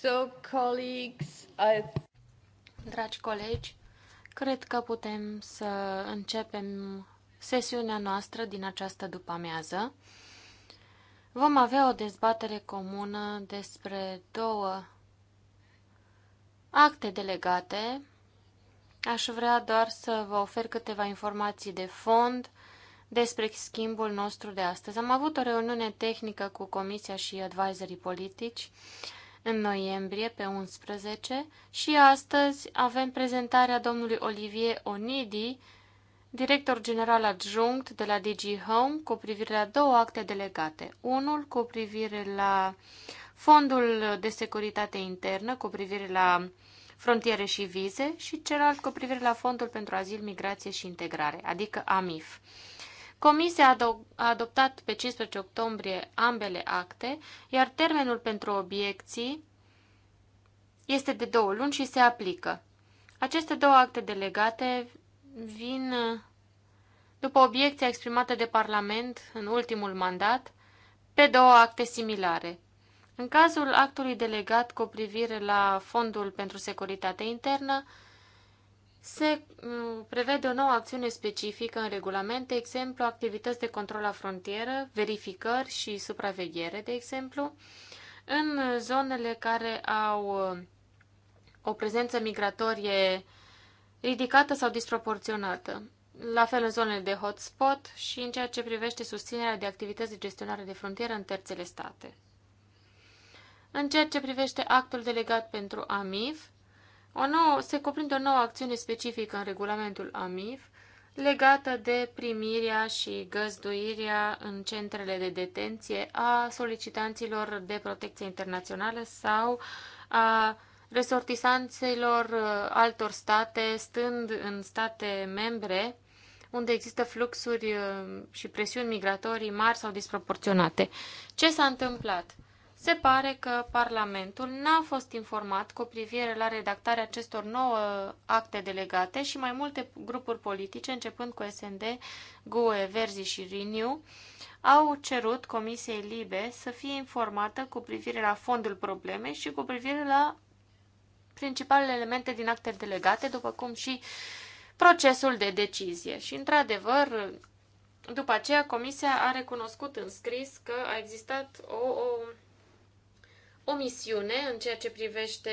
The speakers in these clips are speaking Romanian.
So, colleagues, I... Dragi colegi, cred că putem să începem sesiunea noastră din această după-amiază. Vom avea o dezbatere comună despre două acte delegate. Aș vrea doar să vă ofer câteva informații de fond despre schimbul nostru de astăzi. Am avut o reuniune tehnică cu Comisia și advisorii politici în noiembrie pe 11 și astăzi avem prezentarea domnului Olivier Onidi, director general adjunct de la DG Home cu privire la două acte delegate. Unul cu privire la Fondul de Securitate Internă cu privire la frontiere și vize și celălalt cu privire la Fondul pentru Azil, Migrație și Integrare, adică AMIF. Comisia a adoptat pe 15 octombrie ambele acte, iar termenul pentru obiecții este de două luni și se aplică. Aceste două acte delegate vin uh, după obiecția exprimată de Parlament în ultimul mandat pe două acte similare. În cazul actului delegat cu privire la Fondul pentru Securitate Internă, se mm, prevede o nouă acțiune specifică în regulament, de exemplu, activități de control la frontieră, verificări și supraveghere, de exemplu, în zonele care au uh, o prezență migratorie ridicată sau disproporționată, la fel în zonele de hotspot și în ceea ce privește susținerea de activități de gestionare de frontieră în terțele state. În ceea ce privește actul delegat pentru AMIF, o nouă, se cuprinde o nouă acțiune specifică în regulamentul AMIF legată de primirea și găzduirea în centrele de detenție a solicitanților de protecție internațională sau a resortisanților uh, altor state stând în state membre unde există fluxuri uh, și presiuni migratorii mari sau disproporționate. Ce s-a întâmplat? se pare că Parlamentul n-a fost informat cu privire la redactarea acestor nouă acte delegate și mai multe grupuri politice, începând cu SND, GUE, Verzi și Renew, au cerut Comisiei Libe să fie informată cu privire la fondul problemei și cu privire la principalele elemente din acte delegate, după cum și procesul de decizie. Și, într-adevăr, după aceea, Comisia a recunoscut în scris că a existat o, o o misiune în ceea ce privește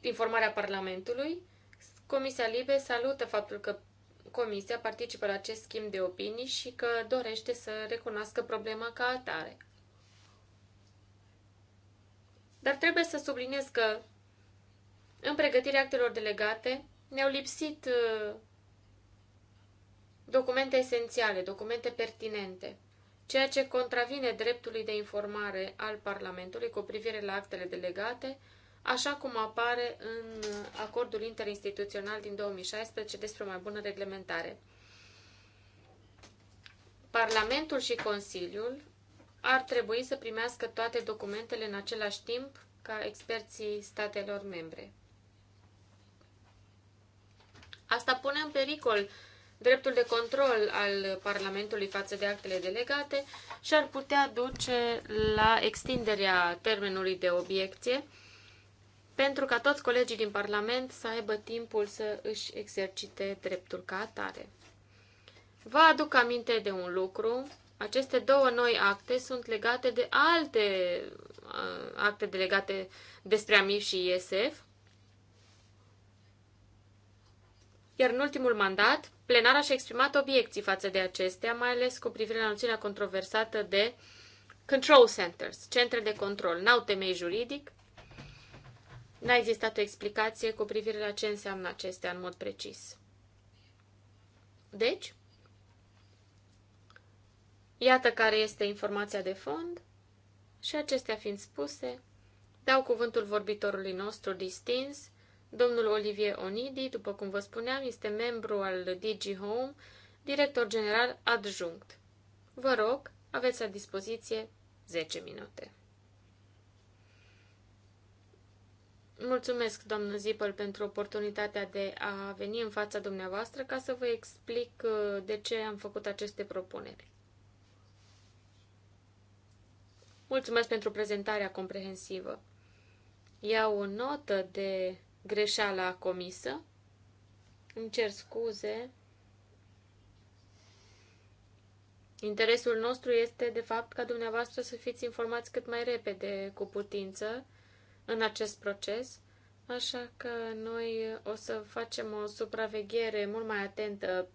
informarea Parlamentului. Comisia Libe salută faptul că Comisia participă la acest schimb de opinii și că dorește să recunoască problema ca atare. Dar trebuie să subliniez că în pregătirea actelor delegate ne-au lipsit uh, documente esențiale, documente pertinente ceea ce contravine dreptului de informare al Parlamentului cu privire la actele delegate, așa cum apare în acordul interinstituțional din 2016 despre o mai bună reglementare. Parlamentul și Consiliul ar trebui să primească toate documentele în același timp ca experții statelor membre. Asta pune în pericol dreptul de control al Parlamentului față de actele delegate și ar putea duce la extinderea termenului de obiecție pentru ca toți colegii din Parlament să aibă timpul să își exercite dreptul ca atare. Vă aduc aminte de un lucru. Aceste două noi acte sunt legate de alte uh, acte delegate despre AMIF și ISF. Iar în ultimul mandat, Plenara și-a exprimat obiecții față de acestea, mai ales cu privire la noțiunea controversată de control centers, centre de control. N-au temei juridic, n-a existat o explicație cu privire la ce înseamnă acestea în mod precis. Deci, iată care este informația de fond și acestea fiind spuse, dau cuvântul vorbitorului nostru distins, Domnul Olivier Onidi, după cum vă spuneam, este membru al DG Home, director general adjunct. Vă rog, aveți la dispoziție 10 minute. Mulțumesc, doamnă Zipăl, pentru oportunitatea de a veni în fața dumneavoastră ca să vă explic uh, de ce am făcut aceste propuneri. Mulțumesc pentru prezentarea comprehensivă. Iau o notă de greșeala comisă. Îmi cer scuze. Interesul nostru este, de fapt, ca dumneavoastră să fiți informați cât mai repede cu putință în acest proces, așa că noi o să facem o supraveghere mult mai atentă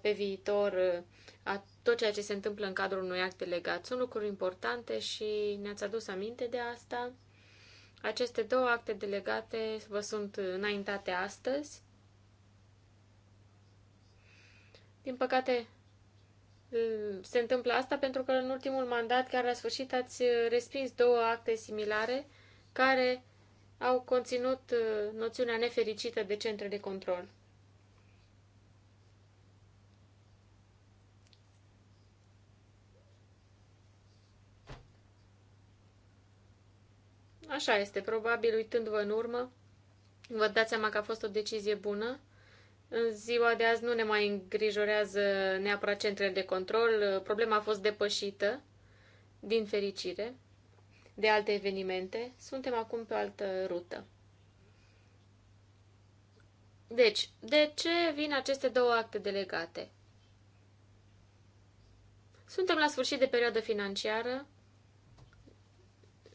pe viitor a tot ceea ce se întâmplă în cadrul unui act delegat. Sunt lucruri importante și ne-ați adus aminte de asta. Aceste două acte delegate vă sunt înaintate astăzi. Din păcate, se întâmplă asta pentru că în ultimul mandat, chiar la sfârșit, ați respins două acte similare care au conținut uh, noțiunea nefericită de centre de control. Așa este, probabil uitându-vă în urmă, vă dați seama că a fost o decizie bună. În ziua de azi nu ne mai îngrijorează neapărat centrele de control, problema a fost depășită, din fericire, de alte evenimente. Suntem acum pe altă rută. Deci, de ce vin aceste două acte delegate? Suntem la sfârșit de perioadă financiară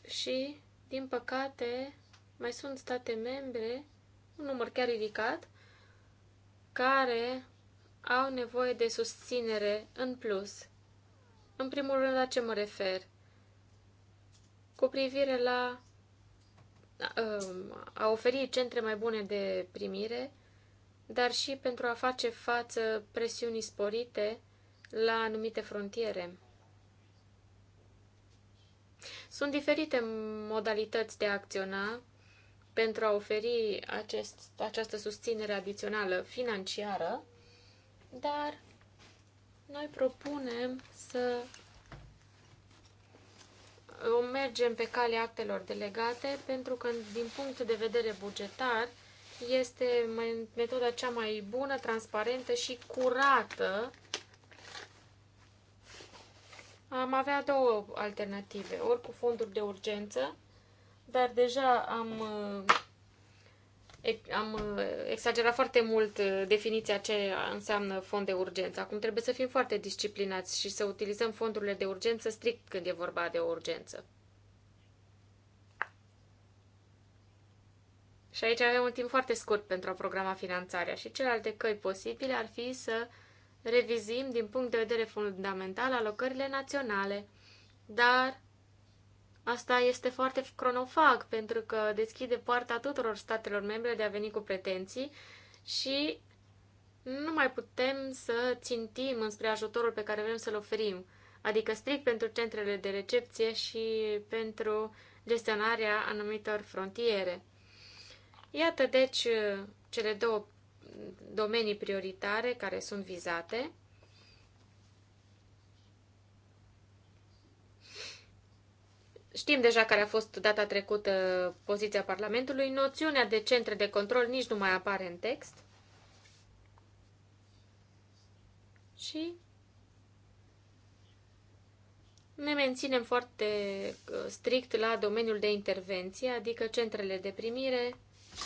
și din păcate, mai sunt state membre, un număr chiar ridicat, care au nevoie de susținere în plus. În primul rând, la ce mă refer? Cu privire la um, a oferi centre mai bune de primire, dar și pentru a face față presiunii sporite la anumite frontiere. Sunt diferite modalități de a acționa pentru a oferi acest, această susținere adițională financiară, dar noi propunem să mergem pe calea actelor delegate pentru că, din punct de vedere bugetar, este metoda cea mai bună, transparentă și curată am avea două alternative. Ori cu fonduri de urgență, dar deja am, eh, am eh, exagerat foarte mult eh, definiția ce înseamnă fond de urgență. Acum trebuie să fim foarte disciplinați și să utilizăm fondurile de urgență strict când e vorba de o urgență. Și aici avem un timp foarte scurt pentru a programa finanțarea și celelalte căi posibile ar fi să revizim din punct de vedere fundamental alocările naționale, dar asta este foarte cronofag pentru că deschide poarta tuturor statelor membre de a veni cu pretenții și nu mai putem să țintim înspre ajutorul pe care vrem să-l oferim, adică strict pentru centrele de recepție și pentru gestionarea anumitor frontiere. Iată deci cele două domenii prioritare care sunt vizate. Știm deja care a fost data trecută poziția Parlamentului. Noțiunea de centre de control nici nu mai apare în text. Și ne menținem foarte uh, strict la domeniul de intervenție, adică centrele de primire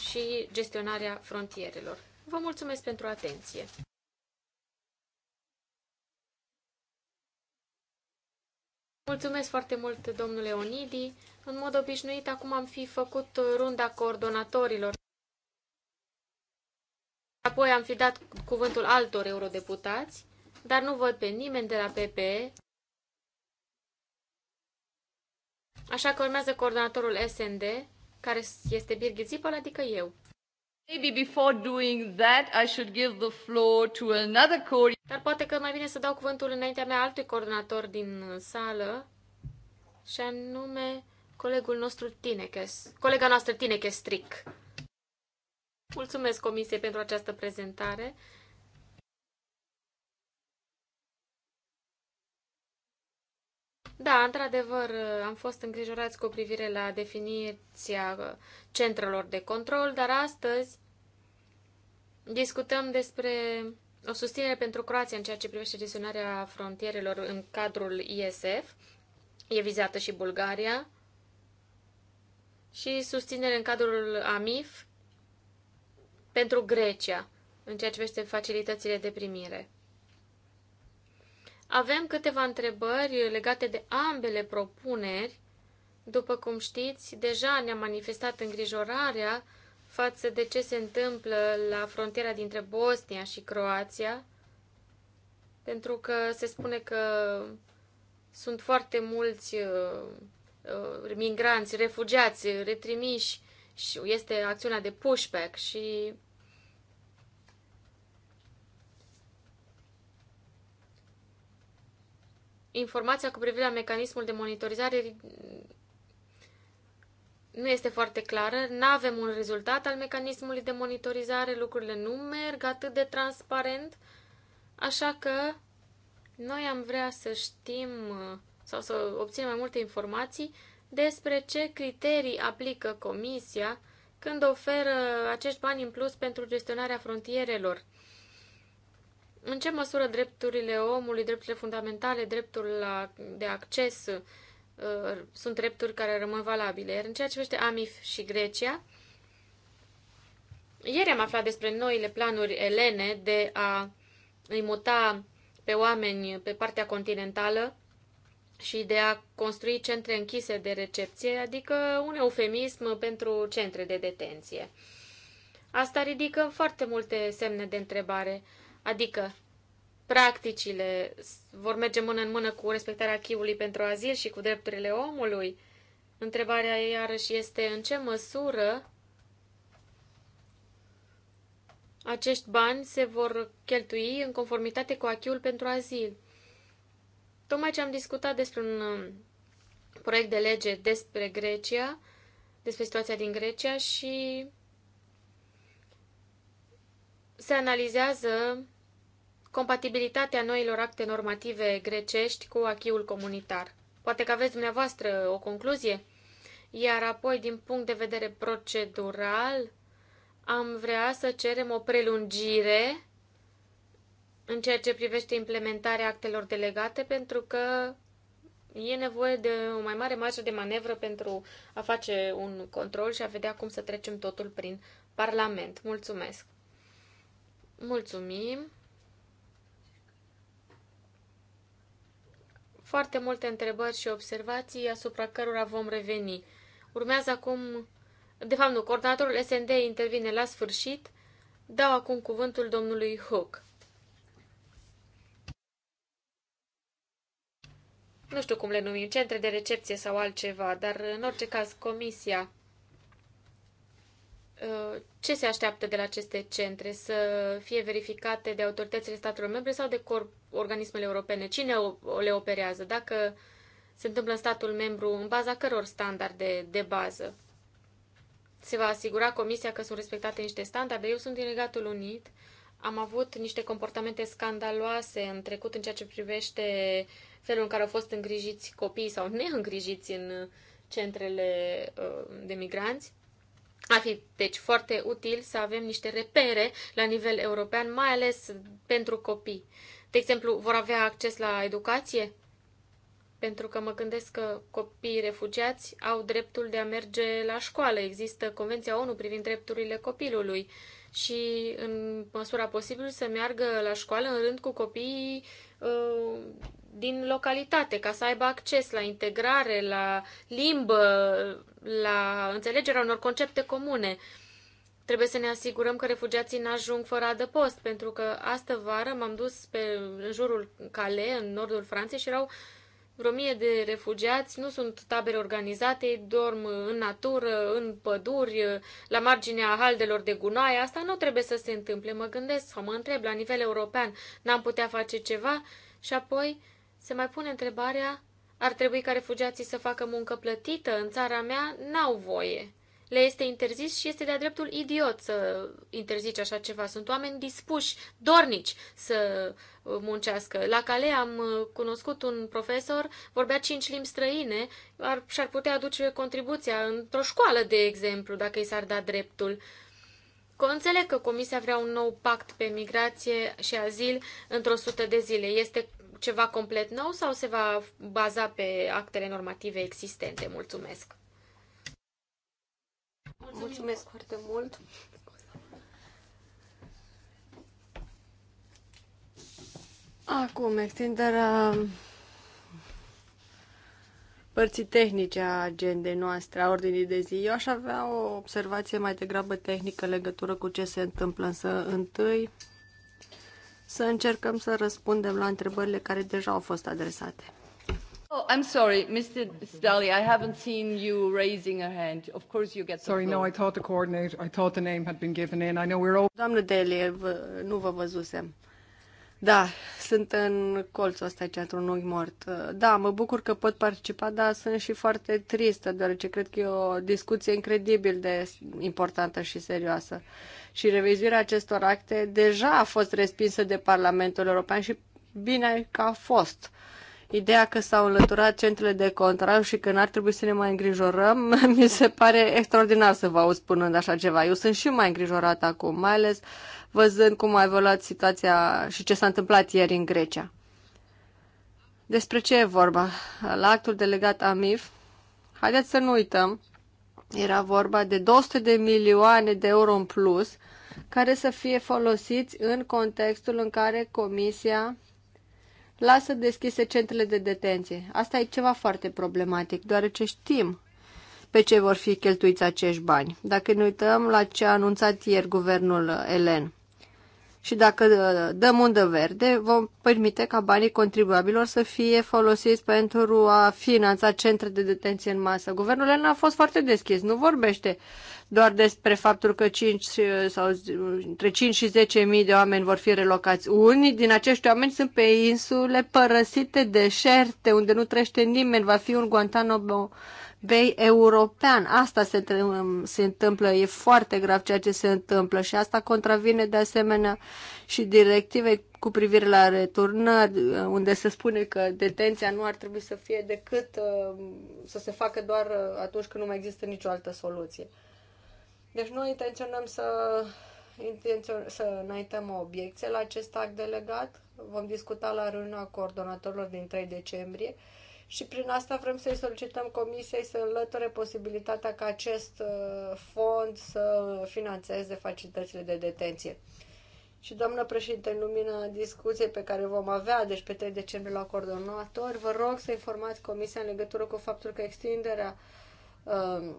și gestionarea frontierelor. Vă mulțumesc pentru atenție! Mulțumesc foarte mult, domnule Onidi. În mod obișnuit, acum am fi făcut runda coordonatorilor. Apoi am fi dat cuvântul altor eurodeputați, dar nu văd pe nimeni de la PPE. Așa că urmează coordonatorul SND, care este Birgit Zipăl, adică eu. Maybe before doing that, I should give the floor to another coordinator. Dar poate că mai bine să dau cuvântul înaintea mea altui coordonator din sală, și anume colegul nostru Tinekes, colega noastră Tinekes Strick. Mulțumesc Comisiei pentru această prezentare. Da, într-adevăr, am fost îngrijorați cu privire la definiția centrelor de control, dar astăzi discutăm despre o susținere pentru Croația în ceea ce privește gestionarea frontierelor în cadrul ISF. E vizată și Bulgaria. Și susținere în cadrul AMIF pentru Grecia, în ceea ce privește facilitățile de primire. Avem câteva întrebări legate de ambele propuneri. După cum știți, deja ne a manifestat îngrijorarea față de ce se întâmplă la frontiera dintre Bosnia și Croația, pentru că se spune că sunt foarte mulți uh, uh migranți, refugiați, retrimiși și este acțiunea de pushback și informația cu privire la mecanismul de monitorizare nu este foarte clară, nu avem un rezultat al mecanismului de monitorizare, lucrurile nu merg atât de transparent, așa că noi am vrea să știm uh, sau să obținem mai multe informații despre ce criterii aplică Comisia când oferă acești bani în plus pentru gestionarea frontierelor. În ce măsură drepturile omului, drepturile fundamentale, dreptul la, de acces uh, sunt drepturi care rămân valabile? Iar în ceea ce vește AMIF și Grecia, ieri am aflat despre noile planuri elene de a îi muta pe oameni pe partea continentală și de a construi centre închise de recepție, adică un eufemism pentru centre de detenție. Asta ridică foarte multe semne de întrebare. Adică, practicile vor merge mână în mână cu respectarea chiului pentru azil și cu drepturile omului. Întrebarea iarăși este în ce măsură acești bani se vor cheltui în conformitate cu achiul pentru azil. Tocmai ce am discutat despre un um, proiect de lege despre Grecia, despre situația din Grecia și se analizează compatibilitatea noilor acte normative grecești cu achiul comunitar. Poate că aveți dumneavoastră o concluzie? Iar apoi, din punct de vedere procedural, am vrea să cerem o prelungire în ceea ce privește implementarea actelor delegate, pentru că e nevoie de o mai mare marjă de manevră pentru a face un control și a vedea cum să trecem totul prin Parlament. Mulțumesc! Mulțumim! foarte multe întrebări și observații asupra cărora vom reveni. Urmează acum, de fapt nu, coordonatorul SND intervine la sfârșit. Dau acum cuvântul domnului Hook. Nu știu cum le numim, centre de recepție sau altceva, dar în orice caz comisia Uh, ce se așteaptă de la aceste centre? Să fie verificate de autoritățile statelor membre sau de organismele europene? Cine le operează? Dacă se întâmplă în statul membru, în baza căror standarde de bază? Se va asigura Comisia că sunt respectate niște standarde? Eu sunt din Regatul Unit. Am avut niște comportamente scandaloase în trecut în ceea ce privește felul în care au fost îngrijiți copiii sau neîngrijiți în centrele uh, de migranți ar fi, deci, foarte util să avem niște repere la nivel european, mai ales pentru copii. De exemplu, vor avea acces la educație? Pentru că mă gândesc că copiii refugiați au dreptul de a merge la școală. Există Convenția ONU privind drepturile copilului și, în măsura posibil, să meargă la școală în rând cu copiii uh, din localitate, ca să aibă acces la integrare, la limbă, la înțelegerea unor concepte comune. Trebuie să ne asigurăm că refugiații n-ajung fără adăpost, pentru că astă vară m-am dus pe, în jurul Calais, în nordul Franței, și erau vreo mie de refugiați, nu sunt tabere organizate, dorm în natură, în păduri, la marginea haldelor de gunoaie. Asta nu trebuie să se întâmple, mă gândesc sau mă întreb la nivel european, n-am putea face ceva? Și apoi se mai pune întrebarea, ar trebui ca refugiații să facă muncă plătită în țara mea? N-au voie. Le este interzis și este de-a dreptul idiot să interzici așa ceva. Sunt oameni dispuși, dornici să muncească. La cale am cunoscut un profesor, vorbea cinci limbi străine ar, și-ar putea aduce contribuția într-o școală, de exemplu, dacă i s-ar da dreptul. Înțeleg că Comisia vrea un nou pact pe migrație și azil într-o sută de zile. Este ceva complet nou sau se va baza pe actele normative existente? Mulțumesc! Mulțumim. Mulțumesc foarte mult! Acum, extinderea părții tehnice a agendei noastre, a ordinii de zi. Eu aș avea o observație mai degrabă tehnică legătură cu ce se întâmplă, însă întâi să încercăm să răspundem la întrebările care deja au fost adresate. Oh, I'm sorry, Mr. Stelly, I haven't seen you raising a hand. Of course you get the Sorry, floor. no, I thought the coordinator, I thought the name had been given in. I know we're all... Doamnă Deli, nu vă văzusem. Da, sunt în colțul ăsta aici, într-un ochi mort. Da, mă bucur că pot participa, dar sunt și foarte tristă, deoarece cred că e o discuție incredibil de importantă și serioasă. Și revizuirea acestor acte deja a fost respinsă de Parlamentul European și bine că a fost. Ideea că s-au înlăturat centrele de control și că n-ar trebui să ne mai îngrijorăm, mi se pare extraordinar să vă aud spunând așa ceva. Eu sunt și mai îngrijorat acum, mai ales văzând cum a evoluat situația și ce s-a întâmplat ieri în Grecia. Despre ce e vorba? La actul delegat AMIF, haideți să nu uităm, era vorba de 200 de milioane de euro în plus care să fie folosiți în contextul în care Comisia lasă deschise centrele de detenție. Asta e ceva foarte problematic, deoarece știm pe ce vor fi cheltuiți acești bani. Dacă ne uităm la ce a anunțat ieri guvernul Elen, și dacă uh, dăm undă verde, vom permite ca banii contribuabilor să fie folosiți pentru a finanța centre de detenție în masă. Guvernul nu a fost foarte deschis, nu vorbește doar despre faptul că 5 uh, sau între 5 și 10 mii de oameni vor fi relocați. Unii din acești oameni sunt pe insule părăsite, deșerte, unde nu trește nimeni, va fi un Guantanamo vei european. Asta se, se întâmplă, e foarte grav ceea ce se întâmplă și asta contravine de asemenea și directivei cu privire la returnări, unde se spune că detenția nu ar trebui să fie decât uh, să se facă doar uh, atunci când nu mai există nicio altă soluție. Deci noi intenționăm să, intențion, să înaintăm o obiecție la acest act delegat. Vom discuta la reuniunea coordonatorilor din 3 decembrie și prin asta vrem să-i solicităm comisiei să înlăture posibilitatea ca acest uh, fond să financeze facilitățile de detenție. Și, doamnă președinte, în lumina discuției pe care vom avea, deci pe 3 decembrie la coordonator, vă rog să informați comisia în legătură cu faptul că extinderea um,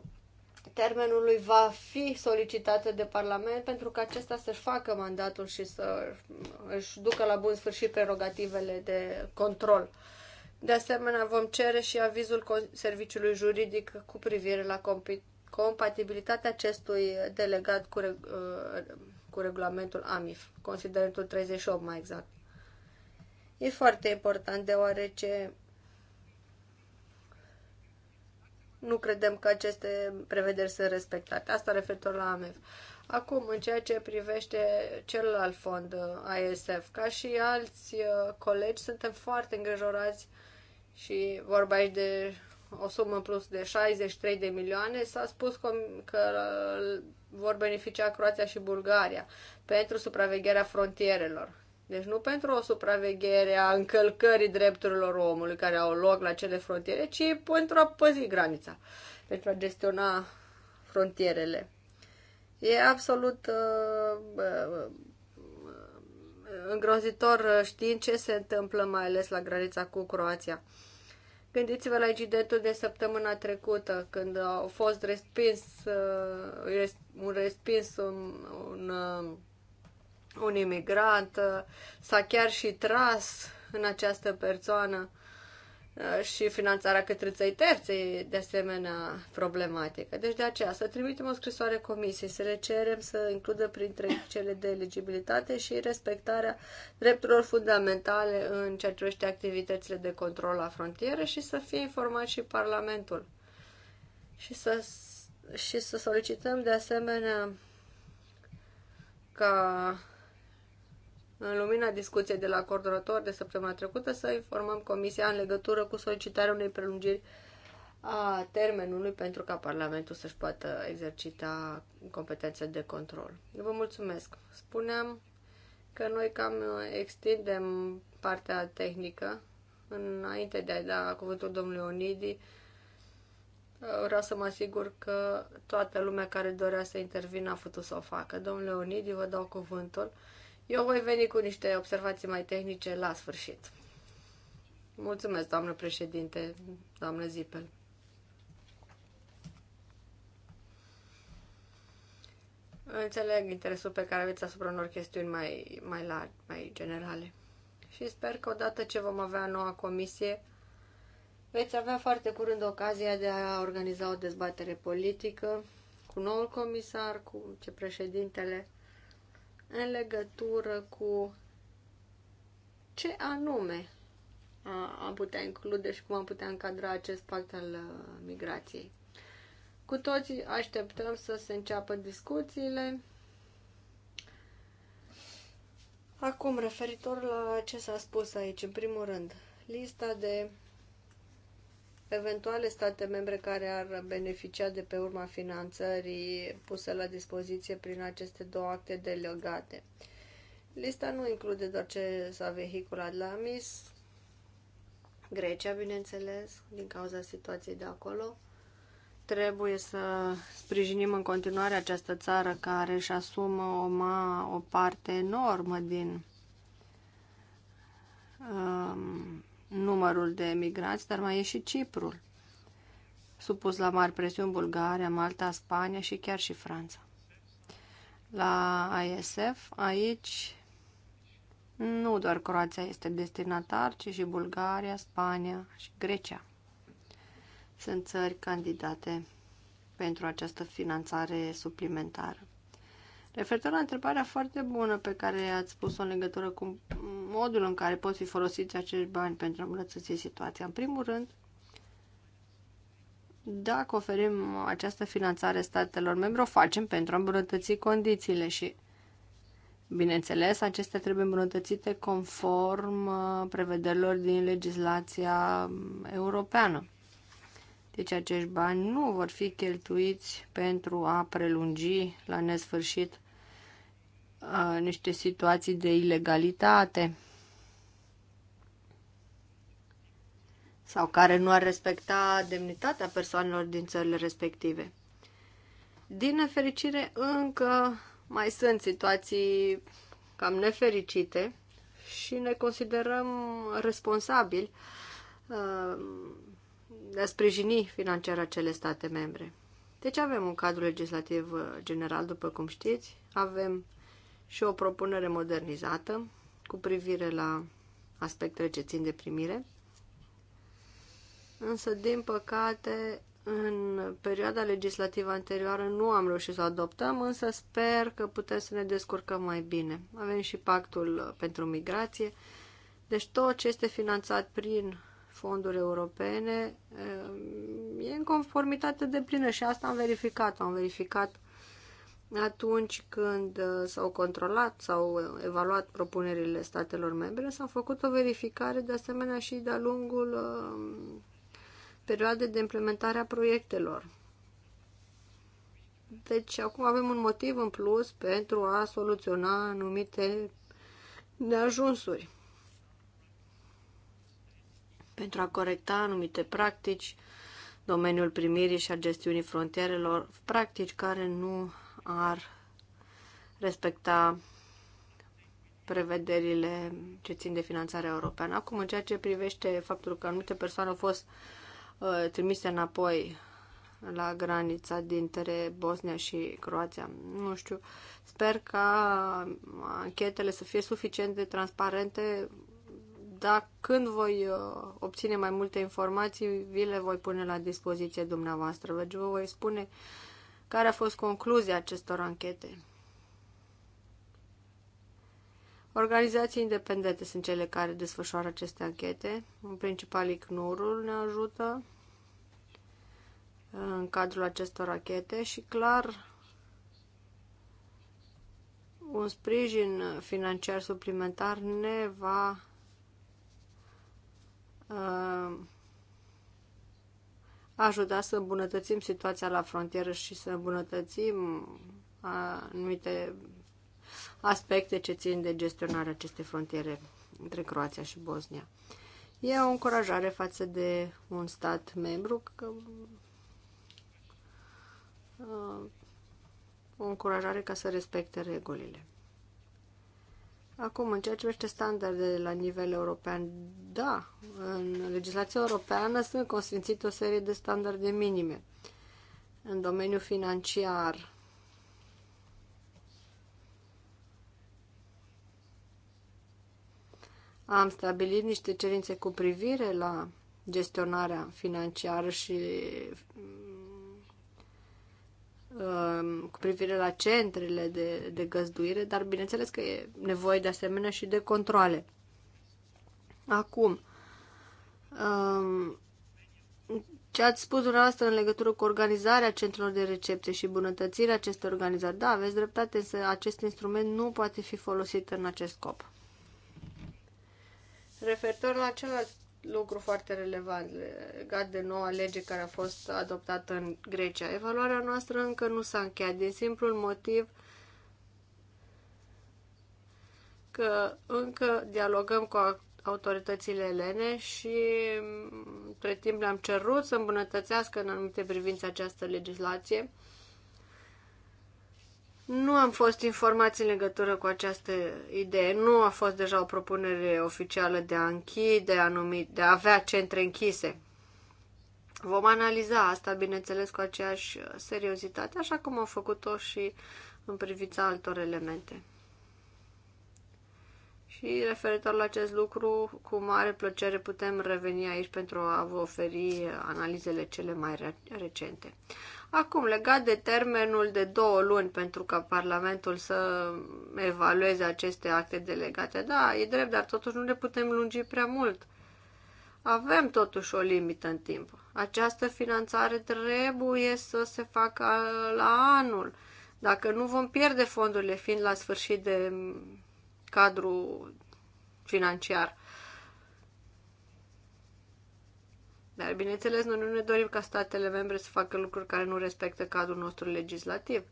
termenului va fi solicitată de Parlament pentru că acesta să-și facă mandatul și să își ducă la bun sfârșit prerogativele de control. De asemenea, vom cere și avizul serviciului juridic cu privire la compatibilitatea acestui delegat cu, reg uh, cu regulamentul AMIF, considerentul 38 mai exact. E foarte important deoarece nu credem că aceste prevederi sunt respectate. Asta referitor la AMIF. Acum, în ceea ce privește celălalt fond, ISF, uh, ca și alți uh, colegi, suntem foarte îngrijorați uh, și vorba aici de o sumă plus de 63 de milioane, s-a spus că, că uh, vor beneficia Croația și Bulgaria pentru supravegherea frontierelor. Deci nu pentru o supraveghere a încălcării drepturilor omului care au loc la cele frontiere, ci pentru a păzi granița, pentru a gestiona frontierele. E absolut uh, îngrozitor uh, știind ce se întâmplă mai ales la granița cu Croația. Gândiți-vă la incidentul de săptămâna trecută, când a fost respins uh, un respins un, un, uh, un imigrant, s-a chiar și tras în această persoană. Uh, și finanțarea către țări terțe e de asemenea problematică. Deci de aceea să trimitem o scrisoare comisiei, să le cerem să includă printre cele de eligibilitate și respectarea drepturilor fundamentale în ceea ce privește activitățile de control la frontieră și să fie informat și Parlamentul. Și să, și să solicităm de asemenea ca în lumina discuției de la coordonator de săptămâna trecută, să informăm Comisia în legătură cu solicitarea unei prelungiri a termenului pentru ca Parlamentul să-și poată exercita competențe de control. Vă mulțumesc. Spuneam că noi cam extindem partea tehnică înainte de a da cuvântul domnului Onidi. Vreau să mă asigur că toată lumea care dorea să intervină a putut să o facă. Domnule Onidi, vă dau cuvântul eu voi veni cu niște observații mai tehnice la sfârșit. Mulțumesc, doamnă președinte, doamnă Zipel. Înțeleg interesul pe care aveți asupra unor chestiuni mai, mai largi, mai generale. Și sper că odată ce vom avea noua comisie, veți avea foarte curând ocazia de a organiza o dezbatere politică cu noul comisar, cu ce președintele în legătură cu ce anume am putea include și cum am putea încadra acest pact al uh, migrației. Cu toții așteptăm să se înceapă discuțiile. Acum, referitor la ce s-a spus aici, în primul rând, lista de eventuale state membre care ar beneficia de pe urma finanțării puse la dispoziție prin aceste două acte delegate. Lista nu include doar ce s-a vehiculat la MIS, Grecia, bineînțeles, din cauza situației de acolo. Trebuie să sprijinim în continuare această țară care își asumă o, ma, o parte enormă din um, numărul de emigrați, dar mai e și Ciprul, supus la mari presiuni Bulgaria, Malta, Spania și chiar și Franța. La ISF, aici, nu doar Croația este destinatar, ci și Bulgaria, Spania și Grecia. Sunt țări candidate pentru această finanțare suplimentară. Referitor la întrebarea foarte bună pe care ați spus-o în legătură cu modul în care pot fi folosiți acești bani pentru a îmbunătăți situația. În primul rând, dacă oferim această finanțare statelor membre, o facem pentru a îmbunătăți condițiile și, bineînțeles, acestea trebuie îmbunătățite conform uh, prevederilor din legislația europeană. Deci acești bani nu vor fi cheltuiți pentru a prelungi la nesfârșit uh, niște situații de ilegalitate sau care nu ar respecta demnitatea persoanelor din țările respective. Din nefericire, încă mai sunt situații cam nefericite și ne considerăm responsabili de a sprijini financiar acele state membre. Deci avem un cadru legislativ general, după cum știți, avem și o propunere modernizată cu privire la aspectele ce țin de primire. Însă, din păcate, în perioada legislativă anterioară nu am reușit să o adoptăm, însă sper că putem să ne descurcăm mai bine. Avem și pactul pentru migrație, deci tot ce este finanțat prin fonduri europene eh, e în conformitate de plină și asta am verificat. Am verificat atunci când uh, s-au controlat sau evaluat propunerile statelor membre, s-a făcut o verificare de asemenea și de-a lungul um, perioadei de implementare a proiectelor. Deci acum avem un motiv în plus pentru a soluționa anumite neajunsuri, pentru a corecta anumite practici, domeniul primirii și a gestiunii frontierelor, practici care nu ar respecta prevederile ce țin de finanțarea europeană. Acum, în ceea ce privește faptul că anumite persoane au fost uh, trimise înapoi la granița dintre Bosnia și Croația. Nu știu, sper ca anchetele să fie suficient de transparente, dar când voi uh, obține mai multe informații, vi le voi pune la dispoziție dumneavoastră. vă voi spune uh, care a fost concluzia acestor anchete? Organizații independente sunt cele care desfășoară aceste anchete. În principal, ICNUR-ul ne ajută în cadrul acestor anchete și, clar, un sprijin financiar suplimentar ne va uh, ajuta să îmbunătățim situația la frontieră și să îmbunătățim anumite aspecte ce țin de gestionarea acestei frontiere între Croația și Bosnia. E o încurajare față de un stat membru, că, uh, o încurajare ca să respecte regulile. Acum, în ceea ce privește standardele la nivel european, da, în legislația europeană sunt consfințite o serie de standarde minime. În domeniul financiar, am stabilit niște cerințe cu privire la gestionarea financiară și Um, cu privire la centrele de, de găzduire, dar bineînțeles că e nevoie de asemenea și de controle. Acum, um, ce ați spus dumneavoastră în legătură cu organizarea centrelor de recepție și bunătățirea acestei organizări, da, aveți dreptate, însă acest instrument nu poate fi folosit în acest scop. Referitor la celălalt lucru foarte relevant legat de noua lege care a fost adoptată în Grecia. Evaluarea noastră încă nu s-a încheiat din simplul motiv că încă dialogăm cu autoritățile elene și între timp le-am cerut să îmbunătățească în anumite privințe această legislație nu am fost informați în legătură cu această idee. Nu a fost deja o propunere oficială de a închide anumit, de a avea centre închise. Vom analiza asta, bineînțeles, cu aceeași seriozitate, așa cum au făcut-o și în privința altor elemente. Și referitor la acest lucru, cu mare plăcere putem reveni aici pentru a vă oferi analizele cele mai recente. Acum, legat de termenul de două luni pentru ca Parlamentul să evalueze aceste acte delegate, da, e drept, dar totuși nu le putem lungi prea mult. Avem totuși o limită în timp. Această finanțare trebuie să se facă la anul. Dacă nu vom pierde fondurile fiind la sfârșit de cadru financiar. Dar, bineînțeles, noi nu ne dorim ca statele membre să facă lucruri care nu respectă cadrul nostru legislativ.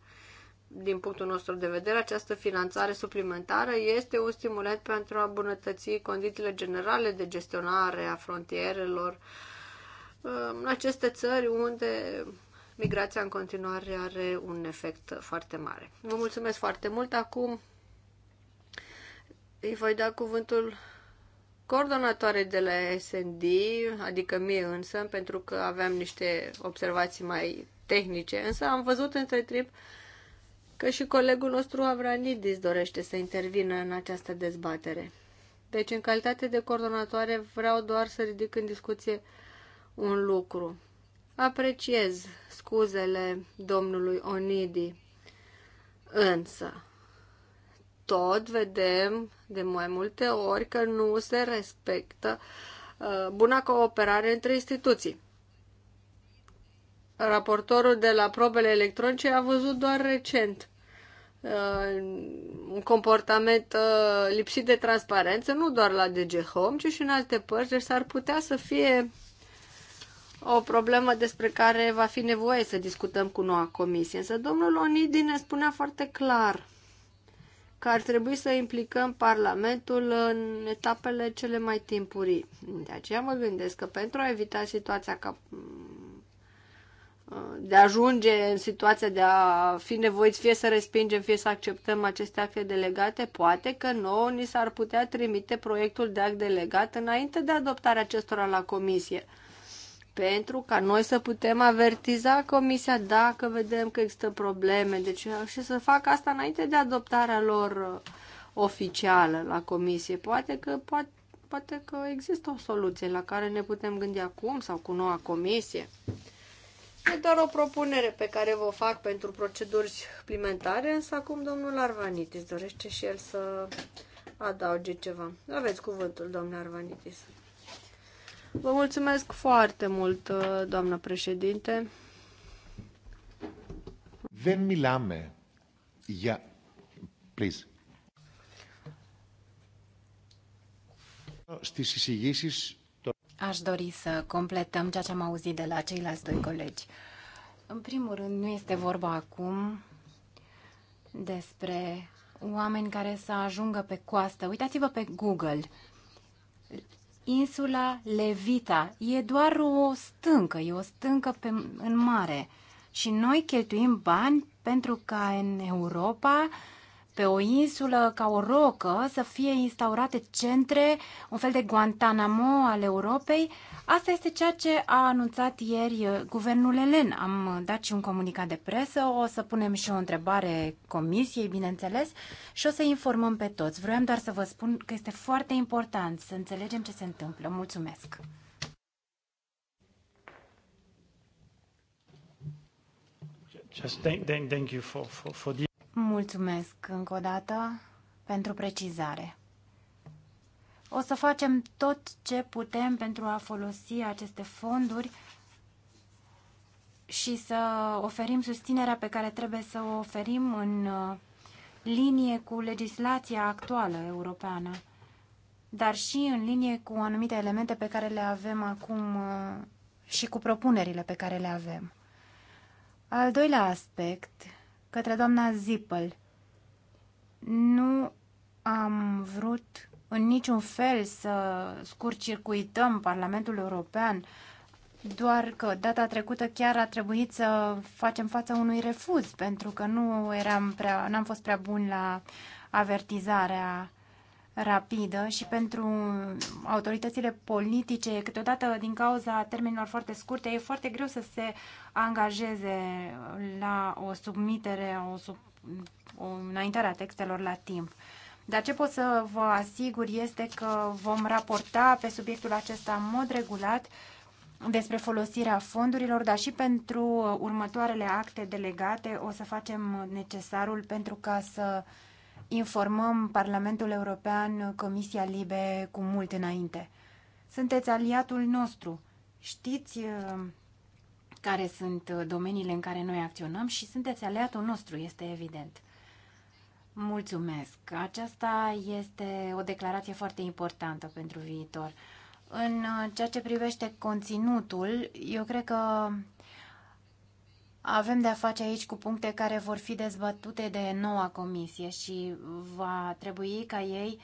Din punctul nostru de vedere, această finanțare suplimentară este un stimulant pentru a îmbunătăți condițiile generale de gestionare a frontierelor uh, în aceste țări unde migrația în continuare are un efect foarte mare. Vă mulțumesc foarte mult. Acum îi voi da cuvântul coordonatoare de la SND, adică mie însă, pentru că aveam niște observații mai tehnice, însă am văzut între timp că și colegul nostru Avranidis dorește să intervină în această dezbatere. Deci, în calitate de coordonatoare, vreau doar să ridic în discuție un lucru. Apreciez scuzele domnului Onidi, însă tot vedem de mai multe ori că nu se respectă uh, buna cooperare între instituții. Raportorul de la probele electronice a văzut doar recent uh, un comportament uh, lipsit de transparență, nu doar la DG Home, ci și în alte părți, deci s-ar putea să fie o problemă despre care va fi nevoie să discutăm cu noua comisie. Însă domnul Onidine spunea foarte clar că ar trebui să implicăm Parlamentul în etapele cele mai timpurii. De aceea mă gândesc că pentru a evita situația ca mm, de a ajunge în situația de a fi nevoiți fie să respingem, fie să acceptăm aceste acte delegate, poate că nouă ni s-ar putea trimite proiectul de act delegat înainte de adoptarea acestora la comisie pentru ca noi să putem avertiza comisia dacă vedem că există probleme. Deci și să fac asta înainte de adoptarea lor uh, oficială la comisie. Poate că, poate, poate că există o soluție la care ne putem gândi acum sau cu noua comisie. E doar o propunere pe care vă fac pentru proceduri suplimentare, însă acum domnul Arvanitis dorește și el să adauge ceva. Aveți cuvântul, domnul Arvanitis. Vă mulțumesc foarte mult, uh, doamnă președinte. Δεν μιλάμε για... Please. Στις εισηγήσεις... Aș dori să completăm ceea ce am auzit de la ceilalți doi colegi. În primul rând, nu este vorba acum despre oameni care să ajungă pe coastă. Uitați-vă pe Google insula Levita. E doar o stâncă, e o stâncă pe, în mare. Și noi cheltuim bani pentru ca în Europa pe o insulă ca o rocă să fie instaurate centre, un fel de Guantanamo al Europei. Asta este ceea ce a anunțat ieri uh, guvernul elen. Am uh, dat și un comunicat de presă, o să punem și o întrebare comisiei, bineînțeles, și o să informăm pe toți. Vroiam doar să vă spun că este foarte important să înțelegem ce se întâmplă. Mulțumesc! Just thank, thank, thank you for, for, for the... Mulțumesc încă o dată pentru precizare. O să facem tot ce putem pentru a folosi aceste fonduri și să oferim susținerea pe care trebuie să o oferim în uh, linie cu legislația actuală europeană, dar și în linie cu anumite elemente pe care le avem acum uh, și cu propunerile pe care le avem. Al doilea aspect către doamna Zippel. Nu am vrut în niciun fel să scurcircuităm Parlamentul European, doar că data trecută chiar a trebuit să facem față unui refuz, pentru că nu eram prea, n-am fost prea bun la avertizarea rapidă și pentru autoritățile politice, câteodată din cauza termenilor foarte scurte, e foarte greu să se angajeze la o submitere, o, sub, o înaintare a textelor la timp. Dar ce pot să vă asigur este că vom raporta pe subiectul acesta în mod regulat despre folosirea fondurilor, dar și pentru următoarele acte delegate o să facem necesarul pentru ca să uh, informăm Parlamentul European, Comisia Libe, cu mult înainte. Sunteți aliatul nostru. Știți uh, care sunt uh, domeniile în care noi acționăm și sunteți aliatul nostru, este evident. Mulțumesc. Aceasta este o declarație foarte importantă pentru viitor. În uh, ceea ce privește conținutul, eu cred că avem de-a face aici cu puncte care vor fi dezbătute de noua comisie și va trebui ca ei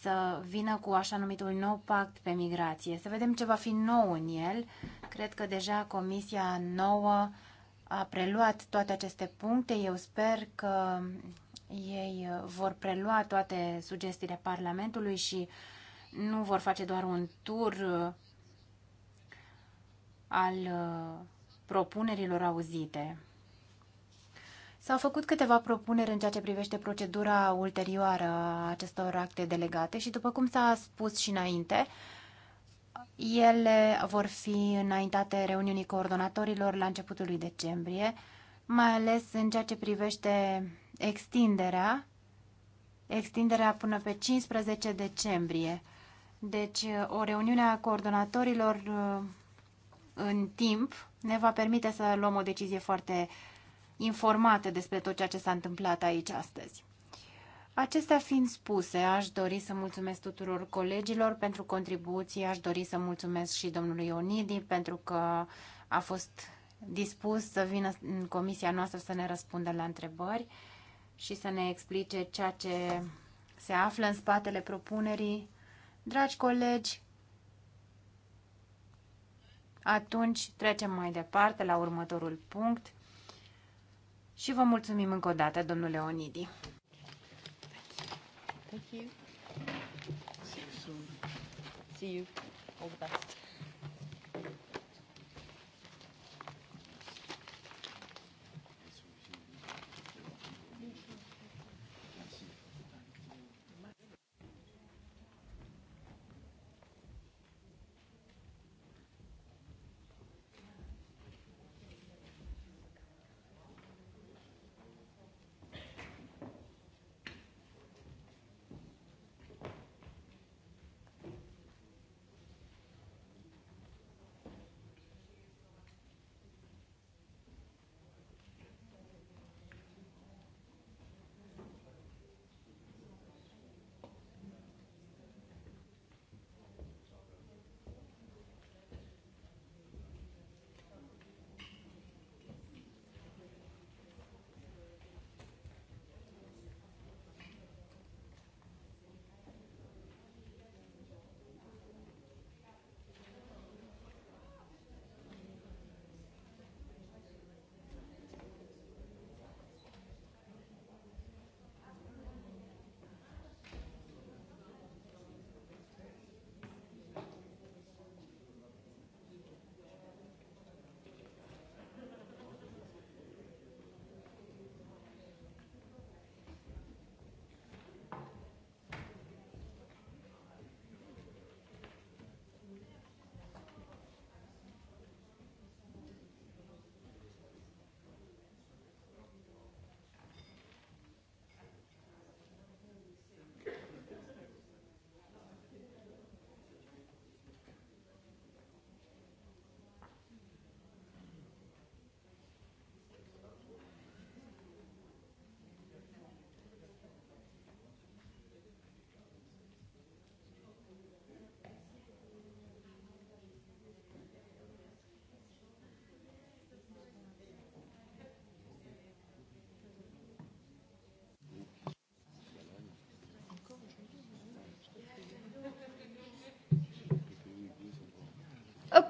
să vină cu așa numitul nou pact pe migrație. Să vedem ce va fi nou în el. Cred că deja comisia nouă a preluat toate aceste puncte. Eu sper că ei vor prelua toate sugestiile Parlamentului și nu vor face doar un tur al propunerilor auzite. S-au făcut câteva propuneri în ceea ce privește procedura ulterioară a acestor acte delegate și, după cum s-a spus și înainte, ele vor fi înaintate reuniunii coordonatorilor la începutul lui decembrie, mai ales în ceea ce privește extinderea, extinderea până pe 15 decembrie. Deci, o reuniune a coordonatorilor uh, în timp ne va permite să luăm o decizie foarte informată despre tot ceea ce s-a întâmplat aici astăzi. Acestea fiind spuse, aș dori să mulțumesc tuturor colegilor pentru contribuții, aș dori să mulțumesc și domnului Ionidi pentru că a fost dispus să vină în comisia noastră să ne răspundă la întrebări și să ne explice ceea ce se află în spatele propunerii. Dragi colegi, atunci trecem mai departe la următorul punct și vă mulțumim încă o dată, domnule Onidi. Thank you. See you soon. See you. All the best.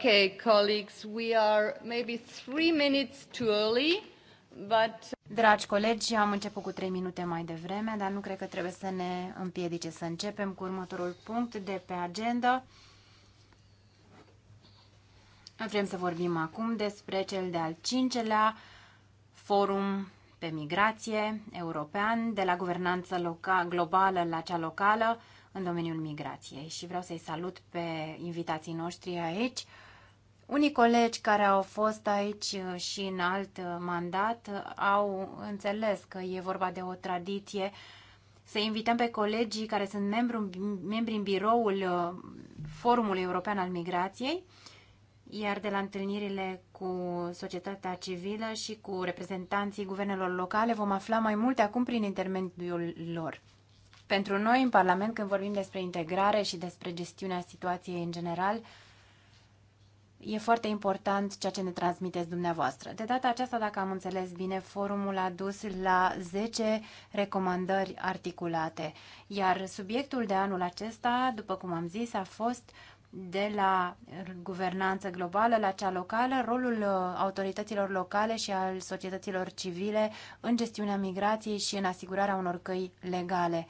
Okay, colleagues, we are maybe three minutes too early, but... Dragi colegi, am început cu trei minute mai devreme, dar nu cred că trebuie să ne împiedice să începem cu următorul punct de pe agenda. Vrem să vorbim acum despre cel de-al cincelea forum pe migrație european, de la guvernanță globală la cea locală, în domeniul migrației și vreau să-i salut pe invitații noștri aici. Unii colegi care au fost aici uh, și în alt uh, mandat uh, au înțeles că e vorba de o tradiție să invităm pe colegii care sunt membru, membri în biroul Forumului European al Migrației, iar de la întâlnirile cu societatea civilă și cu reprezentanții guvernelor locale vom afla mai multe acum prin intermediul lor. Pentru noi, în Parlament, când vorbim despre integrare și despre gestiunea situației în general, E foarte important ceea ce ne transmiteți dumneavoastră. De data aceasta, dacă am înțeles bine, forumul a dus la 10 recomandări articulate, iar subiectul de anul acesta, după cum am zis, a fost de la guvernanță globală la cea locală, rolul uh, autorităților locale și al societăților civile în gestiunea migrației și în asigurarea unor căi legale.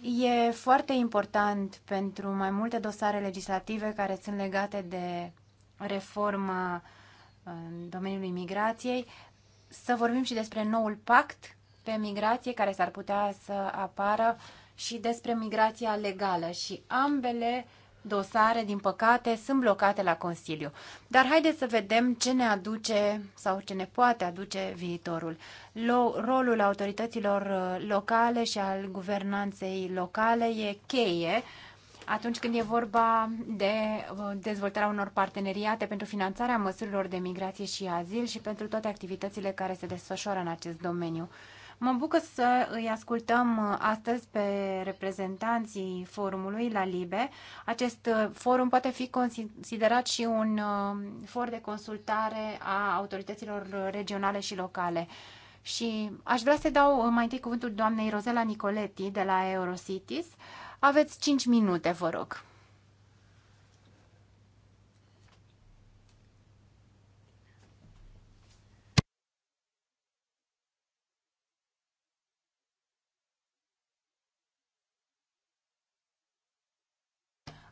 E foarte important pentru mai multe dosare legislative care sunt legate de reforma în uh, domeniul migrației să vorbim și despre noul pact pe migrație care s-ar putea să apară și despre migrația legală și ambele dosare, din păcate, sunt blocate la Consiliu. Dar haideți să vedem ce ne aduce sau ce ne poate aduce viitorul. Rolul autorităților uh, locale și al guvernanței locale e cheie atunci când e vorba de uh, dezvoltarea unor parteneriate pentru finanțarea măsurilor de migrație și azil și pentru toate activitățile care se desfășoară în acest domeniu. Mă bucur să îi ascultăm uh, astăzi pe reprezentanții forumului la LIBE. Acest uh, forum poate fi considerat și un uh, for de consultare a autorităților regionale și locale. Și aș vrea să dau mai întâi cuvântul doamnei Rozela Nicoletti de la Eurocities. Aveți 5 minute, vă rog.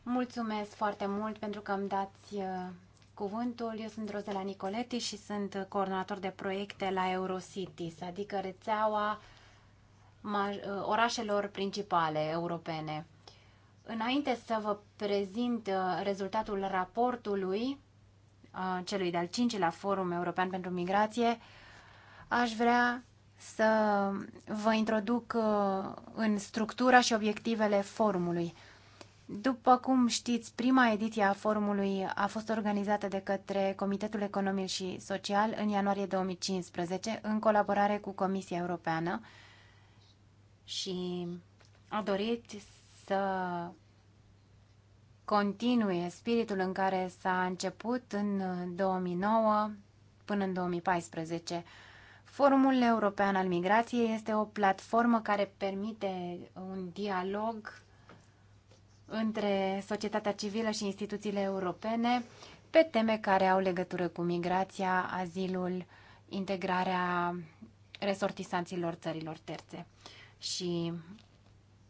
Mulțumesc foarte mult pentru că îmi dați uh, cuvântul. Eu sunt Rozela Nicoletti și sunt coordonator de proiecte la Eurocities, adică rețeaua uh, orașelor principale europene. Înainte să vă prezint uh, rezultatul raportului celui de-al cincilea Forum European pentru Migrație, aș vrea să vă introduc în structura și obiectivele forumului. După cum știți, prima ediție a forumului a fost organizată de către Comitetul Economic și Social în ianuarie 2015, în colaborare cu Comisia Europeană și a dorit să continue spiritul în care s-a început în 2009 până în 2014. Forumul European al Migrației este o platformă care permite un dialog între societatea civilă și instituțiile europene pe teme care au legătură cu migrația, azilul, integrarea resortisanților țărilor terțe și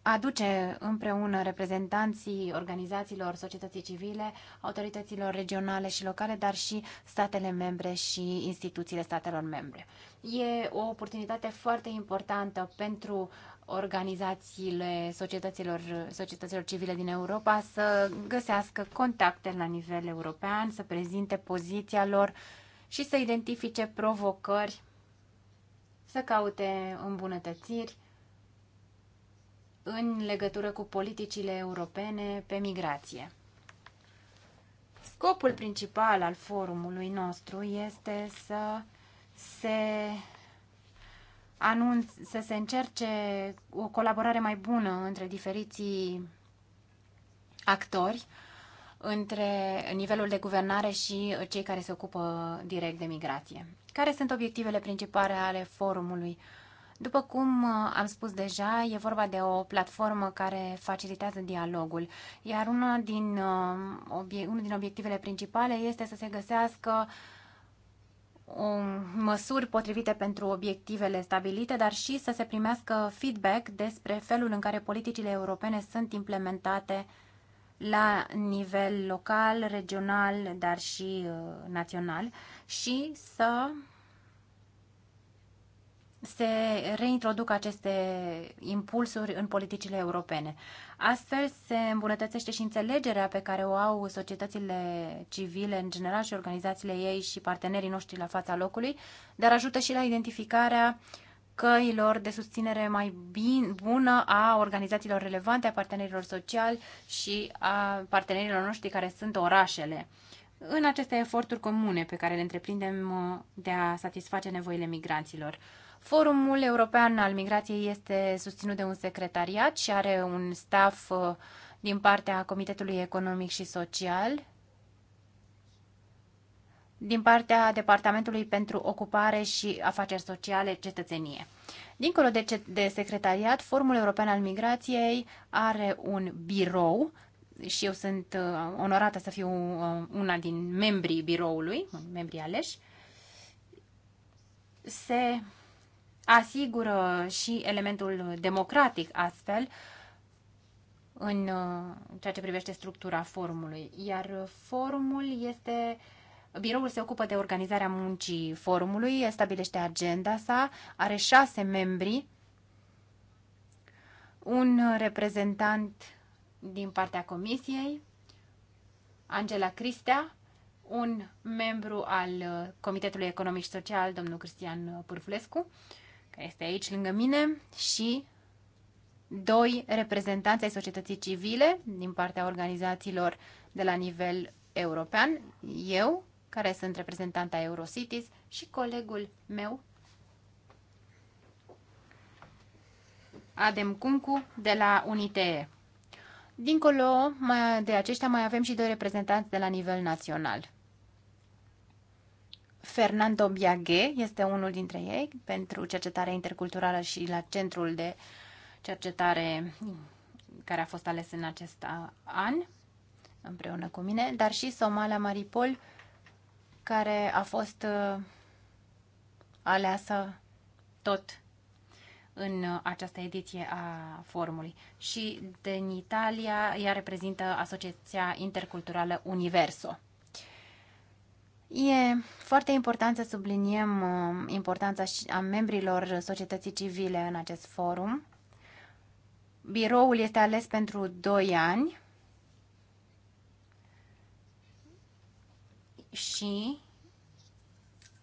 aduce împreună reprezentanții organizațiilor societății civile, autorităților regionale și locale, dar și statele membre și instituțiile statelor membre. E o oportunitate foarte importantă pentru organizațiile societăților, societăților civile din Europa să găsească contacte la nivel european, să prezinte poziția lor și să identifice provocări, să caute îmbunătățiri în legătură cu politicile europene pe migrație. Scopul principal al forumului nostru este să se anunț, să se încerce o colaborare mai bună între diferiții actori, între nivelul de guvernare și cei care se ocupă direct de migrație. Care sunt obiectivele principale ale forumului? După cum uh, am spus deja, e vorba de o platformă care facilitează dialogul, iar una din, uh, unul din obiectivele principale este să se găsească uh, Um, măsuri potrivite pentru obiectivele stabilite, dar și să se primească feedback despre felul în care politicile europene sunt implementate la nivel local, regional, dar și uh, național și să se reintroduc aceste impulsuri în politicile europene. Astfel se îmbunătățește și înțelegerea pe care o au societățile civile în general și organizațiile ei și partenerii noștri la fața locului, dar ajută și la identificarea căilor de susținere mai bin, bună a organizațiilor relevante, a partenerilor sociali și a partenerilor noștri care sunt orașele în aceste eforturi comune pe care le întreprindem uh, de a satisface nevoile migranților. Forumul European al Migrației este susținut de un secretariat și are un staff uh, din partea Comitetului Economic și Social, din partea Departamentului pentru Ocupare și Afaceri Sociale Cetățenie. Dincolo de, ce- de secretariat, Forumul European al Migrației are un birou și eu sunt uh, onorată să fiu uh, una din membrii biroului, membrii aleși. Se asigură și elementul democratic astfel uh, în ceea ce privește structura forumului. Iar forumul este Biroul se ocupă de organizarea muncii forumului, stabilește agenda sa, are șase membri, un reprezentant din partea comisiei, Angela Cristea, un membru al Comitetului Economic și Social, domnul Cristian Pârfulescu, care este aici lângă mine, și doi reprezentanți ai societății civile din partea organizațiilor de la nivel european, eu, care sunt reprezentanta Eurocities, și colegul meu, Adem Cuncu, de la UNITE. Dincolo de aceștia mai avem și doi reprezentanți de la nivel național. Fernando Biaghe este unul dintre ei pentru cercetare interculturală și la centrul de cercetare care a fost ales în acest an împreună cu mine, dar și Somala Maripol care a fost uh, aleasă tot în această ediție a formului. Și din Italia ea reprezintă Asociația Interculturală Universo. E foarte important să subliniem uh, importanța a membrilor societății civile în acest forum. Biroul este ales pentru 2 ani și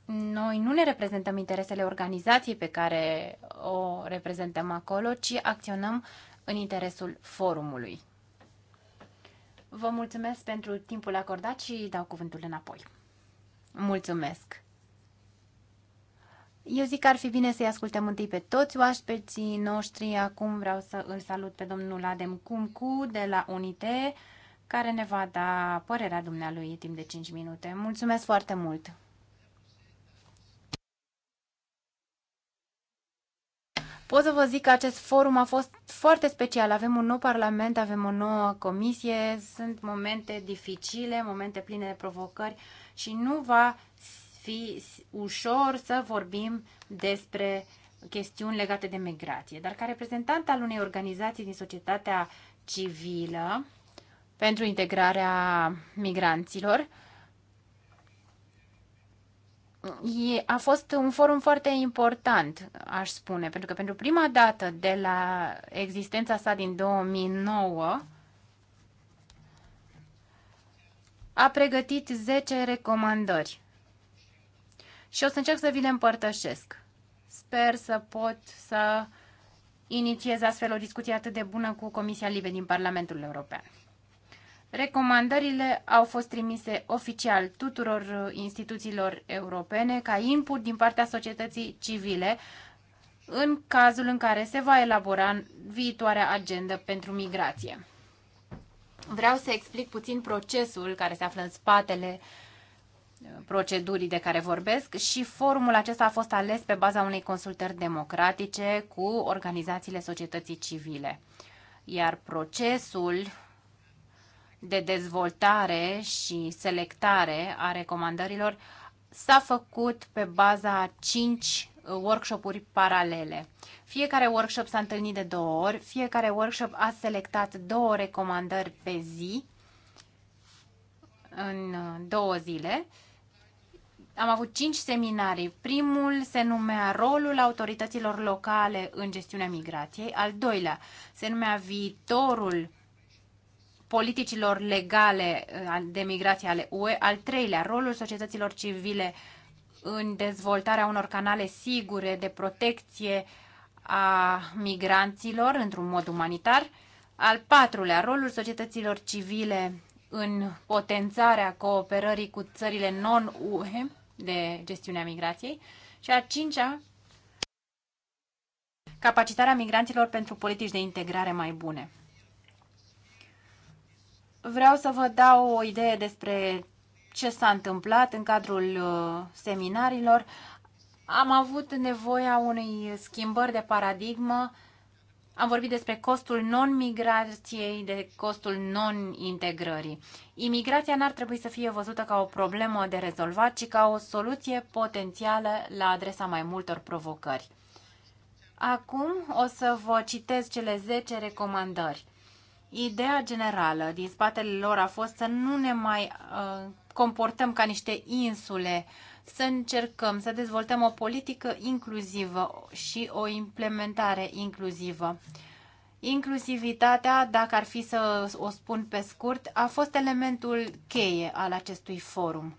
noi nu ne reprezentăm interesele organizației pe care o reprezentăm acolo, ci acționăm în interesul forumului. Vă mulțumesc pentru timpul acordat și dau cuvântul înapoi. Mulțumesc! Eu zic că ar fi bine să-i ascultăm întâi pe toți oaspeții noștri. Acum vreau să îl salut pe domnul Adem Cumcu de la Unite, care ne va da părerea dumnealui timp de 5 minute. Mulțumesc foarte mult! Pot să vă zic că acest forum a fost foarte special. Avem un nou parlament, avem o nouă comisie, sunt momente dificile, momente pline de provocări și nu va fi ușor să vorbim despre chestiuni legate de migrație. Dar ca reprezentant al unei organizații din societatea civilă pentru integrarea migranților, a fost un forum foarte important, aș spune, pentru că pentru prima dată de la existența sa din 2009, a pregătit 10 recomandări și o să încerc să vi le împărtășesc. Sper să pot să inițiez astfel o discuție atât de bună cu Comisia Libe din Parlamentul European. Recomandările au fost trimise oficial tuturor instituțiilor europene ca input din partea societății civile în cazul în care se va elabora viitoarea agendă pentru migrație. Vreau să explic puțin procesul care se află în spatele uh, procedurii de care vorbesc și formul acesta a fost ales pe baza unei consultări democratice cu organizațiile societății civile. Iar procesul de dezvoltare și selectare a recomandărilor s-a făcut pe baza a cinci workshopuri paralele. Fiecare workshop s-a întâlnit de două ori, fiecare workshop a selectat două recomandări pe zi în uh, două zile. Am avut cinci seminarii. Primul se numea Rolul autorităților locale în gestiunea migrației, al doilea se numea Viitorul politicilor legale uh, de migrație ale UE, al treilea, rolul societăților civile în dezvoltarea unor canale sigure de protecție a migranților într-un mod umanitar, al patrulea, rolul societăților civile în potențarea cooperării cu țările non-UE de gestiunea migrației și a cincea, capacitarea migranților pentru politici de integrare mai bune. Vreau să vă dau o idee despre ce s-a întâmplat în cadrul uh, seminarilor. Am avut nevoia unei schimbări de paradigmă. Am vorbit despre costul non-migrației, de costul non-integrării. Imigrația n-ar trebui să fie văzută ca o problemă de rezolvat, ci ca o soluție potențială la adresa mai multor provocări. Acum o să vă citesc cele 10 recomandări. Ideea generală din spatele lor a fost să nu ne mai uh, comportăm ca niște insule, să încercăm să dezvoltăm o politică inclusivă și o implementare inclusivă. Inclusivitatea, dacă ar fi să o spun pe scurt, a fost elementul cheie al acestui forum.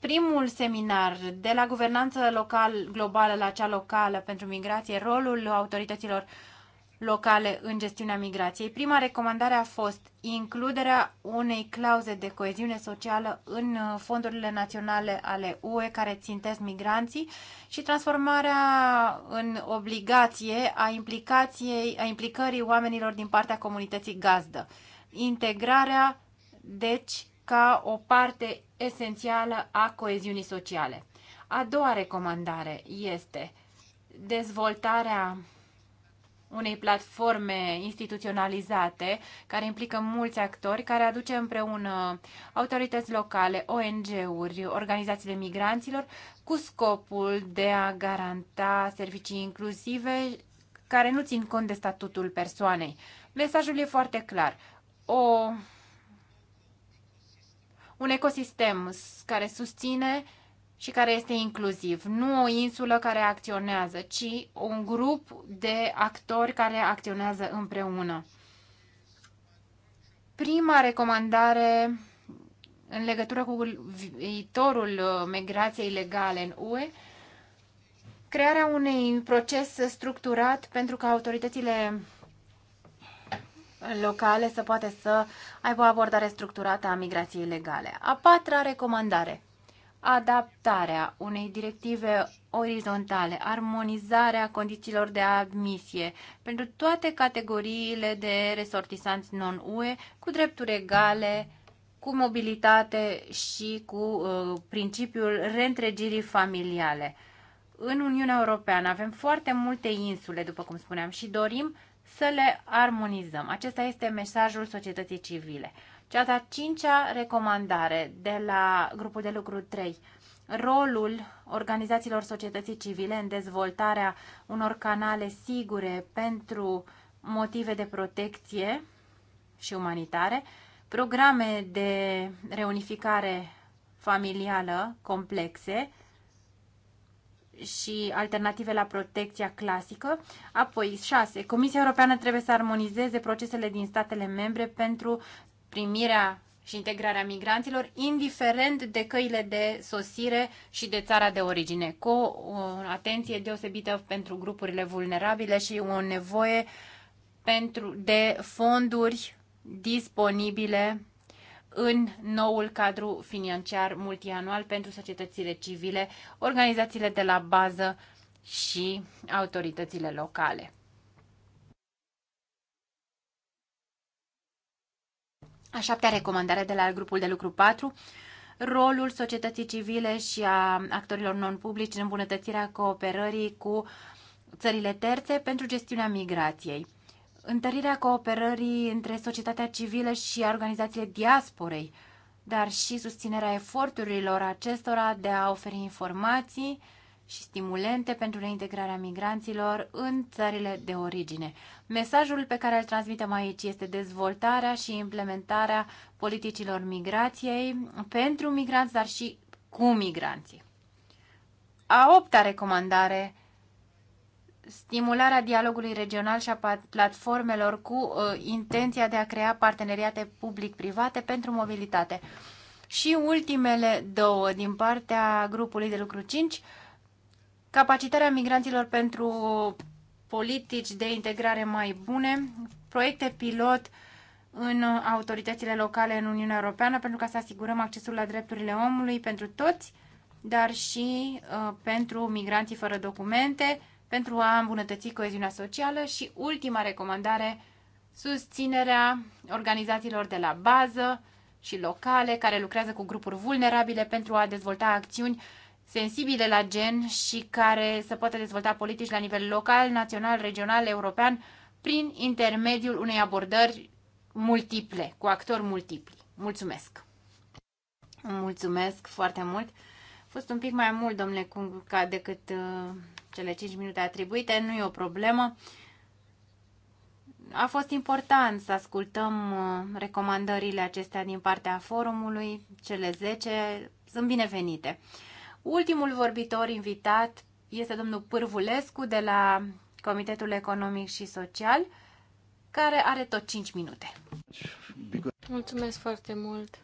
Primul seminar de la guvernanță local globală la cea locală pentru migrație, rolul autorităților uh, locale în gestiunea migrației. Prima recomandare a fost includerea unei clauze de coeziune socială în uh, fondurile naționale ale UE care țintesc migranții și transformarea în obligație a, implicației, a implicării oamenilor din partea comunității gazdă. Integrarea, deci, ca o parte esențială a coeziunii sociale. A doua recomandare este dezvoltarea unei platforme instituționalizate care implică mulți actori, care aduce împreună autorități locale, ONG-uri, organizații de migranților, cu scopul de a garanta servicii inclusive care nu țin cont de statutul persoanei. Mesajul e foarte clar. O, un ecosistem care susține uh, și care este inclusiv. Nu o insulă care acționează, ci un grup de actori care acționează împreună. Prima recomandare în legătură cu viitorul uh, migrației legale în UE, crearea unui proces structurat pentru ca autoritățile locale să poată să aibă o abordare structurată a migrației legale. A patra recomandare adaptarea unei directive orizontale, armonizarea condițiilor de admisie pentru toate categoriile de resortisanți non-UE cu drepturi egale, cu mobilitate și cu uh, principiul reîntregirii familiale. În Uniunea Europeană avem foarte multe insule, după cum spuneam, și dorim să le armonizăm. Acesta este mesajul societății civile. Cea de-a cincea recomandare de la grupul de lucru 3. Rolul organizațiilor societății civile în dezvoltarea unor canale sigure pentru motive de protecție și umanitare, programe de reunificare familială complexe și alternative la protecția clasică. Apoi, 6. Comisia Europeană trebuie să armonizeze procesele din statele membre pentru primirea și integrarea migranților, indiferent de căile de sosire și de țara de origine, cu o atenție deosebită pentru grupurile vulnerabile și o nevoie pentru, de fonduri disponibile în noul cadru financiar multianual pentru societățile civile, organizațiile de la bază și autoritățile locale. A șaptea recomandare de la grupul de lucru 4, rolul societății civile și a actorilor non-publici în îmbunătățirea cooperării cu țările terțe pentru gestiunea migrației. Întărirea cooperării între societatea civilă și organizațiile diasporei, dar și susținerea eforturilor acestora de a oferi informații, și stimulente pentru reintegrarea migranților în țările de origine. Mesajul pe care îl transmitem aici este dezvoltarea și implementarea politicilor migrației pentru migranți, dar și cu migranții. A opta recomandare stimularea dialogului regional și a platformelor cu uh, intenția de a crea parteneriate public-private pentru mobilitate. Și ultimele două din partea grupului de lucru 5, capacitarea migranților pentru politici de integrare mai bune, proiecte pilot în autoritățile locale în Uniunea Europeană pentru ca să asigurăm accesul la drepturile omului pentru toți, dar și uh, pentru migranții fără documente, pentru a îmbunătăți coeziunea socială și ultima recomandare, susținerea organizațiilor de la bază și locale care lucrează cu grupuri vulnerabile pentru a dezvolta acțiuni sensibile la gen și care să poată dezvolta politici la nivel local, național, regional, european, prin intermediul unei abordări multiple, cu actori multipli. Mulțumesc! Mulțumesc foarte mult! A fost un pic mai mult, domnule Cunca, decât uh, cele 5 minute atribuite, nu e o problemă. A fost important să ascultăm uh, recomandările acestea din partea forumului, cele 10 sunt binevenite. Ultimul vorbitor invitat este domnul Pârvulescu de la Comitetul Economic și Social, care are tot 5 minute. Mulțumesc foarte mult!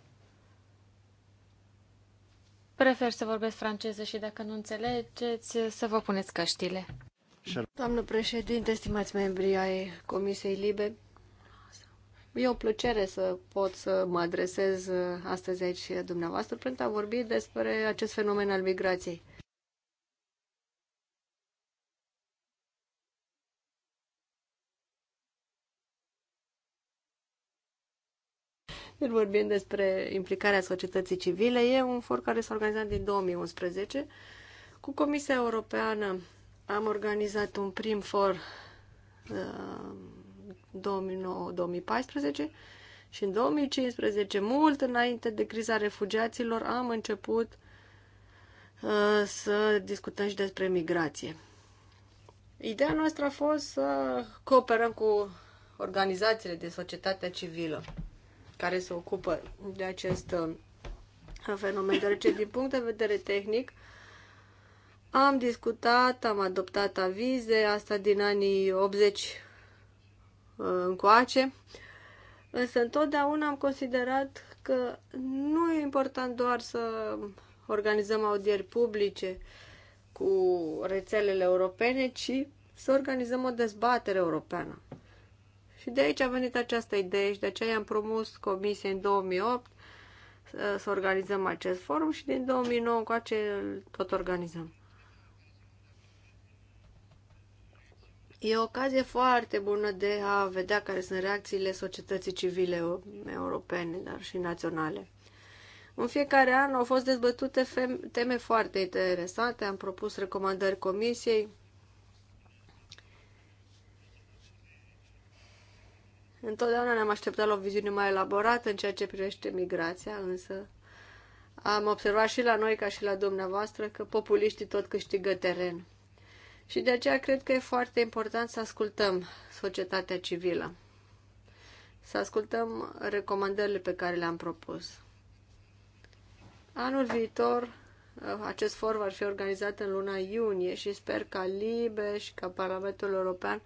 Prefer să vorbesc franceză și dacă nu înțelegeți, să vă puneți căștile. Doamnă președinte, stimați membri ai Comisiei Libe, E o plăcere să pot să mă adresez astăzi aici dumneavoastră pentru a vorbi despre acest fenomen al migrației. Deci vorbim despre implicarea societății civile. E un for care s-a organizat din 2011. Cu Comisia Europeană am organizat un prim for uh, 2009-2014 și în 2015, mult înainte de criza refugiaților, am început uh, să discutăm și despre migrație. Ideea noastră a fost să cooperăm cu organizațiile de societate civilă care se ocupă de acest uh, fenomen, deoarece din punct de vedere tehnic am discutat, am adoptat avize, asta din anii 80 încoace, însă întotdeauna am considerat că nu e important doar să organizăm audieri publice cu rețelele europene, ci să organizăm o dezbatere europeană. Și de aici a venit această idee și de aceea i-am promus comisiei în 2008 uh, să organizăm acest forum și din 2009 încoace tot organizăm. E o ocazie foarte bună de a vedea care sunt reacțiile societății civile europene, dar și naționale. În fiecare an au fost dezbătute teme foarte interesante, am propus recomandări comisiei. Întotdeauna ne-am așteptat la o viziune mai elaborată în ceea ce privește migrația, însă am observat și la noi, ca și la dumneavoastră, că populiștii tot câștigă teren. Și de aceea cred că e foarte important să ascultăm societatea civilă, să ascultăm recomandările pe care le-am propus. Anul viitor, uh, acest for va fi organizat în luna iunie și sper ca LIBE și ca Parlamentul European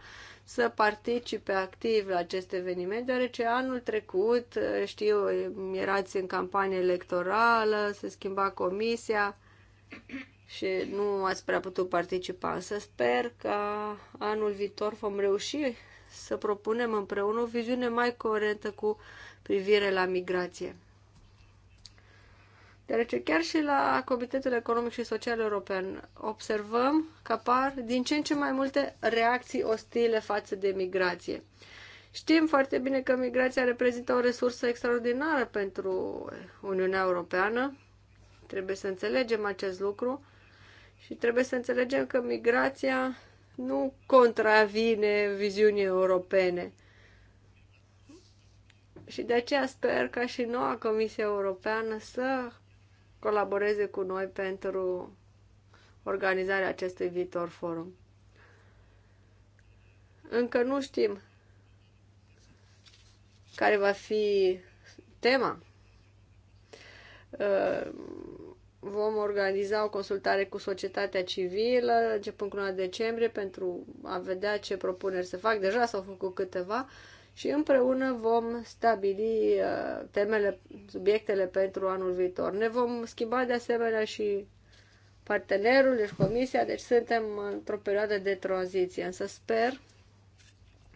să participe activ la acest eveniment, deoarece anul trecut, uh, știu, erați în campanie electorală, se schimba comisia și nu ați prea putut participa, Să sper că anul viitor vom reuși să propunem împreună o viziune mai coerentă cu privire la migrație. Deoarece chiar și la Comitetul Economic și Social European observăm că apar din ce în ce mai multe reacții ostile față de migrație. Știm foarte bine că migrația reprezintă o resursă extraordinară pentru Uniunea Europeană. Trebuie să înțelegem acest lucru și trebuie să înțelegem că migrația nu contravine viziunii europene. Și de aceea sper ca și noua Comisie Europeană să colaboreze cu noi pentru organizarea acestui viitor forum. Încă nu știm care va fi tema. Uh, vom organiza o consultare cu societatea civilă începând cu 1 decembrie pentru a vedea ce propuneri se fac. Deja s-au făcut câteva și împreună vom stabili uh, temele, subiectele pentru anul viitor. Ne vom schimba de asemenea și partenerul, deci comisia, deci suntem într-o perioadă de tranziție, însă sper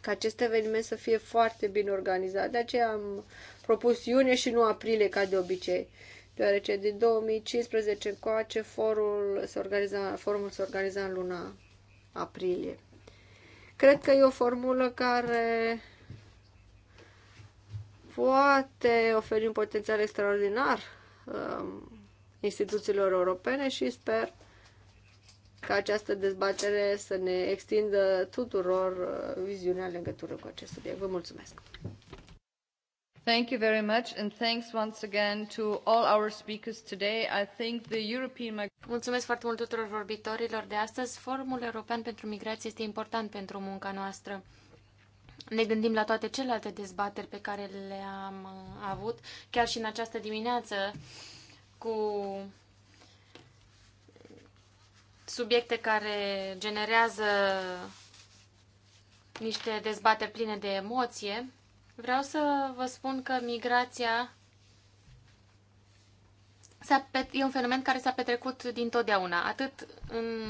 ca acest eveniment să fie foarte bine organizat. De aceea am propus iunie și nu aprilie, ca de obicei deoarece din 2015 încoace forul se organiza, forumul se organiza în luna aprilie. Cred că e o formulă care poate oferi un potențial extraordinar um, instituțiilor europene și sper ca această dezbatere să ne extindă tuturor uh, viziunea în legătură cu acest subiect. Vă mulțumesc! Thank you very much and thanks once again to all our speakers today. I think the European Mulțumesc foarte mult tuturor vorbitorilor de astăzi. Forumul European pentru Migrație este important pentru munca noastră. Ne gândim la toate celelalte dezbateri pe care le-am uh, avut, chiar și în această dimineață cu subiecte care generează niște dezbateri pline de emoție. Vreau să vă spun că migrația e un fenomen care s-a petrecut dintotdeauna, atât în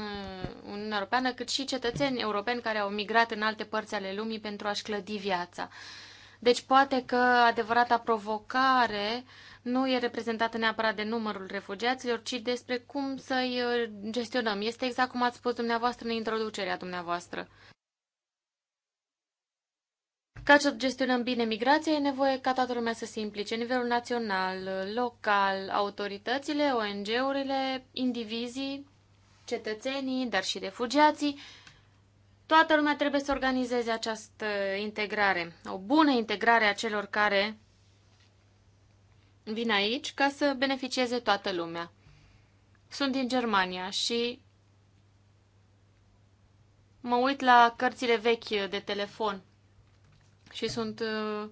Uniunea Europeană, cât și cetățeni europeni care au migrat în alte părți ale lumii pentru a-și clădi viața. Deci poate că adevărata provocare nu e reprezentată neapărat de numărul refugiaților, ci despre cum să-i gestionăm. Este exact cum ați spus dumneavoastră în introducerea dumneavoastră. Ca să gestionăm bine migrația, e nevoie ca toată lumea să se implice, nivelul național, local, autoritățile, ONG-urile, indivizii, cetățenii, dar și refugiații. Toată lumea trebuie să organizeze această integrare, o bună integrare a celor care vin aici ca să beneficieze toată lumea. Sunt din Germania și mă uit la cărțile vechi de telefon și sunt uh,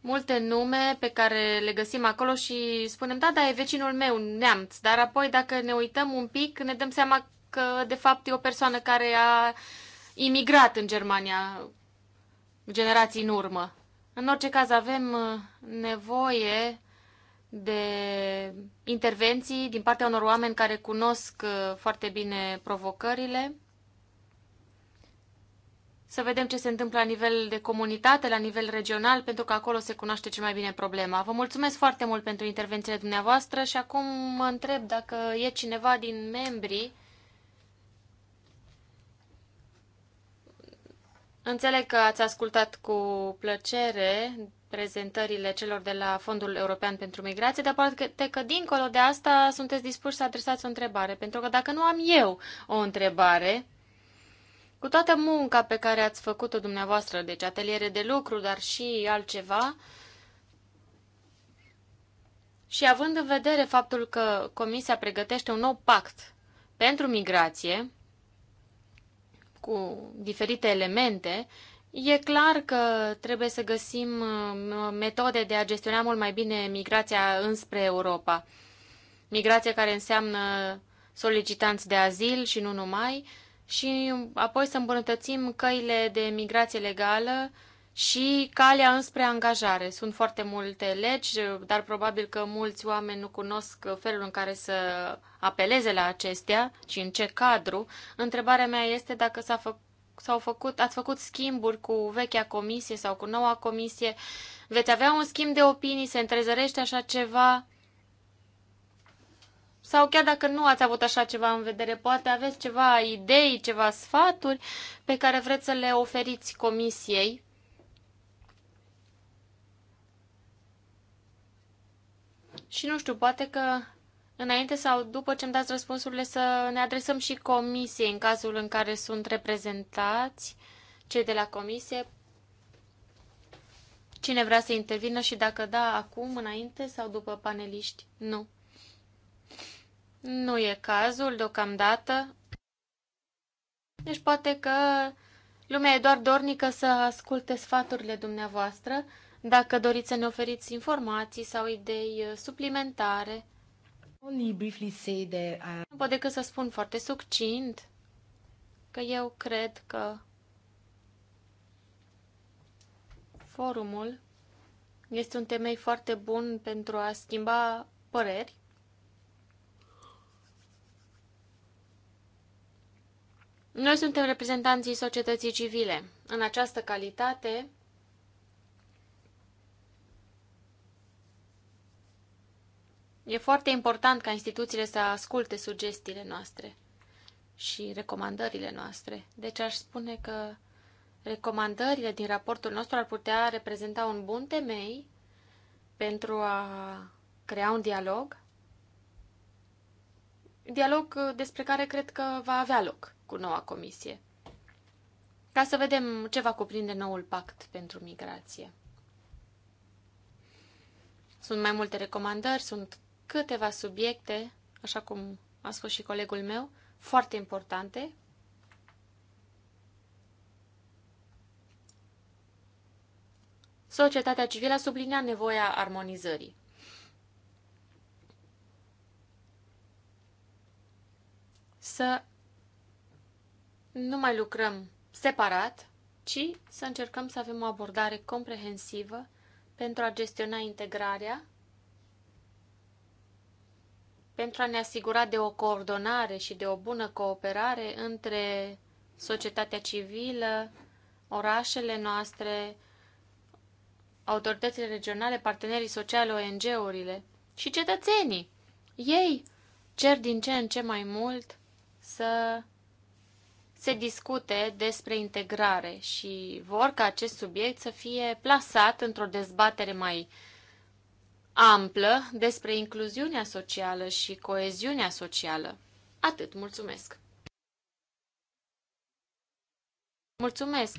multe nume pe care le găsim acolo și spunem, da, dar e vecinul meu, neamț. Dar apoi, dacă ne uităm un pic, ne dăm seama că, de fapt, e o persoană care a imigrat în Germania generații în urmă. În orice caz, avem uh, nevoie de intervenții din partea unor oameni care cunosc uh, foarte bine provocările să vedem ce se întâmplă la nivel de comunitate, la nivel regional, pentru că acolo se cunoaște cel mai bine problema. Vă mulțumesc foarte mult pentru intervențiile dumneavoastră și acum mă întreb dacă e cineva din membrii Înțeleg că ați ascultat cu plăcere prezentările celor de la Fondul European pentru Migrație, dar poate că dincolo de asta sunteți dispuși să adresați o întrebare, pentru că dacă nu am eu o întrebare, cu toată munca pe care ați făcut-o dumneavoastră, deci ateliere de lucru, dar și altceva, și având în vedere faptul că Comisia pregătește un nou pact pentru migrație, cu diferite elemente, e clar că trebuie să găsim uh, metode de a gestiona mult mai bine migrația înspre Europa. Migrație care înseamnă solicitanți de azil și nu numai, și apoi să îmbunătățim căile de migrație legală și calea înspre angajare. Sunt foarte multe legi, dar probabil că mulți oameni nu cunosc felul în care să apeleze la acestea și în ce cadru. Întrebarea mea este dacă s-a făcut s-au făcut, ați făcut schimburi cu vechea comisie sau cu noua comisie, veți avea un schimb de opinii, se întrezărește așa ceva sau chiar dacă nu ați avut așa ceva în vedere, poate aveți ceva idei, ceva sfaturi pe care vreți să le oferiți comisiei Și nu știu, poate că înainte sau după ce îmi dați răspunsurile să ne adresăm și comisiei în cazul în care sunt reprezentați cei de la comisie. Cine vrea să intervină și dacă da, acum, înainte sau după paneliști? Nu. Nu e cazul deocamdată. Deci poate că lumea e doar dornică să asculte sfaturile dumneavoastră, dacă doriți să ne oferiți informații sau idei uh, suplimentare. Only briefly say that, uh... Nu pot decât să spun foarte succint că eu cred că forumul este un temei foarte bun pentru a schimba păreri Noi suntem reprezentanții societății civile. În această calitate, e foarte important ca instituțiile să asculte sugestiile noastre și recomandările noastre. Deci aș spune că recomandările din raportul nostru ar putea reprezenta un bun temei pentru a crea un dialog. Dialog despre care cred că va avea loc cu noua comisie. Ca să vedem ce va cuprinde noul pact pentru migrație. Sunt mai multe recomandări, sunt câteva subiecte, așa cum a spus și colegul meu, foarte importante. Societatea civilă a subliniat nevoia armonizării. Să nu mai lucrăm separat, ci să încercăm să avem o abordare comprehensivă pentru a gestiona integrarea, pentru a ne asigura de o coordonare și de o bună cooperare între societatea civilă, orașele noastre, autoritățile regionale, partenerii sociale, ONG-urile și cetățenii. Ei cer din ce în ce mai mult să se discute despre integrare și vor ca acest subiect să fie plasat într-o dezbatere mai amplă despre incluziunea socială și coeziunea socială. Atât, mulțumesc! Mulțumesc!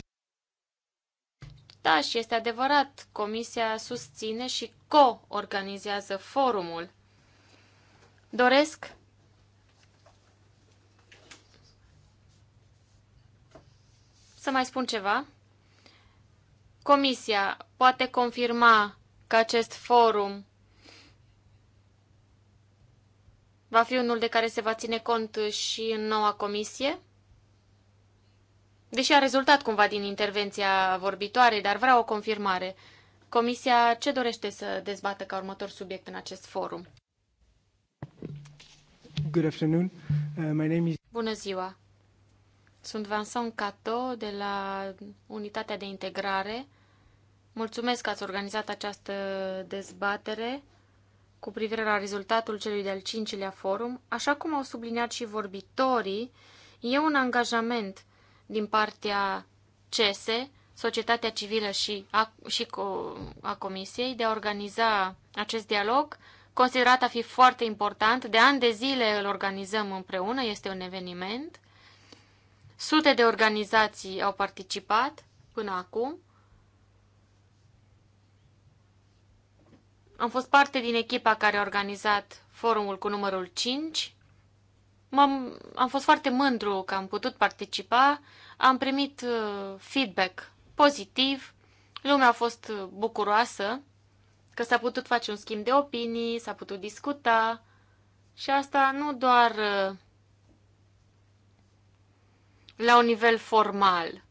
Da, și este adevărat, Comisia susține și co-organizează forumul. Doresc Să mai spun ceva. Comisia poate confirma că acest forum va fi unul de care se va ține cont și în noua comisie? Deși a rezultat cumva din intervenția vorbitoare, dar vreau o confirmare. Comisia ce dorește să dezbată ca următor subiect în acest forum? Good afternoon. Uh, my name is... Bună ziua! Sunt Vincent Cato de la Unitatea de Integrare. Mulțumesc că ați organizat această dezbatere cu privire la rezultatul celui de-al cincilea forum. Așa cum au subliniat și vorbitorii, e un angajament din partea CESE, societatea civilă și a, și co, a Comisiei de a organiza acest dialog, considerat a fi foarte important. De ani de zile îl organizăm împreună, este un eveniment Sute de organizații au participat până acum. Am fost parte din echipa care a organizat forumul cu numărul 5. M-am, am fost foarte mândru că am putut participa. Am primit uh, feedback pozitiv. Lumea a fost bucuroasă că s-a putut face un schimb de opinii, s-a putut discuta. Și asta nu doar uh, la un nivel formal,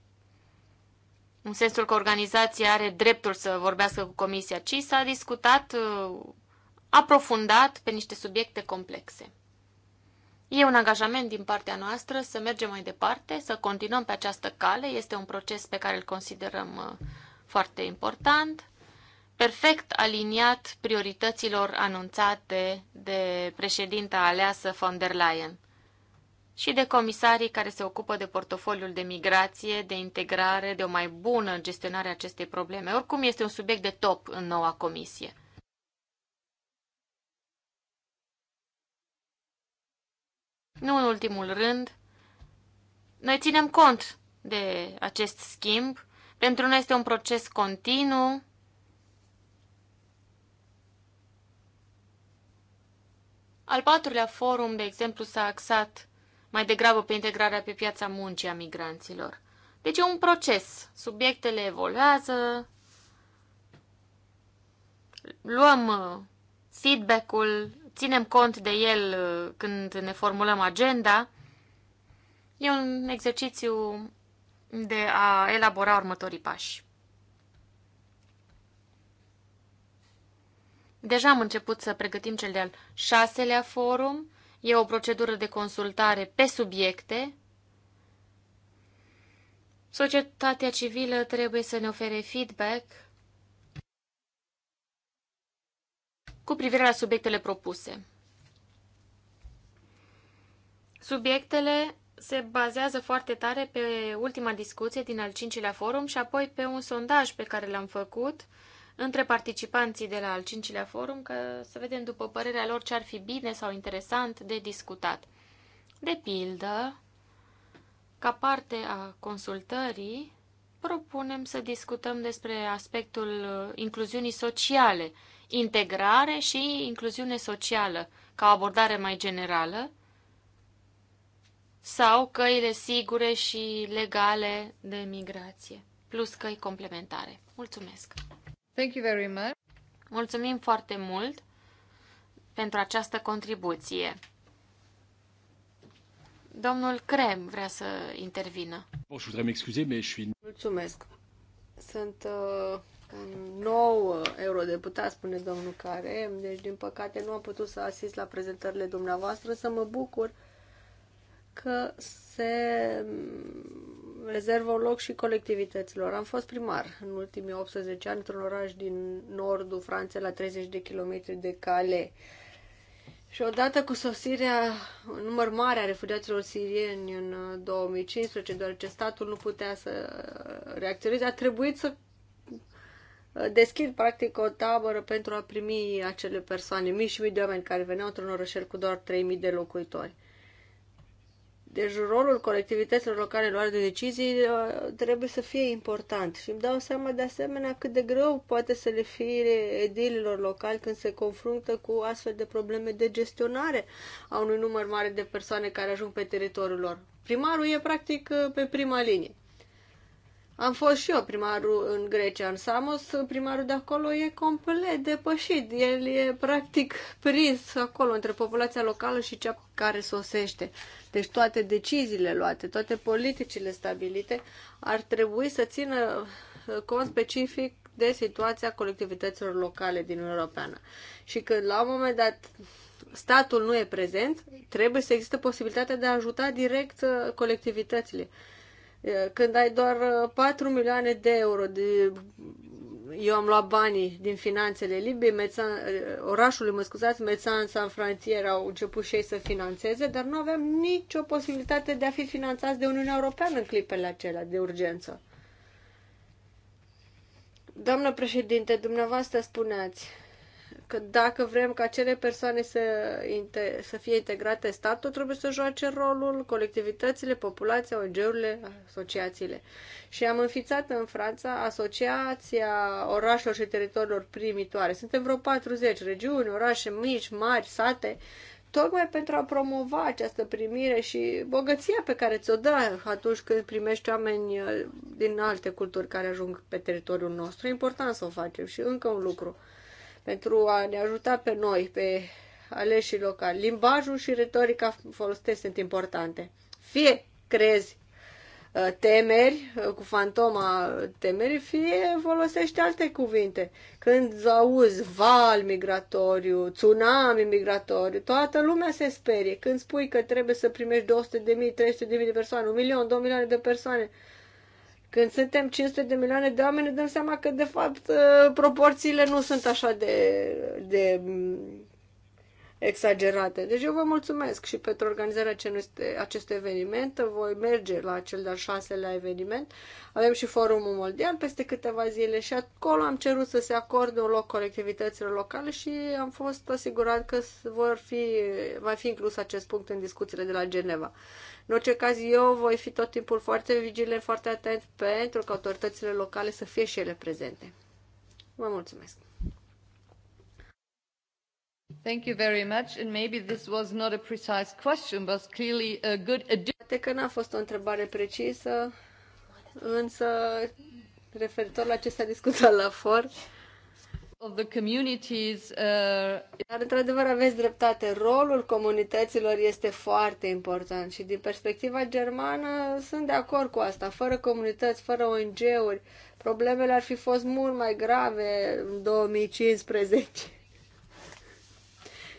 în sensul că organizația are dreptul să vorbească cu comisia, ci s-a discutat uh, aprofundat pe niște subiecte complexe. E un angajament din partea noastră să mergem mai departe, să continuăm pe această cale. Este un proces pe care îl considerăm uh, foarte important, perfect aliniat priorităților anunțate de președinta aleasă von der Leyen și de comisarii care se ocupă de portofoliul de migrație, de integrare, de o mai bună gestionare a acestei probleme. Oricum, este un subiect de top în noua comisie. Nu în ultimul rând, noi ținem cont de acest schimb. Pentru noi este un proces continuu. Al patrulea forum, de exemplu, s-a axat mai degrabă pe integrarea pe piața muncii a migranților. Deci e un proces. Subiectele evoluează, luăm uh, feedback-ul, ținem cont de el uh, când ne formulăm agenda. E un exercițiu de a elabora următorii pași. Deja am început să pregătim cel de-al șaselea forum E o procedură de consultare pe subiecte. Societatea civilă trebuie să ne ofere feedback cu privire la subiectele propuse. Subiectele se bazează foarte tare pe ultima discuție din al cincilea forum și apoi pe un sondaj pe care l-am făcut uh, între participanții de la al cincilea forum ca să vedem după părerea lor ce ar fi bine sau interesant de discutat. De pildă, ca parte a consultării, propunem să discutăm despre aspectul incluziunii sociale, integrare și incluziune socială, ca abordare mai generală, sau căile sigure și legale de migrație, plus căi complementare. Mulțumesc! Thank you very much. Mulțumim foarte mult pentru această contribuție. Domnul Crem vrea să intervină. Bon, je voudrais m'excuser, mais je suis... Mulțumesc. Sunt uh, un nou uh, eurodeputat, spune domnul Care, deci din păcate nu am putut să asist la prezentările dumneavoastră, să mă bucur că se rezervă un loc și colectivităților. Am fost primar în ultimii 18 ani într-un oraș din nordul Franței la 30 de kilometri de cale. Și odată cu sosirea un număr mare a refugiaților sirieni în 2015, uh, deoarece statul nu putea să uh, reacționeze, a trebuit să uh, deschid practic o tabără pentru a primi acele persoane, mii și mii de oameni care veneau într-un orășel cu doar 3.000 de locuitori. Deci rolul colectivităților locale în luare de decizii uh, trebuie să fie important și îmi dau seama de asemenea cât de greu poate să le fie edililor locali când se confruntă cu astfel de probleme de gestionare a unui număr mare de persoane care ajung pe teritoriul lor. Primarul e practic uh, pe prima linie. Am fost și eu primarul în Grecia, în Samos, primarul de acolo e complet depășit. El e practic prins acolo între populația locală și cea care sosește. Deci toate deciziile luate, toate politicile stabilite ar trebui să țină uh, cont specific de situația colectivităților locale din Europeană. Și că la un moment dat statul nu e prezent, trebuie să existe posibilitatea de a ajuta direct uh, colectivitățile. Când ai doar 4 uh, milioane de euro, de... eu am luat banii din finanțele Libiei, Mețan, uh, orașului, mă scuzați, Mețan, San Frantier au început și ei să financeze, dar nu aveam nicio posibilitate de a fi finanțați de Uniunea Europeană în clipele acelea de urgență. Doamnă președinte, dumneavoastră spuneați că dacă vrem ca acele persoane să, să fie integrate, statul trebuie să joace rolul, colectivitățile, populația, ONG-urile, asociațiile. Și am înfițat în Franța Asociația Orașelor și Teritoriilor Primitoare. Suntem vreo 40 regiuni, orașe mici, mari, sate, tocmai pentru a promova această primire și bogăția pe care ți-o dă atunci când primești oameni uh, din alte culturi care ajung pe teritoriul nostru. E important să o facem și încă un lucru pentru a ne ajuta pe noi, pe aleșii locali. Limbajul și retorica folosite sunt importante. Fie crezi uh, temeri, uh, cu fantoma temerii, fie folosește alte cuvinte. Când auzi val migratoriu, tsunami migratoriu, toată lumea se sperie. Când spui că trebuie să primești 200.000, 300.000 de persoane, un milion, 2 milioane de persoane, când suntem 500 de milioane de oameni, ne dăm seama că, de fapt, ă, proporțiile nu sunt așa de, de mm, exagerate. Deci eu vă mulțumesc și pentru organizarea acestui eveniment. Voi merge la cel de-al șaselea eveniment. Avem și forumul mondial peste câteva zile și acolo am cerut să se acorde un loc colectivităților locale și am fost asigurat că vor fi, va fi inclus acest punct în discuțiile de la Geneva. În orice caz, eu voi fi tot timpul foarte vigilent, foarte atent pentru că autoritățile locale să fie și ele prezente. Vă mulțumesc! Thank you very much and maybe this was not a precise question but clearly a good Poate că n-a fost o întrebare precisă, însă referitor la ce s-a discutat la for, Uh, Dar, într-adevăr, aveți dreptate. Rolul comunităților este foarte important și, din perspectiva germană, sunt de acord cu asta. Fără comunități, fără ONG-uri, problemele ar fi fost mult mai grave în 2015.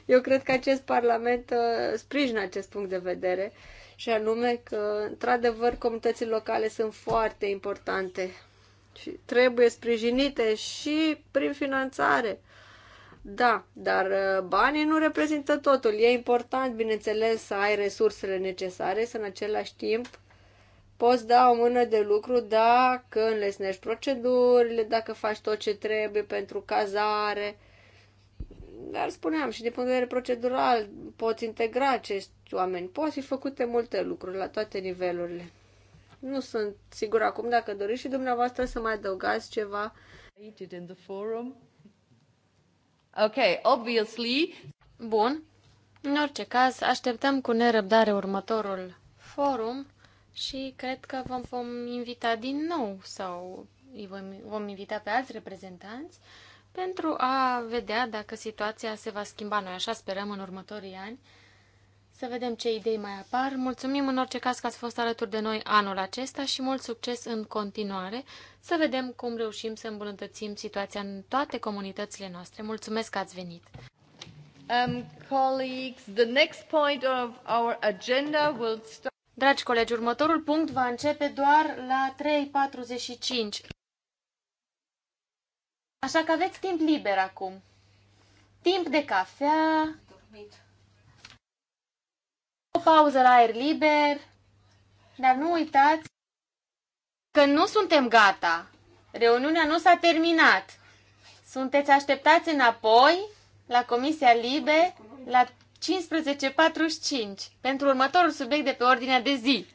Eu cred că acest Parlament uh, sprijină acest punct de vedere și anume că, într-adevăr, comunitățile locale sunt foarte importante și trebuie sprijinite și prin finanțare. Da, dar uh, banii nu reprezintă totul. E important, bineînțeles, să ai resursele necesare, să în același timp poți da o mână de lucru dacă înlesnești procedurile, dacă faci tot ce trebuie pentru cazare. Dar spuneam, și din punct de vedere procedural, poți integra acești oameni. Poți fi făcute multe lucruri la toate nivelurile. Nu sunt sigur acum dacă doriți și dumneavoastră să mai adăugați ceva. Ok, obviously. Bun. În orice caz, așteptăm cu nerăbdare următorul forum și cred că vom, vom invita din nou sau îi vom, vom invita pe alți reprezentanți pentru a vedea dacă situația se va schimba. Noi așa sperăm în următorii ani să vedem ce idei mai apar. Mulțumim în orice caz că ați fost alături de noi anul acesta și mult succes în continuare. Să vedem cum reușim să îmbunătățim situația în toate comunitățile noastre. Mulțumesc că ați venit! Um, colleagues, the next point of our agenda will start... Dragi colegi, următorul punct va începe doar la 3.45. Așa că aveți timp liber acum. Timp de cafea... Dormit pauză la aer liber, dar nu uitați că nu suntem gata. Reuniunea nu s-a terminat. Sunteți așteptați înapoi la Comisia Libe la 15.45 pentru următorul subiect de pe ordinea de zi.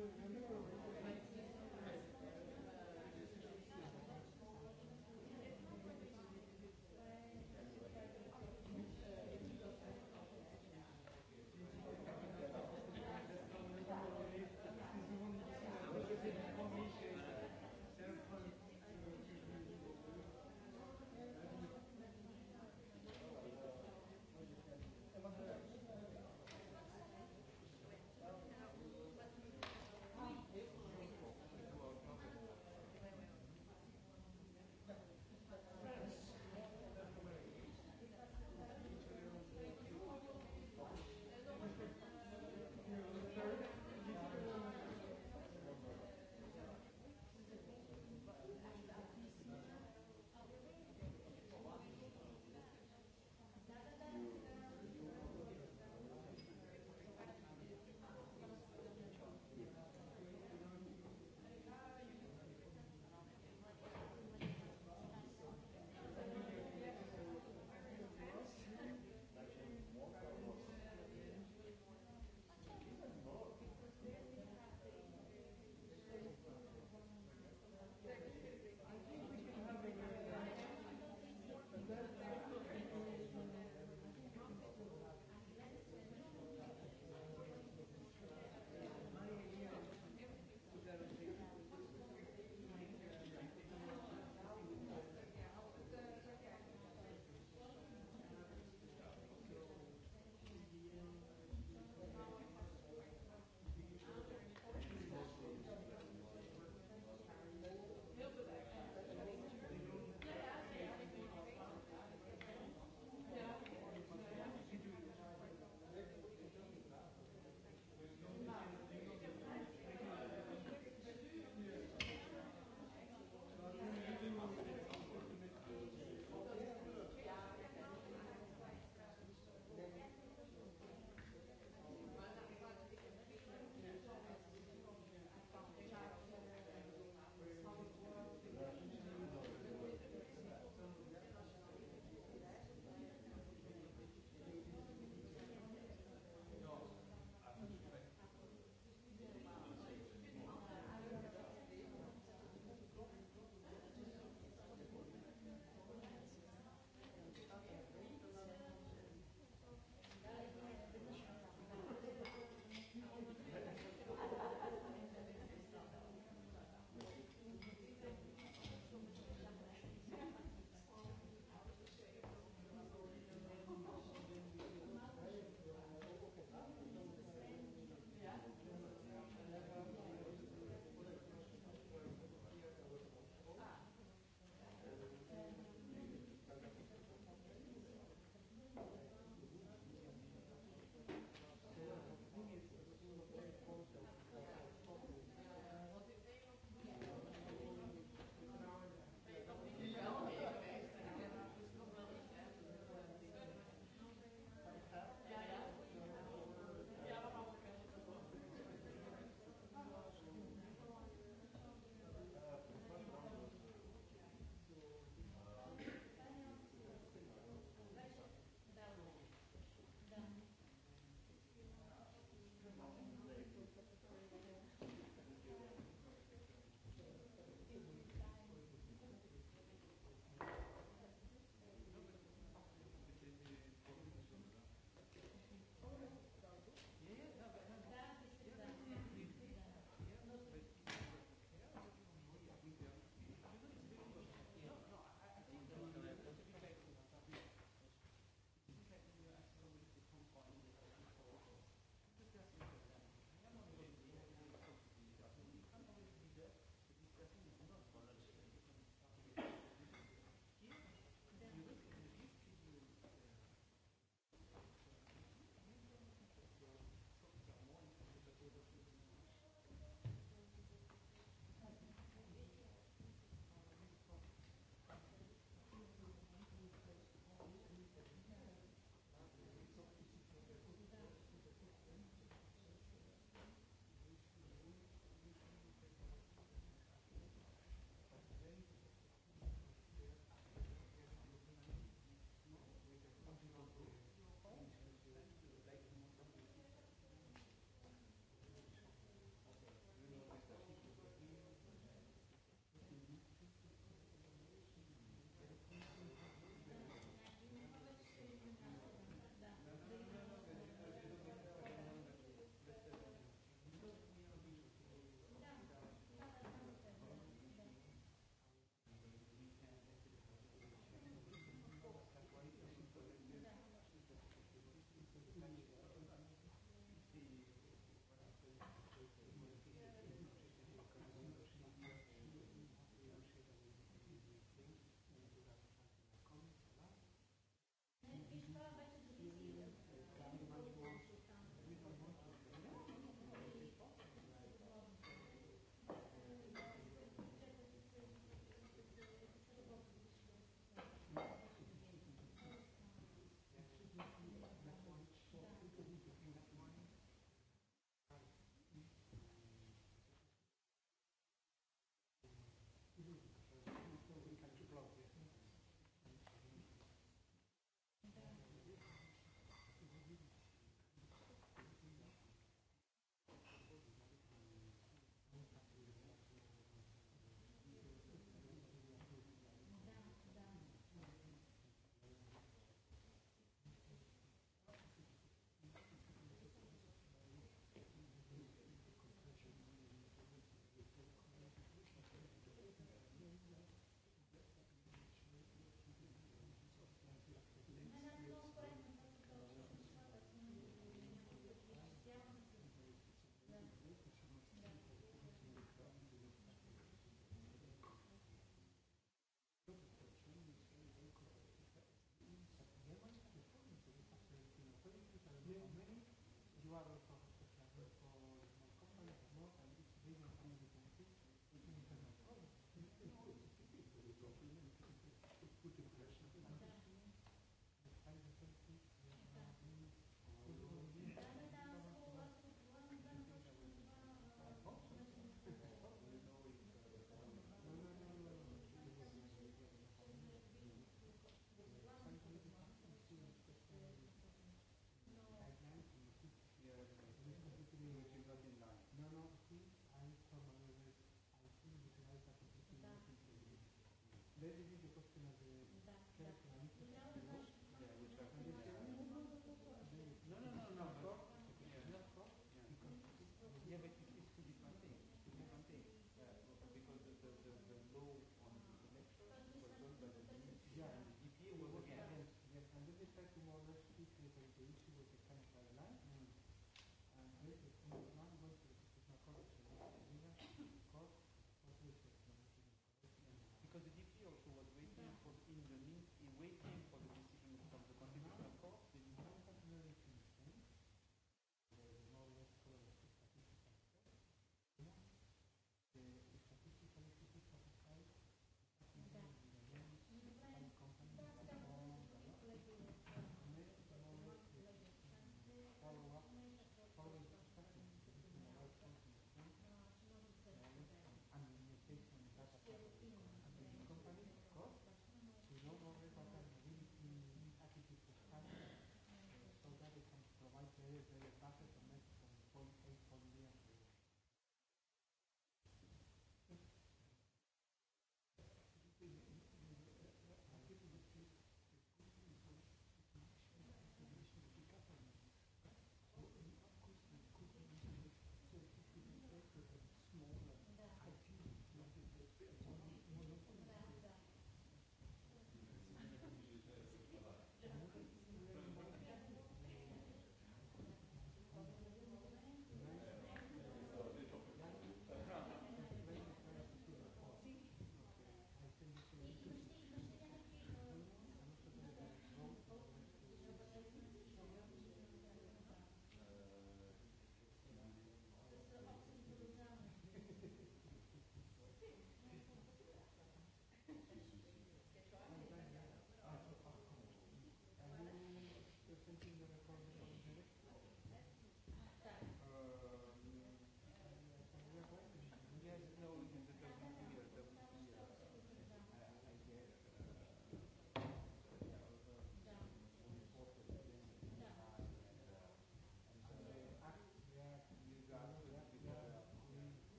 Mm-hmm.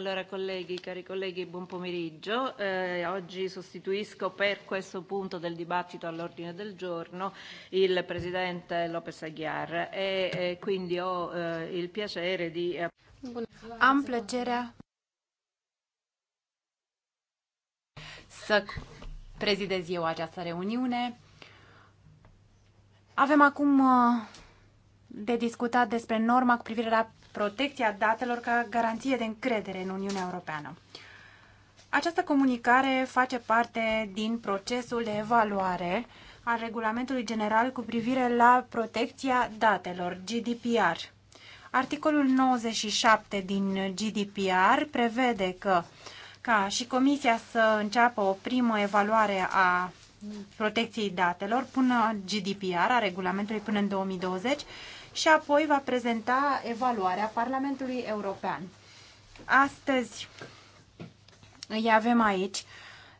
Allora colleghi, cari colleghi, buon pomeriggio. Eh, oggi sostituisco per questo punto del dibattito all'ordine del giorno il Presidente Lopez Aguiar e eh, quindi ho eh, il piacere di... Eh, Am plăcerea să prezidez eu această reuniune. Avem acum eh, de discutat despre norma cu privire la protecția datelor ca garanție de încredere în Uniunea Europeană. Această comunicare face parte din procesul de evaluare al Regulamentului General cu privire la protecția datelor, GDPR. Articolul 97 din GDPR prevede că ca și Comisia să înceapă o primă evaluare a protecției datelor până GDPR, a regulamentului până în 2020, și apoi va prezenta evaluarea Parlamentului European. Astăzi îi avem aici,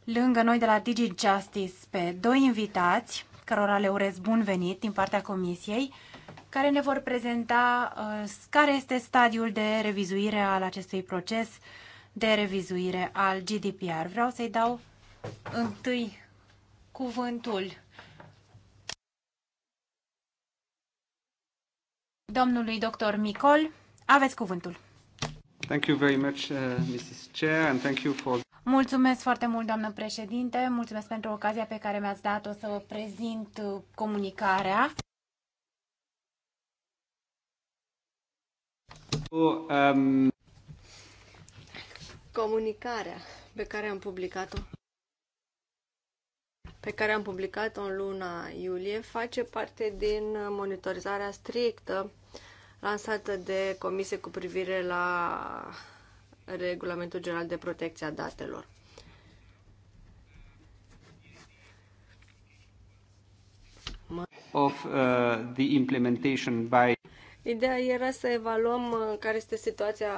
lângă noi de la Digi Justice, pe doi invitați, cărora le urez bun venit din partea Comisiei, care ne vor prezenta uh, care este stadiul de revizuire al acestui proces de revizuire al GDPR. Vreau să-i dau întâi cuvântul domnului doctor Micol. Aveți cuvântul. Thank you very much, uh, Mrs. Chair, and thank you for... Mulțumesc foarte mult, doamnă președinte. Mulțumesc pentru ocazia pe care mi-ați dat-o să vă prezint uh, comunicarea. Oh, um... Comunicarea pe care am publicat-o pe care am publicat-o în luna iulie face parte din monitorizarea strictă lansată de Comisie cu privire la Regulamentul General de Protecție a Datelor. Of, uh, the implementation by... Ideea era să evaluăm uh, care este situația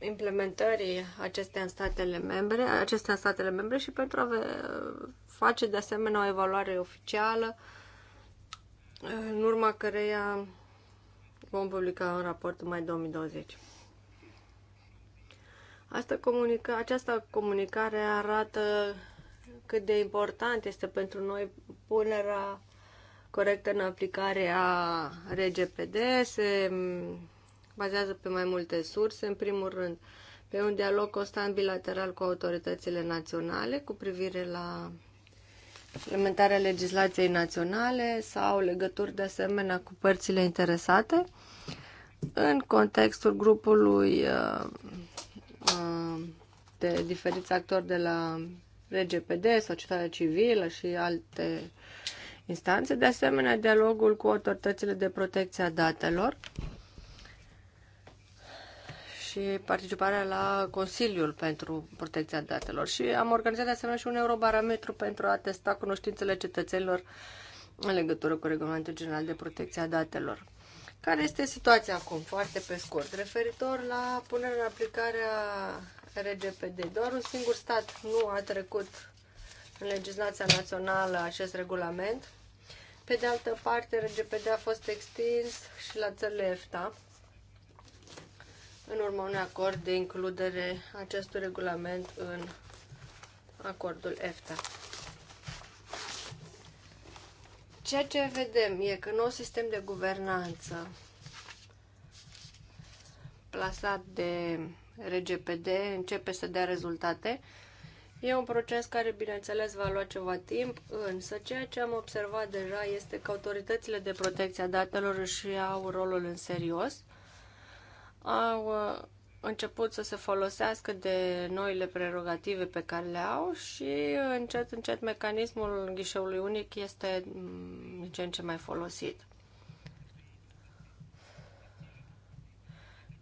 implementării acestea în statele membre, acestea în statele membre și pentru a face de asemenea o evaluare oficială, eh, în urma căreia vom publica un raport în mai 2020. Asta comunica, această comunicare arată cât de important este pentru noi punerea corectă în aplicare a RGPD. Se bazează pe mai multe surse, în primul rând pe un dialog constant bilateral cu autoritățile naționale cu privire la implementarea legislației naționale sau legături de asemenea cu părțile interesate în contextul grupului uh, uh, de diferiți actori de la RGPD, societatea civilă și alte instanțe, de asemenea dialogul cu autoritățile de protecție a datelor și participarea la Consiliul pentru Protecția Datelor. Și am organizat de asemenea și un eurobarometru pentru a testa cunoștințele cetățenilor în legătură cu Regulamentul General de Protecție a Datelor. Care este situația acum, foarte pe scurt, referitor la punerea în aplicare a RGPD? Doar un singur stat nu a trecut în legislația națională acest regulament. Pe de altă parte, RGPD a fost extins și la țările EFTA, în urma unui acord de includere acestui regulament în acordul EFTA. Ceea ce vedem e că nou sistem de guvernanță plasat de RGPD începe să dea rezultate. E un proces care, bineînțeles, va lua ceva timp, însă ceea ce am observat deja este că autoritățile de protecție a datelor își iau rolul în serios au uh, început să se folosească de noile prerogative pe care le au și uh, încet, încet mecanismul ghișeului unic este mm, din ce în ce mai folosit.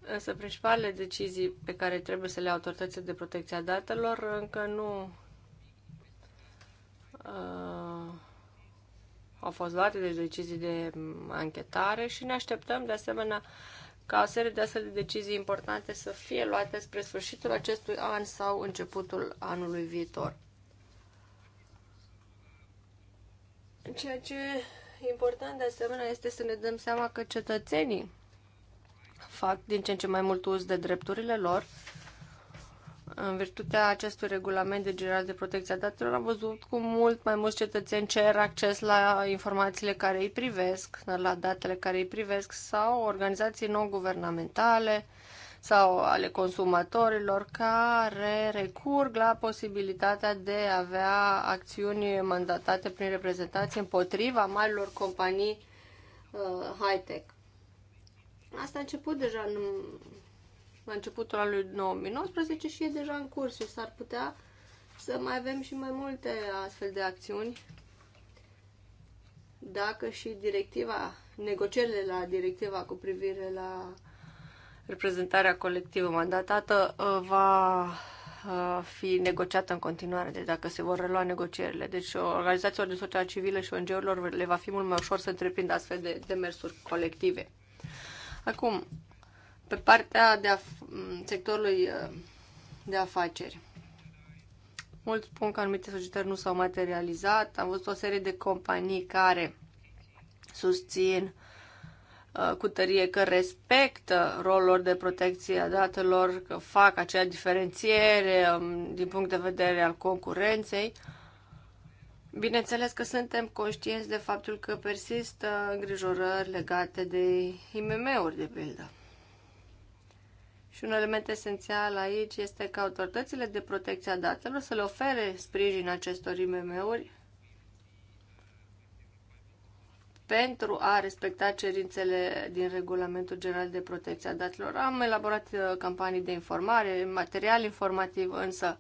Însă principalele decizii pe care trebuie să le au autoritățile de protecție a datelor încă nu uh, au fost luate de decizii de mm, anchetare și ne așteptăm de asemenea uh, ca o serie de astfel de decizii importante să fie luate spre sfârșitul acestui an sau începutul anului viitor. Ceea ce e important de asemenea este să ne dăm seama că cetățenii fac din ce în ce mai mult uz de drepturile lor în virtutea acestui regulament de general de protecție a datelor, am văzut cum mult mai mulți cetățeni cer acces la informațiile care îi privesc, la datele care îi privesc, sau organizații non-guvernamentale sau ale consumatorilor care recurg la posibilitatea de a avea acțiuni mandatate prin reprezentație împotriva marilor companii uh, high-tech. Asta a început deja în la începutul anului 2019 și e deja în curs și s-ar putea să mai avem și mai multe astfel de acțiuni dacă și directiva, negocierile la directiva cu privire la reprezentarea colectivă mandatată uh, va uh, fi negociată în continuare, deci dacă se vor relua negocierile. Deci organizațiilor de societate civilă și ONG-urilor le va fi mult mai ușor să întreprindă astfel de demersuri colective. Acum, pe partea de af- mm, sectorului uh, de afaceri. Mulți spun că anumite societăți nu s-au materializat. Am văzut o serie de companii care susțin uh, cu tărie că respectă rolul lor de protecție a datelor, că fac acea diferențiere um, din punct de vedere al concurenței. Bineînțeles că suntem conștienți de faptul că persistă îngrijorări legate de IMM-uri, de pildă. Și un element esențial aici este că autoritățile de protecție a datelor să le ofere sprijin acestor IMM-uri pentru a respecta cerințele din Regulamentul General de Protecție a Datelor. Am elaborat uh, campanii de informare, material informativ, însă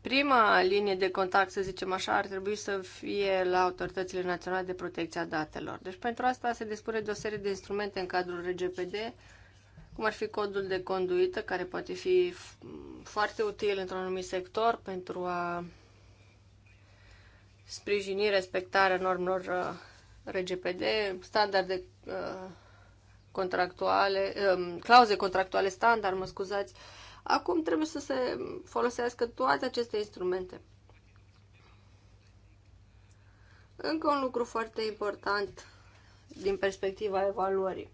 prima linie de contact, să zicem așa, ar trebui să fie la autoritățile naționale de protecție a datelor. Deci pentru asta se dispune de o serie de instrumente în cadrul RGPD, cum ar fi codul de conduită, care poate fi foarte util într-un anumit sector pentru a sprijini respectarea normelor uh, RGPD, standarde uh, contractuale, um, clauze contractuale standard, mă scuzați. Acum trebuie să se folosească toate aceste instrumente. Încă un lucru foarte important din perspectiva evaluării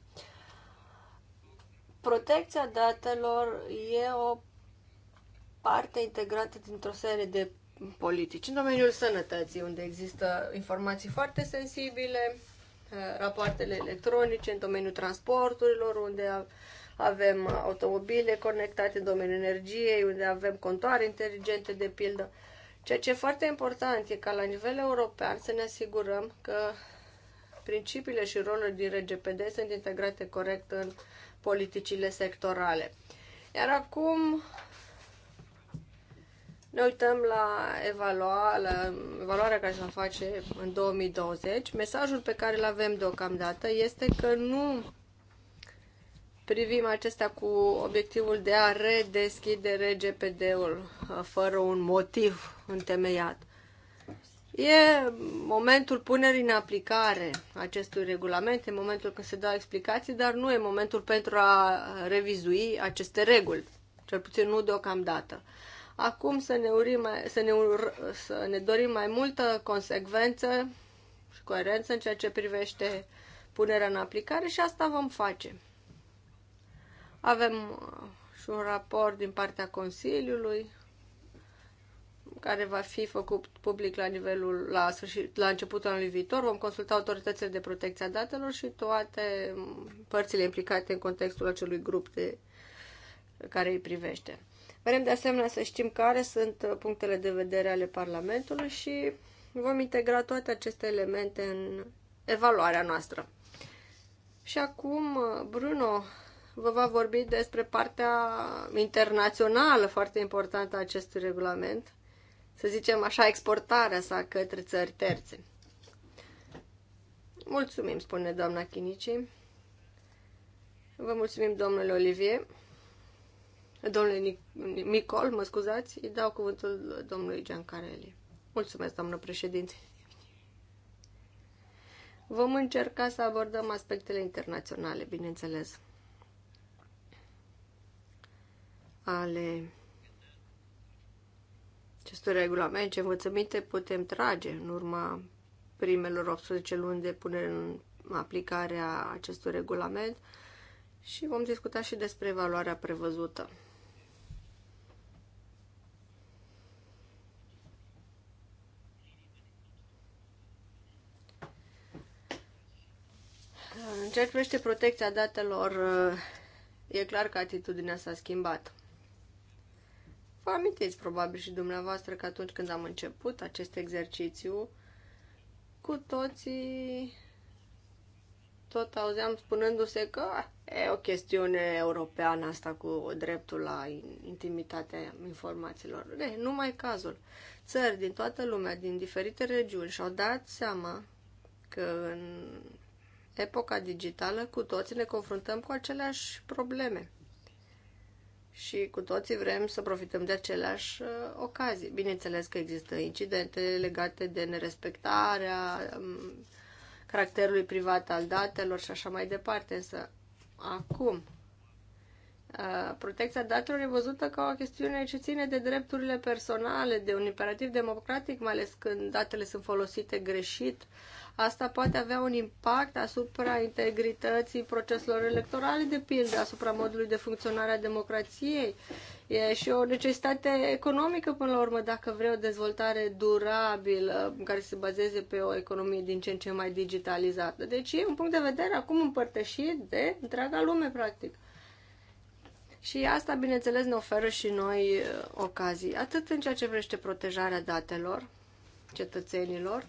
protecția datelor e o parte integrată dintr-o serie de politici. În domeniul sănătății, unde există informații foarte sensibile, eh, rapoartele electronice, în domeniul transporturilor, unde avem automobile conectate, în domeniul energiei, unde avem contoare inteligente, de pildă. Ceea ce e foarte important e ca la nivel european să ne asigurăm că principiile și rolurile din RGPD sunt integrate corect în uh, politicile sectorale. Iar acum ne uităm la, evalua, la evaluarea care se va face în 2020. Mesajul pe care îl avem deocamdată este că nu privim acestea cu obiectivul de a redeschide RGPD-ul fără un motiv întemeiat. E momentul punerii în aplicare acestui regulament, e momentul când se dau explicații, dar nu e momentul pentru a revizui aceste reguli, cel puțin nu deocamdată. Acum să ne, urim, să ne, ur, să ne dorim mai multă consecvență și coerență în ceea ce privește punerea în aplicare și asta vom face. Avem uh, și un raport din partea Consiliului, care va fi făcut public la nivelul la, sfârșit, la începutul anului viitor. Vom consulta autoritățile de protecție a datelor și toate părțile implicate în contextul acelui grup de, care îi privește. Vrem de asemenea să știm care sunt punctele de vedere ale Parlamentului și vom integra toate aceste elemente în evaluarea noastră. Și acum Bruno vă va vorbi despre partea internațională foarte importantă a acestui regulament să zicem așa, exportarea sa către țări terțe. Mulțumim, spune doamna Chinici. Vă mulțumim, domnule Olivier. Domnule Nicol, mă scuzați, îi dau cuvântul domnului Giancarelli. Mulțumesc, doamnă președinte. Vom încerca să abordăm aspectele internaționale, bineînțeles, ale acestui regulament, ce învățăminte putem trage în urma primelor 18 luni de punere în aplicare a acestui regulament și vom discuta și despre evaluarea prevăzută. În ceea ce privește protecția datelor, e clar că atitudinea s-a schimbat. Vă amintiți probabil și dumneavoastră că atunci când am început acest exercițiu, cu toții tot auzeam spunându-se că ah, e o chestiune europeană asta cu dreptul la intimitatea informațiilor. De, numai cazul. Țări din toată lumea, din diferite regiuni și-au dat seama că în epoca digitală cu toți ne confruntăm cu aceleași probleme și cu toții vrem să profităm de aceleași uh, ocazii. Bineînțeles că există incidente legate de nerespectarea um, caracterului privat al datelor și așa mai departe, însă acum uh, protecția datelor e văzută ca o chestiune ce ține de drepturile personale, de un imperativ democratic, mai ales când datele sunt folosite greșit Asta poate avea un impact asupra integrității proceselor electorale, de pildă, asupra modului de funcționare a democrației. E și o necesitate economică, până la urmă, dacă vrei o dezvoltare durabilă, care se bazeze pe o economie din ce în ce mai digitalizată. Deci e un punct de vedere acum împărtășit de întreaga lume, practic. Și asta, bineînțeles, ne oferă și noi uh, ocazii, atât în ceea ce vrește protejarea datelor cetățenilor,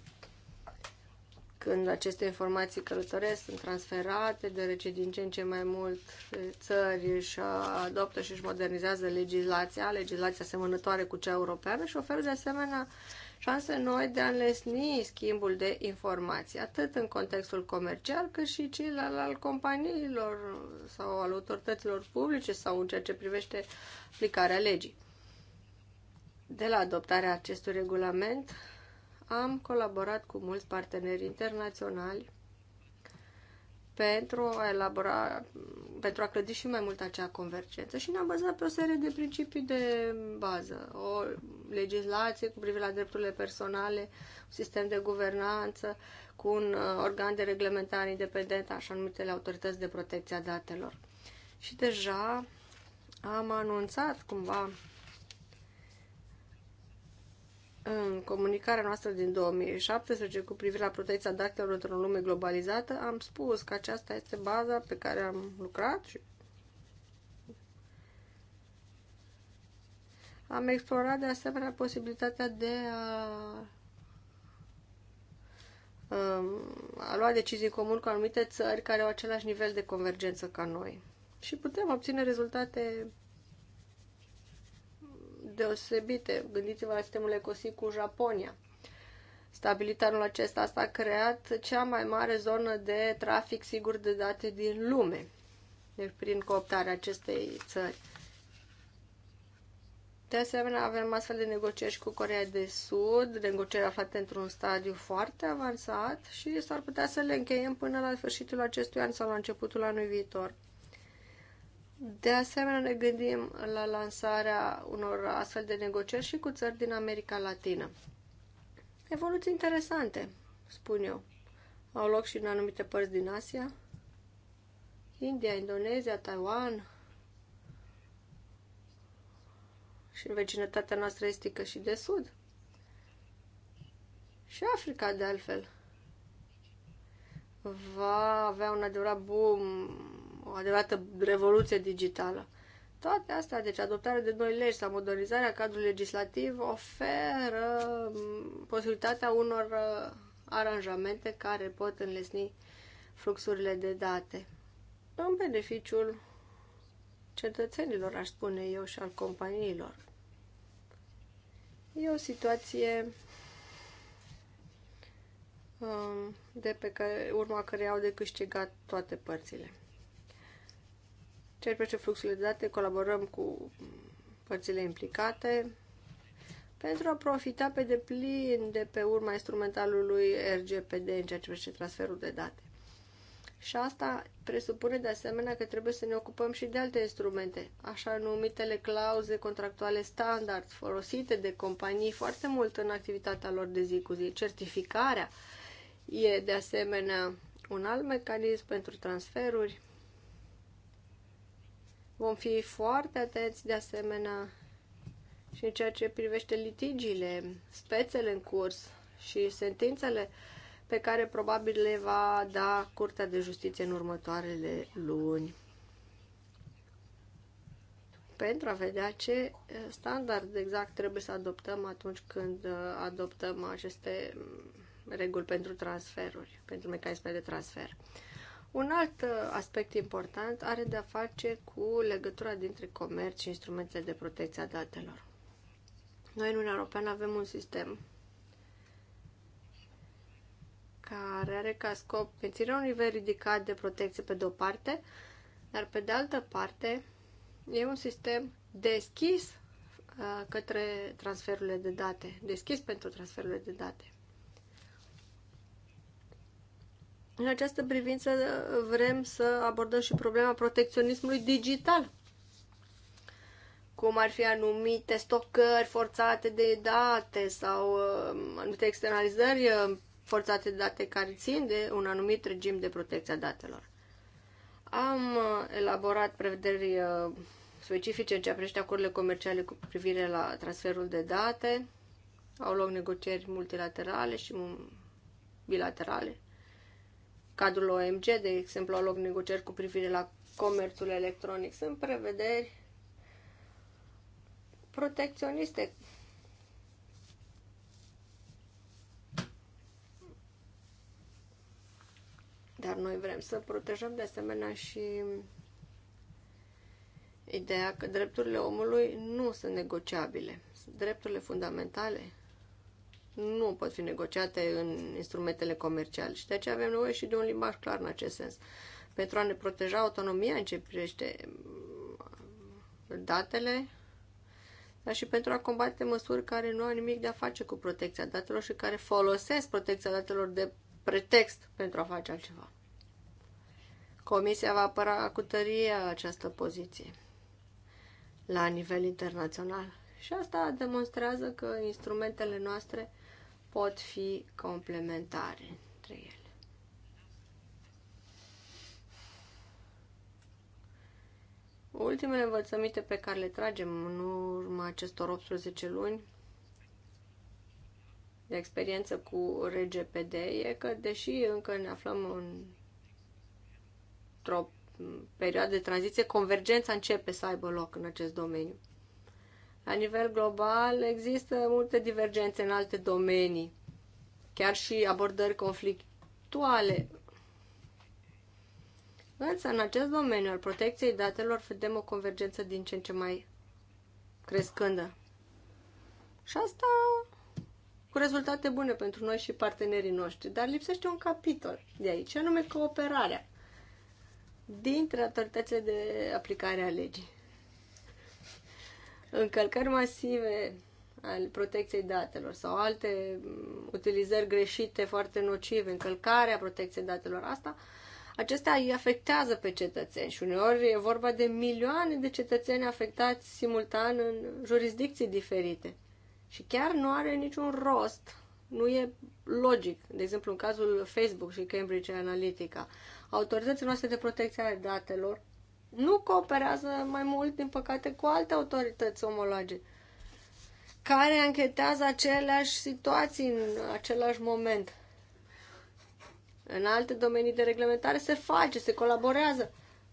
când aceste informații călătoresc, sunt transferate, deoarece din ce în ce mai mult eh, țări își adoptă și își modernizează legislația, legislația asemănătoare cu cea europeană și oferă de asemenea șanse noi de a înlesni schimbul de informații, atât în contextul comercial, cât și cel al companiilor sau al autorităților publice sau în ceea ce privește aplicarea legii. De la adoptarea acestui regulament, am colaborat cu mulți parteneri internaționali pentru a elabora, pentru a clădi și mai mult acea convergență și ne-am bazat pe o serie de principii de bază, o legislație cu privire la drepturile personale, un sistem de guvernanță, cu un uh, organ de reglementare independent, așa numitele autorități de protecție a datelor. Și deja am anunțat cumva în comunicarea noastră din 2017 cu privire la protecția datelor într-o lume globalizată, am spus că aceasta este baza pe care am lucrat și am explorat de asemenea posibilitatea de a um, a lua decizii în comun cu anumite țări care au același nivel de convergență ca noi. Și putem obține rezultate deosebite. Gândiți-vă la sistemul ecosic cu Japonia. Stabilit anul acesta asta a creat cea mai mare zonă de trafic sigur de date din lume, deci prin cooptarea acestei țări. De asemenea, avem astfel de negocieri și cu Corea de Sud, negocieri aflate într-un stadiu foarte avansat și s-ar putea să le încheiem până la sfârșitul acestui an sau la începutul anului viitor. De asemenea, ne gândim la lansarea unor astfel de negocieri și cu țări din America Latină. Evoluții interesante, spun eu. Au loc și în anumite părți din Asia. India, Indonezia, Taiwan și în vecinătatea noastră estică și de sud. Și Africa, de altfel, va avea un adevărat boom o adevărată revoluție digitală. Toate astea, deci adoptarea de noi legi sau modernizarea cadrului legislativ oferă posibilitatea unor uh, aranjamente care pot înlesni fluxurile de date în beneficiul cetățenilor, aș spune eu, și al companiilor. E o situație um, de pe care, urma care au de câștigat toate părțile pe ce face fluxurile de date, colaborăm cu părțile implicate pentru a profita pe deplin de pe urma instrumentalului RGPD în ceea ce privește transferul de date. Și asta presupune de asemenea că trebuie să ne ocupăm și de alte instrumente, așa numitele clauze contractuale standard folosite de companii foarte mult în activitatea lor de zi cu zi. Certificarea e de asemenea un alt mecanism pentru transferuri Vom fi foarte atenți de asemenea și în ceea ce privește litigiile, spețele în curs și sentințele pe care probabil le va da Curtea de Justiție în următoarele luni pentru a vedea ce eh, standard exact trebuie să adoptăm atunci când eh, adoptăm aceste mm, reguli pentru transferuri, pentru mecanisme de transfer. Un alt uh, aspect important are de-a face cu legătura dintre comerț și instrumentele de protecție a datelor. Noi în Uniunea Europeană avem un sistem care are ca scop menținerea un nivel ridicat de protecție pe de-o parte, dar pe de altă parte e un sistem deschis uh, către transferurile de date, deschis pentru transferurile de date. În această privință vrem să abordăm și problema protecționismului digital, cum ar fi anumite stocări forțate de date sau uh, anumite externalizări uh, forțate de date care țin de un anumit regim de protecție a datelor. Am uh, elaborat prevederi specifice în ce privește acordurile comerciale cu privire la transferul de date. Au loc negocieri multilaterale și bilaterale cadrul OMG, de exemplu, au loc negocieri cu privire la comerțul electronic. Sunt prevederi protecționiste Dar noi vrem să protejăm de asemenea și ideea că drepturile omului nu sunt negociabile. Drepturile fundamentale nu pot fi negociate în instrumentele comerciale și de aceea avem nevoie și de un limbaj clar în acest sens. Pentru a ne proteja autonomia în ce privește mm, datele, dar și pentru a combate măsuri care nu au nimic de a face cu protecția datelor și care folosesc protecția datelor de pretext pentru a face altceva. Comisia va apăra cu tărie această poziție la nivel internațional. Și asta demonstrează că instrumentele noastre pot fi complementare între ele. Ultimele învățăminte pe care le tragem în urma acestor 18 luni de experiență cu RGPD e că, deși încă ne aflăm în, într-o perioadă de tranziție, convergența începe să aibă loc în acest domeniu. La nivel global există multe divergențe în alte domenii, chiar și abordări conflictuale. Însă, în acest domeniu al protecției datelor, vedem o convergență din ce în ce mai crescândă. Și asta cu rezultate bune pentru noi și partenerii noștri. Dar lipsește un capitol de aici, anume cooperarea dintre autoritățile de aplicare a legii încălcări masive al protecției datelor sau alte mm, utilizări greșite, foarte nocive, încălcarea protecției datelor, asta, acestea îi afectează pe cetățeni și uneori e vorba de milioane de cetățeni afectați simultan în jurisdicții diferite. Și chiar nu are niciun rost, nu e logic. De exemplu, în cazul Facebook și Cambridge Analytica, autoritățile noastre de protecție a datelor nu cooperează mai mult, din păcate, cu alte autorități omologe care anchetează aceleași situații în același moment. În alte domenii de reglementare se face, se colaborează.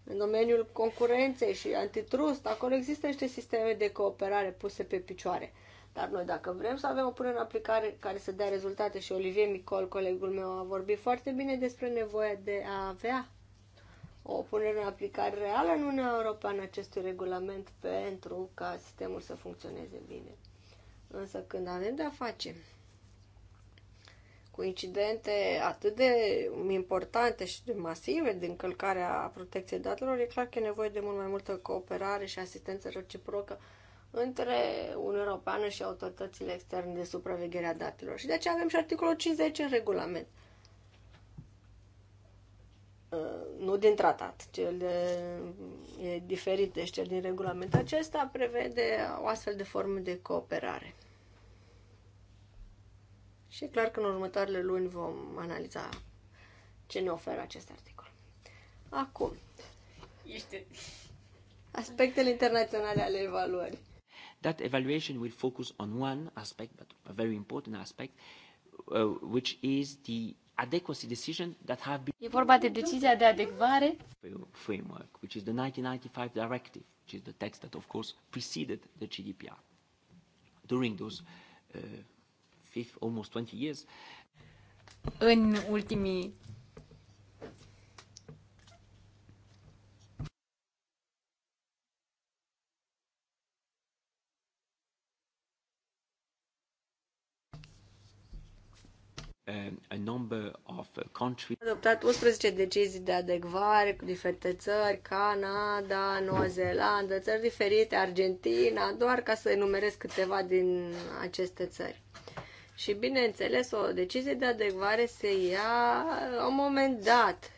În domeniul concurenței și antitrust, acolo există niște sisteme de cooperare puse pe picioare. Dar noi, dacă vrem să avem o punere în aplicare care să dea rezultate, și Olivier Micol, colegul meu, a vorbit foarte bine despre nevoia de a avea o punere în aplicare reală în Uniunea Europeană acestui regulament pentru ca sistemul să funcționeze bine. Însă când avem de-a face cu incidente atât de importante și de masive de încălcarea protecției datelor, e clar că e nevoie de mult mai multă cooperare și asistență reciprocă între Uniunea Europeană și autoritățile externe de supraveghere a datelor. Și de aceea avem și articolul 50 în regulament – Uh, nu din tratat, cel uh, e diferit, deci cel din regulament. Acesta prevede o astfel de formă de cooperare. Și e clar că în următoarele luni vom analiza ce ne oferă acest articol. Acum, este aspectele internaționale ale evaluării. That evaluation will focus on one aspect, but a very important aspect, uh, which is the adequacy decision that have been... E vorba de decizia de adecvare. Framework, which is the 1995 directive, which is the text that of course preceded the GDPR. During those uh, fifth, almost 20 years. În ultimii uh, a number country. Adoptat 11 decizii de adecvare cu diferite țări, Canada, Noua Zeelandă, țări diferite, Argentina, doar ca să enumerez câteva din aceste țări. Și bineînțeles, o decizie de adecvare se ia la un moment dat.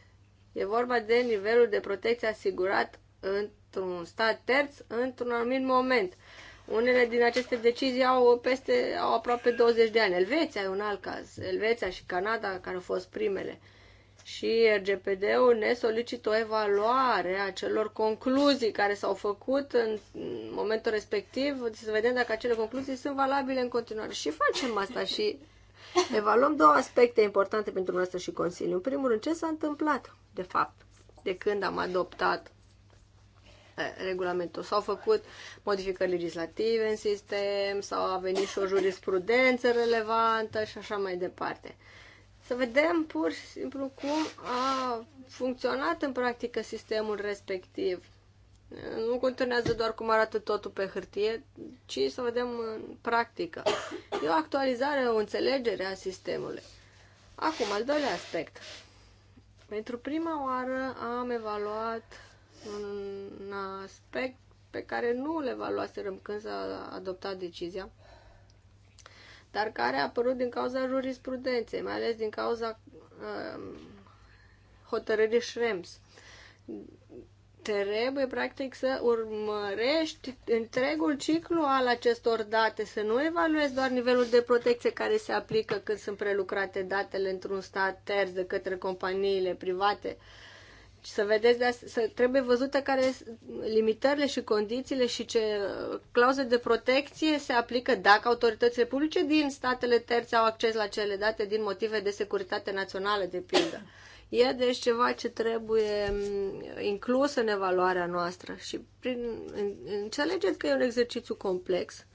E vorba de nivelul de protecție asigurat într-un stat terț într-un anumit moment. Unele din aceste decizii au peste au aproape 20 de ani. Elveția e un alt caz. Elveția și Canada, care au fost primele. Și RGPD-ul ne solicită o evaluare a celor concluzii care s-au făcut în momentul respectiv, să vedem dacă acele concluzii sunt valabile în continuare. Și facem asta și evaluăm două aspecte importante pentru noastră și Consiliu. În primul rând, ce s-a întâmplat, de fapt, de când am adoptat regulamentul. S-au făcut modificări legislative în sistem, sau a venit și o jurisprudență relevantă și așa mai departe. Să vedem pur și simplu cum a funcționat în practică sistemul respectiv. Nu contează doar cum arată totul pe hârtie, ci să vedem în practică. E o actualizare, o înțelegere a sistemului. Acum, al doilea aspect. Pentru prima oară am evaluat un aspect pe care nu le evaluaserăm când s-a adoptat decizia, dar care a apărut din cauza jurisprudenței, mai ales din cauza uh, hotărârii Schrems. Trebuie, practic, să urmărești întregul ciclu al acestor date, să nu evaluezi doar nivelul de protecție care se aplică când sunt prelucrate datele într-un stat terț de către companiile private, uh, și să vedeți, să trebuie văzută care limitările și condițiile și ce uh, clauze de protecție se aplică dacă autoritățile publice din statele terțe au acces la cele date din motive de securitate națională, de pildă. E deci ceva ce trebuie mm, inclus în evaluarea noastră și prin, înțelegeți că e un exercițiu complex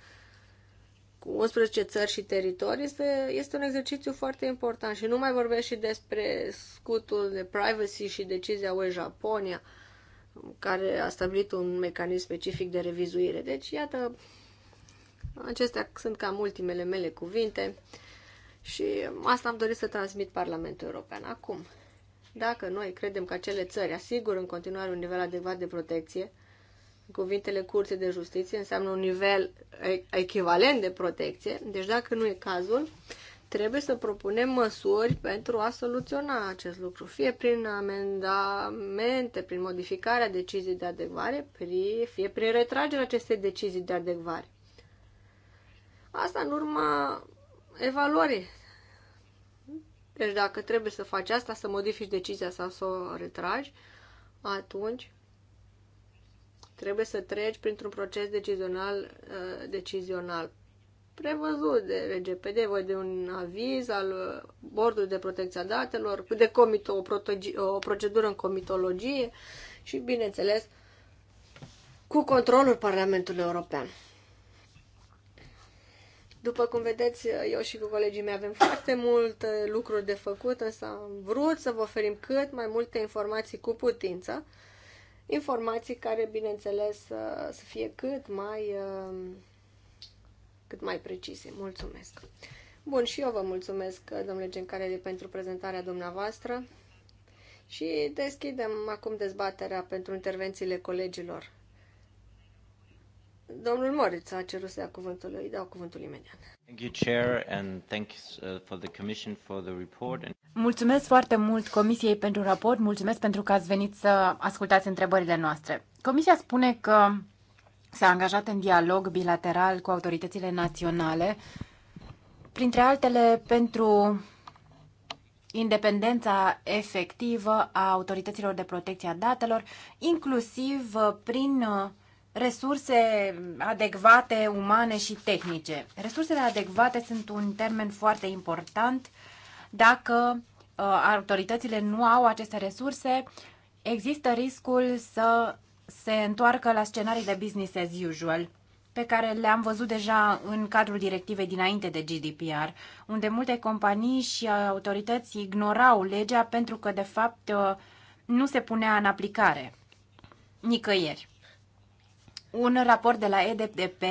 cu 11 țări și teritorii este, este un exercițiu foarte important și nu mai vorbesc și despre scutul de privacy și decizia UE Japonia care a stabilit un mecanism specific de revizuire. Deci, iată, acestea sunt cam ultimele mele cuvinte și asta am dorit să transmit Parlamentul European. Acum, dacă noi credem că acele țări asigură în continuare un nivel adecvat de protecție, cuvintele curții de justiție înseamnă un nivel echivalent de protecție. Deci dacă nu e cazul, trebuie să propunem măsuri pentru a soluționa acest lucru, fie prin amendamente, prin modificarea deciziei de adecvare, fie prin retragerea acestei decizii de adecvare. Asta în urma evaluării. Deci dacă trebuie să faci asta, să modifici decizia sau să o retragi, atunci trebuie să treci printr-un proces decizional, uh, decizional prevăzut de RGPD, voi de un aviz al uh, Bordului de Protecție a Datelor, de comito, o, protogi, o procedură în comitologie și, bineînțeles, cu controlul Parlamentului European. După cum vedeți, eu și cu colegii mei avem foarte multe lucruri de făcut, însă am vrut să vă oferim cât mai multe informații cu putință Informații care, bineînțeles, să, uh, să fie cât mai, uh, cât mai precise. Mulțumesc! Bun, și eu vă mulțumesc, domnule Gencarele, pentru prezentarea dumneavoastră și deschidem acum dezbaterea pentru intervențiile colegilor. Domnul Moritz a cerut să ia cuvântul, lui, dau cuvântul imediat. Thank you, Chair, and thanks uh, for the Commission for the report. Mulțumesc foarte mult Comisiei pentru raport, mulțumesc pentru că ați venit să ascultați întrebările noastre. Comisia spune că s-a angajat în dialog bilateral cu autoritățile naționale, printre altele pentru independența efectivă a autorităților de protecție a datelor, inclusiv prin uh, resurse adecvate, umane și tehnice. Resursele adecvate sunt un termen foarte important. Dacă uh, autoritățile nu au aceste resurse, există riscul să se întoarcă la scenarii de business as usual pe care le-am văzut deja în cadrul directivei dinainte de GDPR, unde multe companii și autorități ignorau legea pentru că, de fapt, uh, nu se punea în aplicare nicăieri. Un raport de la EDPP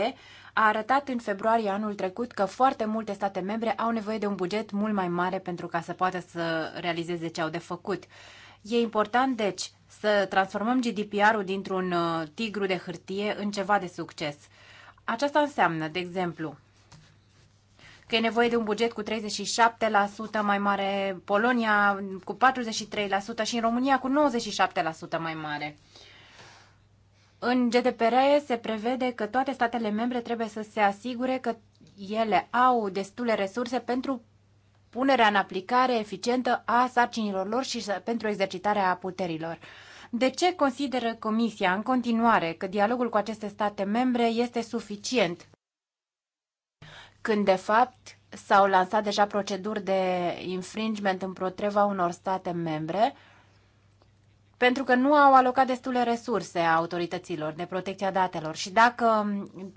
a arătat în februarie anul trecut că foarte multe state membre au nevoie de un buget mult mai mare pentru ca să poată să realizeze ce au de făcut. E important, deci, să transformăm GDPR-ul dintr-un uh, tigru de hârtie în ceva de succes. Aceasta înseamnă, de exemplu, că e nevoie de un buget cu 37% mai mare, Polonia cu 43% și în România cu 97% mai mare. În GDPR se prevede că toate statele membre trebuie să se asigure că ele au destule resurse pentru punerea în aplicare eficientă a sarcinilor lor și pentru exercitarea puterilor. De ce consideră Comisia în continuare că dialogul cu aceste state membre este suficient când de fapt s-au lansat deja proceduri de infringement împotriva unor state membre? pentru că nu au alocat destule resurse a autorităților de protecția datelor și dacă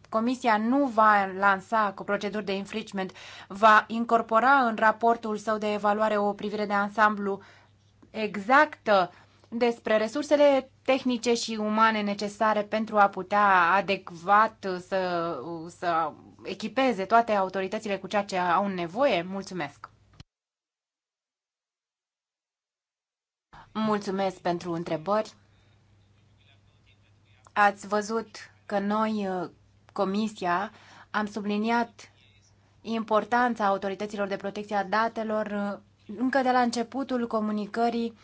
Comisia nu va lansa cu proceduri de infringement, va incorpora în raportul său de evaluare o privire de ansamblu exactă despre resursele tehnice și umane necesare pentru a putea adecvat să, să echipeze toate autoritățile cu ceea ce au nevoie? Mulțumesc! Mulțumesc pentru întrebări. Ați văzut că noi, uh, Comisia, am subliniat importanța autorităților de protecție a datelor uh, încă de la începutul comunicării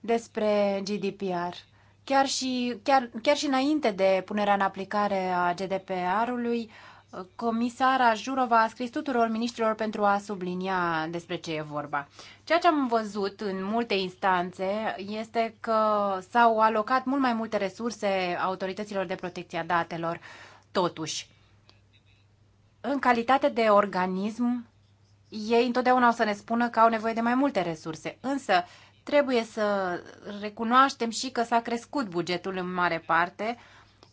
despre GDPR. Chiar și, chiar, chiar și înainte de punerea în aplicare a GDPR-ului, uh, Comisara Jurova a scris tuturor ministrilor pentru a sublinia despre ce e vorba. Ceea ce am văzut în multe instanțe este că s-au alocat mult mai multe resurse autorităților de protecție a datelor, totuși. În calitate de organism, ei întotdeauna o să ne spună că au nevoie de mai multe resurse, însă trebuie să recunoaștem și că s-a crescut bugetul în mare parte,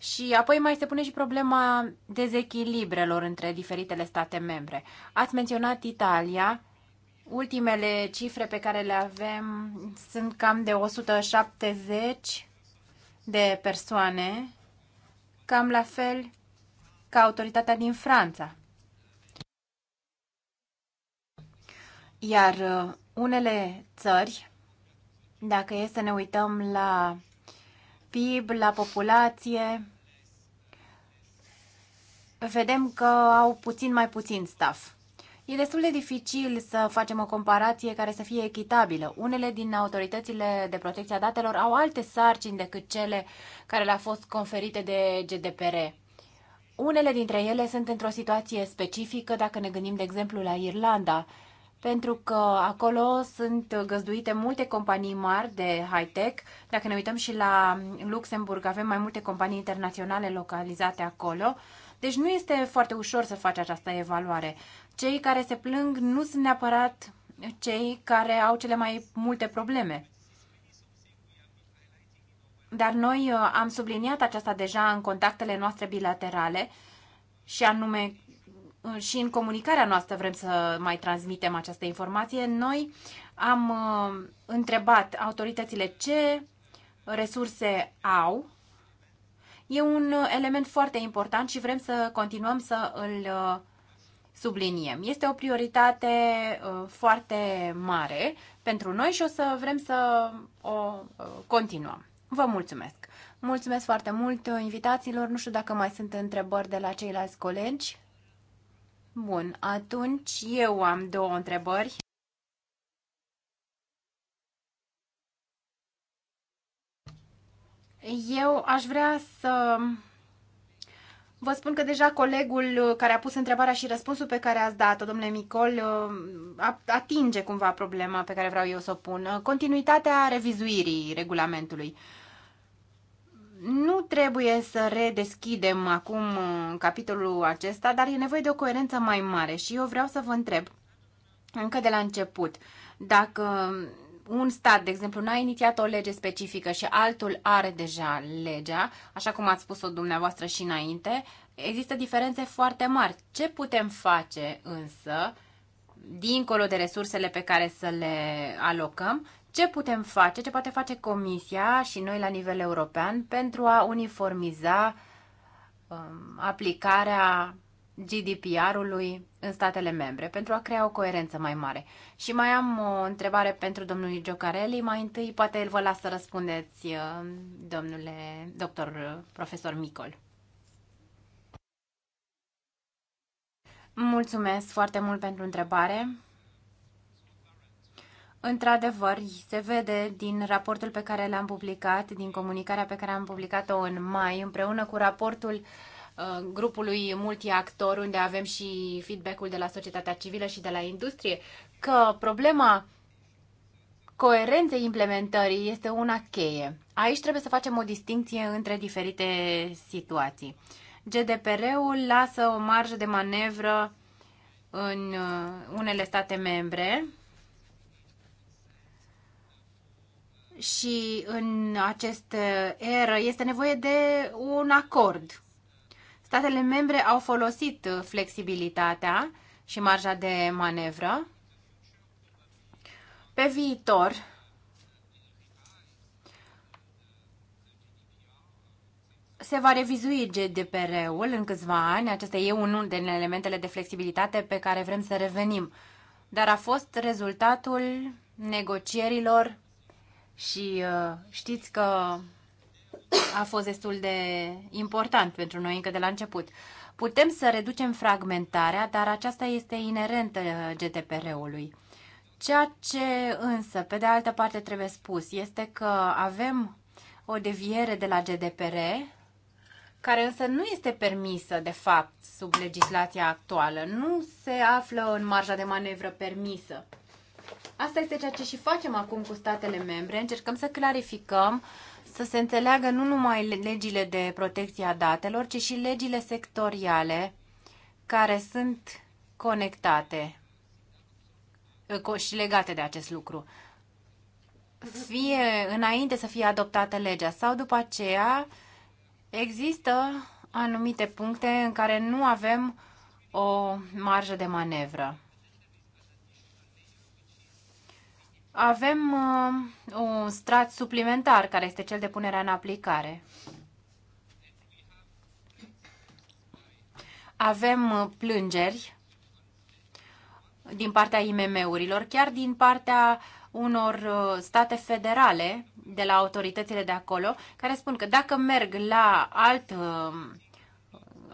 și apoi mai se pune și problema dezechilibrelor între diferitele state membre. Ați menționat Italia. Ultimele cifre pe care le avem sunt cam de 170 de persoane, cam la fel ca autoritatea din Franța. Iar uh, unele țări, dacă e să ne uităm la PIB, la populație, vedem că au puțin mai puțin staff. E destul de dificil să facem o comparație care să fie echitabilă. Unele din autoritățile de protecție a datelor au alte sarcini decât cele care le-au fost conferite de GDPR. Unele dintre ele sunt într-o situație specifică dacă ne gândim, de exemplu, la Irlanda, pentru că acolo sunt găzduite multe companii mari de high-tech. Dacă ne uităm și la Luxemburg, avem mai multe companii internaționale localizate acolo. Deci nu este foarte ușor să faci această evaluare. Cei care se plâng nu sunt neapărat cei care au cele mai multe probleme. Dar noi uh, am subliniat aceasta deja în contactele noastre bilaterale și anume și în comunicarea noastră vrem să mai transmitem această informație. Noi am uh, întrebat autoritățile ce resurse au. E un element foarte important și vrem să continuăm să îl uh, subliniem. Este o prioritate uh, foarte mare pentru noi și o să vrem să o continuăm. Vă mulțumesc! Mulțumesc foarte mult invitațiilor. Nu știu dacă mai sunt întrebări de la ceilalți colegi. Bun, atunci eu am două întrebări. Eu aș vrea să vă spun că deja colegul care a pus întrebarea și răspunsul pe care ați dat-o, domnule Micol, atinge cumva problema pe care vreau eu să o pun. Continuitatea revizuirii regulamentului nu trebuie să redeschidem acum uh, capitolul acesta, dar e nevoie de o coerență mai mare și eu vreau să vă întreb încă de la început dacă un stat, de exemplu, n-a inițiat o lege specifică și altul are deja legea, așa cum ați spus-o dumneavoastră și înainte, există diferențe foarte mari. Ce putem face însă, dincolo de resursele pe care să le alocăm, ce putem face, ce poate face Comisia și noi la nivel european pentru a uniformiza um, aplicarea GDPR-ului în statele membre, pentru a crea o coerență mai mare. Și mai am o întrebare pentru domnul Giocarelli. Mai întâi, poate el vă las să răspundeți, uh, domnule doctor uh, profesor Micol. Mulțumesc foarte mult pentru întrebare. Într-adevăr, se vede din raportul pe care l-am publicat, din comunicarea pe care am publicat-o în mai, împreună cu raportul uh, grupului multiactor, unde avem și feedback-ul de la societatea civilă și de la industrie, că problema coerenței implementării este una cheie. Aici trebuie să facem o distinție între diferite situații. GDPR-ul lasă o marjă de manevră în uh, unele state membre și în această eră este nevoie de un acord. Statele membre au folosit flexibilitatea și marja de manevră. Pe viitor, se va revizui GDPR-ul în câțiva ani. Acesta e unul din elementele de flexibilitate pe care vrem să revenim. Dar a fost rezultatul negocierilor și uh, știți că a fost destul de important pentru noi încă de la început. Putem să reducem fragmentarea, dar aceasta este inerentă uh, GDPR-ului. Ceea ce însă, pe de altă parte, trebuie spus este că avem o deviere de la GDPR, care însă nu este permisă, de fapt, sub legislația actuală. Nu se află în marja de manevră permisă. Asta este ceea ce și facem acum cu statele membre. Încercăm să clarificăm, să se înțeleagă nu numai legile de protecție a datelor, ci și legile sectoriale care sunt conectate și legate de acest lucru. Fie înainte să fie adoptată legea sau după aceea, există anumite puncte în care nu avem o marjă de manevră. avem uh, un strat suplimentar, care este cel de punerea în aplicare. Avem uh, plângeri din partea IMM-urilor, chiar din partea unor uh, state federale, de la autoritățile de acolo, care spun că dacă merg la alt uh,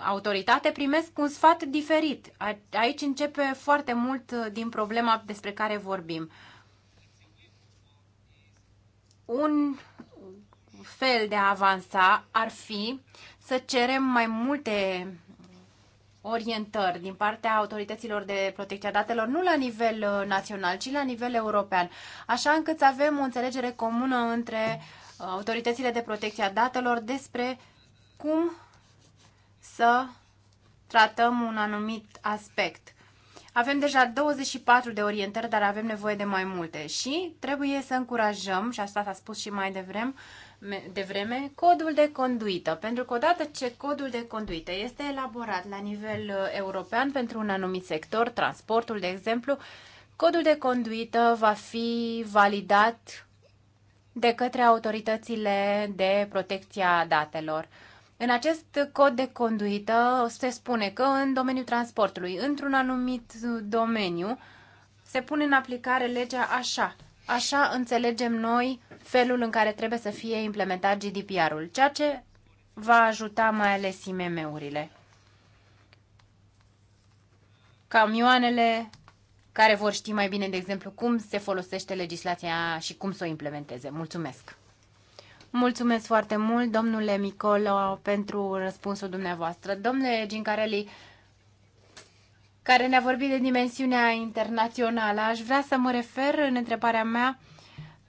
autoritate, primesc un sfat diferit. Aici începe foarte mult uh, din problema despre care vorbim. Uh, un fel de a avansa ar fi să cerem mai multe orientări din partea autorităților de protecție a datelor, nu la nivel uh, național, ci la nivel european, așa încât să avem o înțelegere comună între uh, autoritățile de protecție a datelor despre cum să tratăm un anumit aspect. Avem deja 24 de orientări, dar avem nevoie de mai multe și trebuie să încurajăm, și asta s-a spus și mai devreme, vreme, codul de conduită. Pentru că odată ce codul de conduită este elaborat la nivel uh, european pentru un anumit sector, transportul, de exemplu, codul de conduită va fi validat de către autoritățile de protecția datelor în acest cod de conduită se spune că în domeniul transportului, într-un anumit domeniu, se pune în aplicare legea așa. Așa înțelegem noi felul în care trebuie să fie implementat GDPR-ul, ceea ce va ajuta mai ales IMM-urile. Camioanele care vor ști mai bine, de exemplu, cum se folosește legislația și cum să o implementeze. Mulțumesc! Mulțumesc foarte mult, domnule Micolo, pentru răspunsul dumneavoastră. Domnule Gincarelli, care ne-a vorbit de dimensiunea internațională, aș vrea să mă refer în întrebarea mea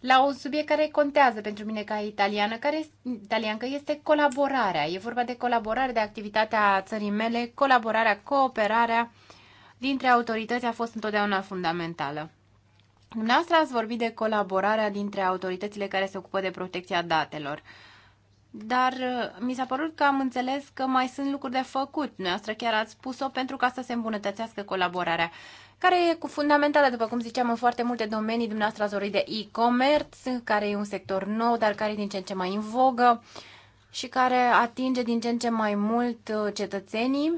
la un subiect care contează pentru mine ca italiană, care italiancă este colaborarea. E vorba de colaborare, de activitatea țării mele, colaborarea, cooperarea dintre autorități a fost întotdeauna fundamentală. Dumneavoastră ați vorbit de colaborarea dintre autoritățile care se ocupă de protecția datelor. Dar uh, mi s-a părut că am înțeles că mai sunt lucruri de făcut. Noastră chiar ați spus-o pentru ca să se îmbunătățească colaborarea, care e cu fundamentală, după cum ziceam, în foarte multe domenii. Dumneavoastră ați vorbit de e-commerce, care e un sector nou, dar care e din ce în ce mai în vogă și care atinge din ce în ce mai mult uh, cetățenii,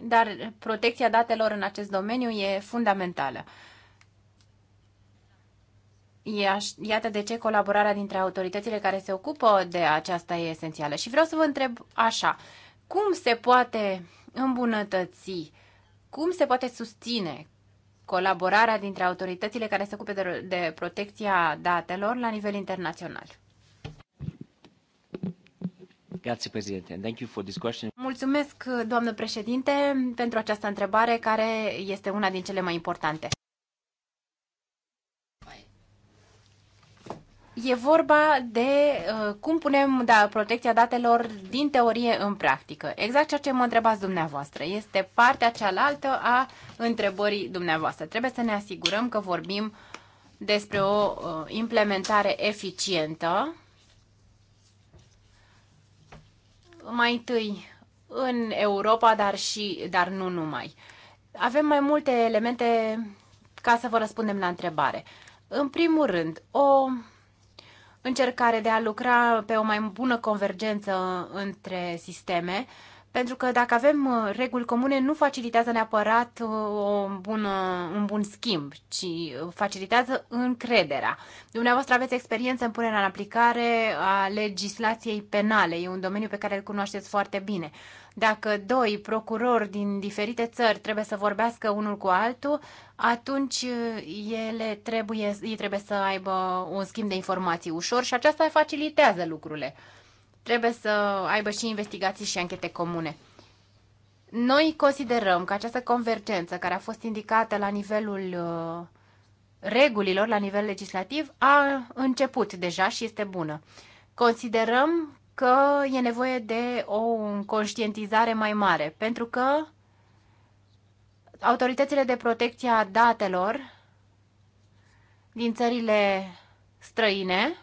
dar protecția datelor în acest domeniu e fundamentală. Iată de ce colaborarea dintre autoritățile care se ocupă de aceasta e esențială. Și vreau să vă întreb așa, cum se poate îmbunătăți, cum se poate susține colaborarea dintre autoritățile care se ocupe de, de protecția datelor la nivel internațional? Mulțumesc, doamnă președinte, pentru această întrebare care este una din cele mai importante. E vorba de uh, cum punem da, protecția datelor din teorie în practică. Exact ceea ce mă întrebați dumneavoastră. Este partea cealaltă a întrebării dumneavoastră. Trebuie să ne asigurăm că vorbim despre o uh, implementare eficientă. Mai întâi în Europa, dar și dar nu numai. Avem mai multe elemente ca să vă răspundem la întrebare. În primul rând, o încercare de a lucra pe o mai bună convergență între sisteme, pentru că dacă avem uh, reguli comune, nu facilitează neapărat uh, o bună, un bun schimb, ci uh, facilitează încrederea. Dumneavoastră aveți experiență în punerea în aplicare a legislației penale. E un domeniu pe care îl cunoașteți foarte bine. Dacă doi procurori din diferite țări trebuie să vorbească unul cu altul, atunci uh, ele trebuie, ei trebuie să aibă un schimb de informații ușor și aceasta facilitează lucrurile. Trebuie să aibă și investigații și anchete comune. Noi considerăm că această convergență care a fost indicată la nivelul uh, regulilor, la nivel legislativ, a început deja și este bună. Considerăm că e nevoie de o conștientizare mai mare, pentru că autoritățile de protecție a datelor din țările străine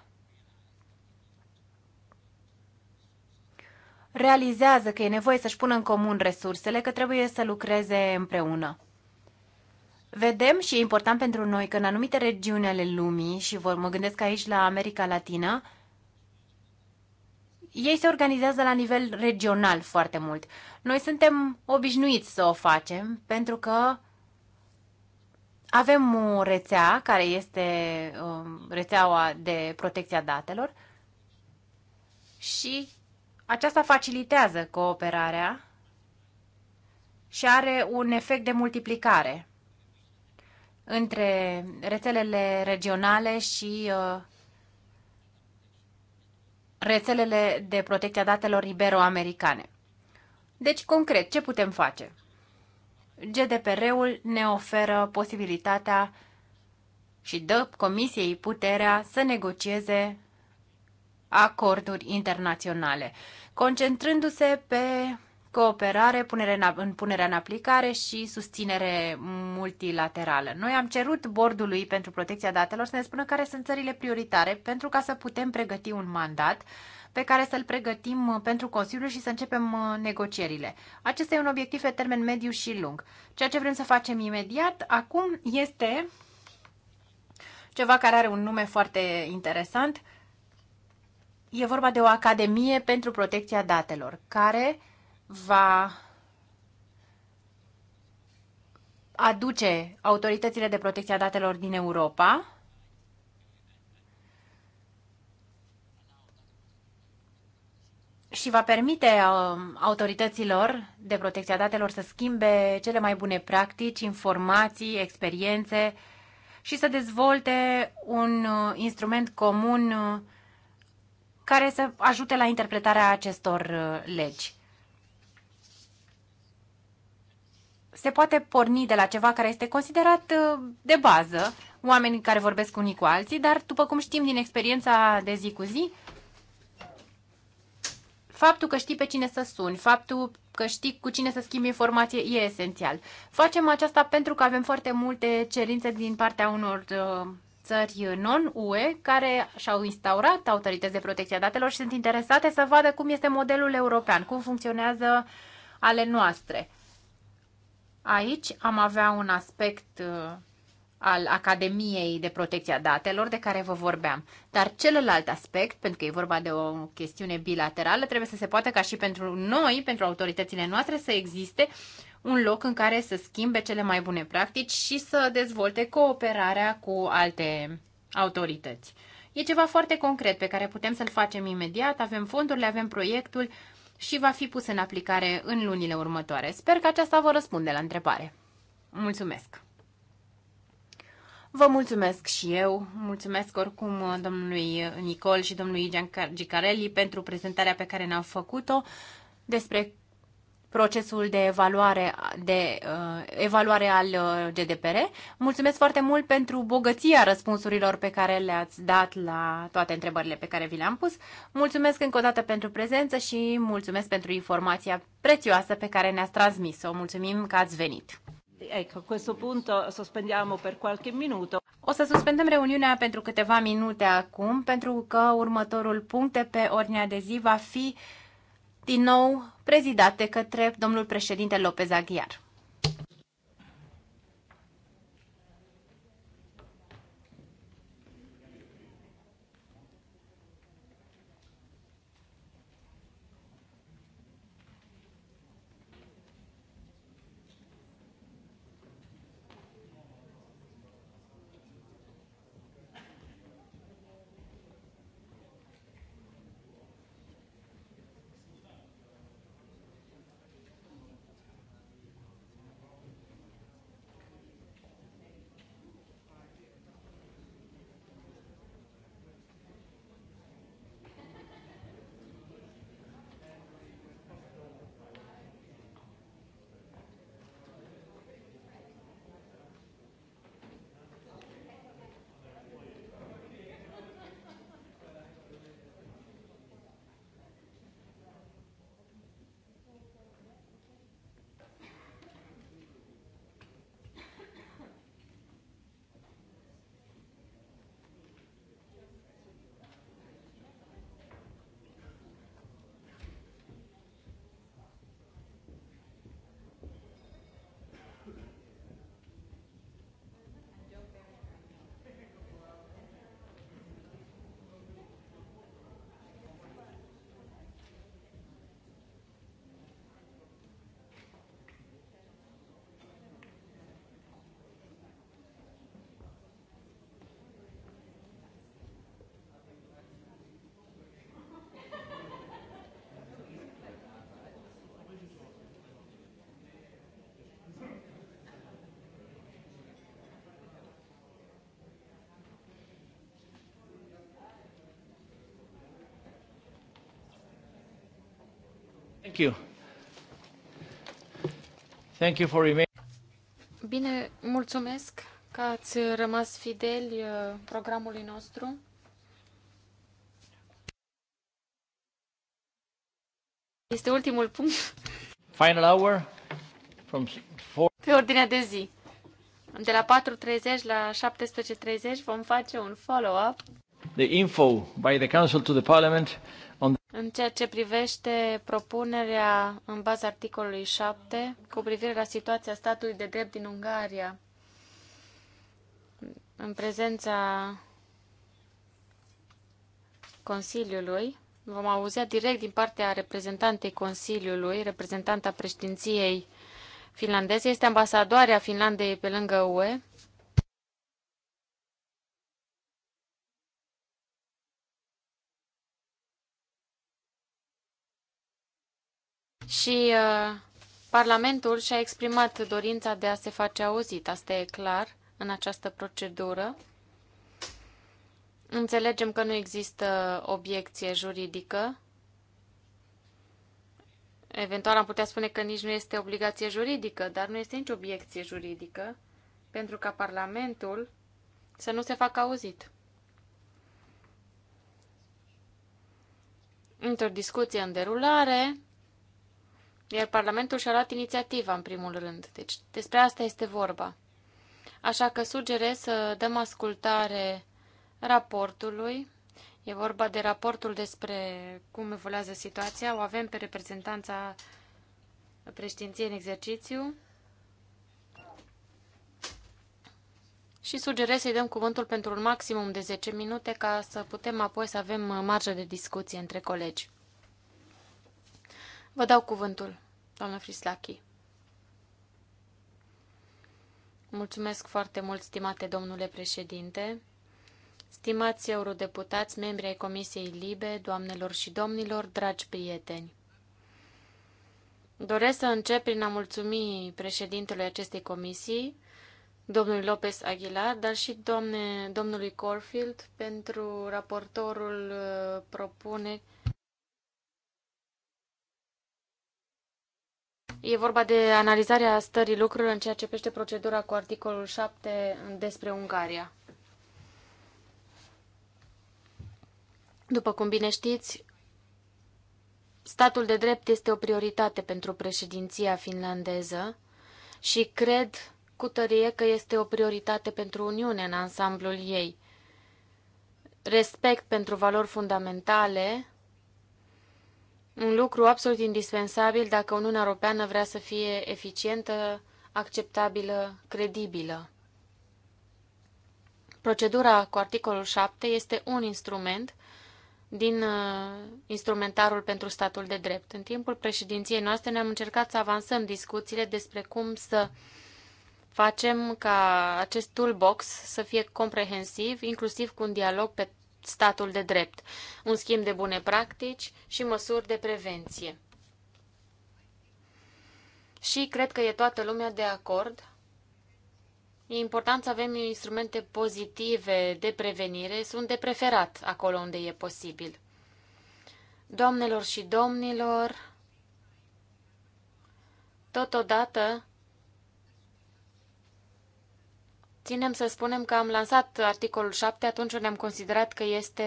realizează că e nevoie să-și pună în comun resursele, că trebuie să lucreze împreună. Vedem și e important pentru noi că în anumite regiuni ale lumii, și vor, mă gândesc aici la America Latină, ei se organizează la nivel regional foarte mult. Noi suntem obișnuiți să o facem pentru că avem o rețea care este um, rețeaua de protecția datelor și aceasta facilitează cooperarea și are un efect de multiplicare între rețelele regionale și uh, rețelele de protecție a datelor ibero-americane. Deci, concret, ce putem face? GDPR-ul ne oferă posibilitatea și dă Comisiei puterea să negocieze acorduri internaționale, concentrându-se pe cooperare, punere în, în punerea în aplicare și susținere multilaterală. Noi am cerut bordului pentru protecția datelor să ne spună care sunt țările prioritare pentru ca să putem pregăti un mandat pe care să-l pregătim uh, pentru Consiliu și să începem uh, negocierile. Acesta e un obiectiv pe termen mediu și lung. Ceea ce vrem să facem imediat acum este ceva care are un nume foarte interesant. E vorba de o academie pentru protecția datelor, care va aduce autoritățile de protecție a datelor din Europa și va permite uh, autorităților de protecție a datelor să schimbe cele mai bune practici, informații, experiențe și să dezvolte un uh, instrument comun uh, care să ajute la interpretarea acestor legi. se poate porni de la ceva care este considerat uh, de bază, oamenii care vorbesc unii cu alții, dar după cum știm din experiența de zi cu zi, faptul că știi pe cine să suni, faptul că știi cu cine să schimbi informație e esențial. Facem aceasta pentru că avem foarte multe cerințe din partea unor uh, țări non-UE care și-au instaurat autorități de protecție a datelor și sunt interesate să vadă cum este modelul european, cum funcționează ale noastre. Aici am avea un aspect uh, al Academiei de Protecție a Datelor de care vă vorbeam. Dar celălalt aspect, pentru că e vorba de o chestiune bilaterală, trebuie să se poată ca și pentru noi, pentru autoritățile noastre, să existe un loc în care să schimbe cele mai bune practici și să dezvolte cooperarea cu alte autorități. E ceva foarte concret pe care putem să-l facem imediat, avem fondurile, avem proiectul, și va fi pus în aplicare în lunile următoare. Sper că aceasta vă răspunde la întrebare. Mulțumesc! Vă mulțumesc și eu, mulțumesc oricum domnului Nicol și domnului Gicarelli pentru prezentarea pe care ne-au făcut-o despre procesul de evaluare, de, uh, evaluare al uh, GDPR. Mulțumesc foarte mult pentru bogăția răspunsurilor pe care le-ați dat la toate întrebările pe care vi le-am pus. Mulțumesc încă o dată pentru prezență și mulțumesc pentru informația prețioasă pe care ne-ați transmis-o. Mulțumim că ați venit. Ecco, a questo punto sospendiamo per qualche minuto. O să suspendăm reuniunea pentru câteva minute acum, pentru că următorul punct de pe ordinea de zi va fi din nou Prezidate către domnul președinte López Aguiar. Thank you. Thank you for remaining. Bine, mulțumesc că ați rămas fideli uh, programului nostru. Este ultimul punct. Final hour from four. Pe ordinea de zi. De la 4.30 la 17.30 vom face un follow-up. The info by the Council to the Parliament în ceea ce privește propunerea în baza articolului 7 cu privire la situația statului de drept din Ungaria, în prezența Consiliului, vom auzea direct din partea reprezentantei Consiliului, reprezentanta președinției finlandeze, este ambasadoarea Finlandei pe lângă UE, Și uh, Parlamentul și-a exprimat dorința de a se face auzit, asta e clar, în această procedură. Înțelegem că nu există obiecție juridică. Eventual am putea spune că nici nu este obligație juridică, dar nu este nici obiecție juridică, pentru ca Parlamentul să nu se facă auzit. Într-o discuție în derulare, iar Parlamentul și-a luat inițiativa, în primul rând. Deci despre asta este vorba. Așa că sugerez să dăm ascultare raportului. E vorba de raportul despre cum evoluează situația. O avem pe reprezentanța președinției în exercițiu. Și sugerez să-i dăm cuvântul pentru un maximum de 10 minute ca să putem apoi să avem marjă de discuție între colegi. Vă dau cuvântul, doamnă Frislachi. Mulțumesc foarte mult, stimate domnule președinte, stimați eurodeputați, membri ai Comisiei Libe, doamnelor și domnilor, dragi prieteni. Doresc să încep prin a mulțumi președintelui acestei comisii, domnului Lopez Aguilar, dar și domne, domnului Corfield pentru raportorul uh, propune E vorba de analizarea stării lucrurilor în ceea ce pește procedura cu articolul 7 despre Ungaria. După cum bine știți, statul de drept este o prioritate pentru președinția finlandeză și cred cu tărie că este o prioritate pentru Uniune în ansamblul ei. Respect pentru valori fundamentale un lucru absolut indispensabil dacă Uniunea Europeană vrea să fie eficientă, acceptabilă, credibilă. Procedura cu articolul 7 este un instrument din uh, instrumentarul pentru statul de drept. În timpul președinției noastre ne-am încercat să avansăm discuțiile despre cum să facem ca acest toolbox să fie comprehensiv, inclusiv cu un dialog pe statul de drept, un schimb de bune practici și măsuri de prevenție. Și cred că e toată lumea de acord. E important să avem instrumente pozitive de prevenire, sunt de preferat acolo unde e posibil. Doamnelor și domnilor, totodată Ținem să spunem că am lansat articolul 7 atunci când am considerat că este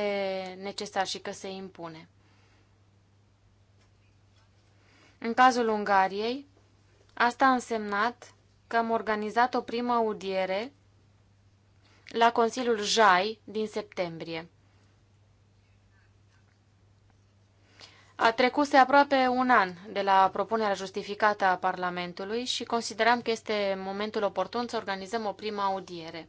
necesar și că se impune. În cazul Ungariei, asta a însemnat că am organizat o primă audiere la Consiliul JAI din septembrie. A trecuse aproape un an de la propunerea justificată a Parlamentului și consideram că este momentul oportun să organizăm o primă audiere.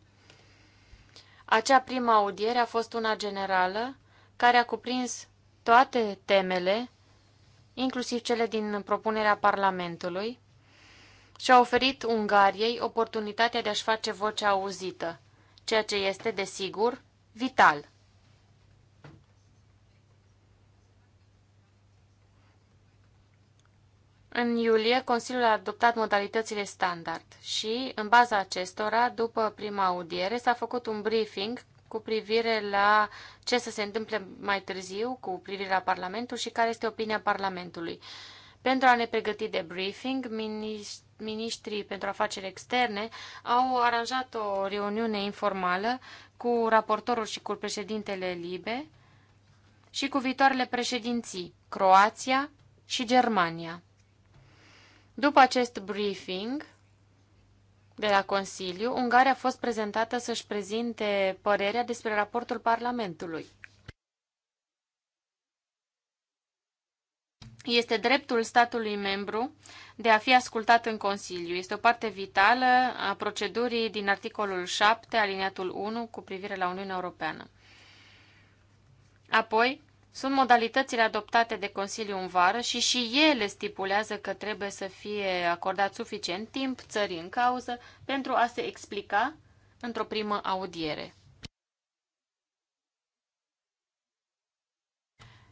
Acea primă audiere a fost una generală care a cuprins toate temele, inclusiv cele din propunerea Parlamentului, și a oferit Ungariei oportunitatea de a-și face vocea auzită, ceea ce este, desigur, vital. În iulie, Consiliul a adoptat modalitățile standard și, în baza acestora, după prima audiere, s-a făcut un briefing cu privire la ce să se întâmple mai târziu cu privire la Parlamentul și care este opinia Parlamentului. Pentru a ne pregăti de briefing, ministrii pentru afaceri externe au aranjat o reuniune informală cu raportorul și cu președintele Libe și cu viitoarele președinții Croația și Germania. După acest briefing de la Consiliu, Ungaria a fost prezentată să-și prezinte părerea despre raportul Parlamentului. Este dreptul statului membru de a fi ascultat în Consiliu. Este o parte vitală a procedurii din articolul 7, aliniatul 1, cu privire la Uniunea Europeană. Apoi, sunt modalitățile adoptate de Consiliu în vară și și ele stipulează că trebuie să fie acordat suficient timp țării în cauză pentru a se explica într-o primă audiere.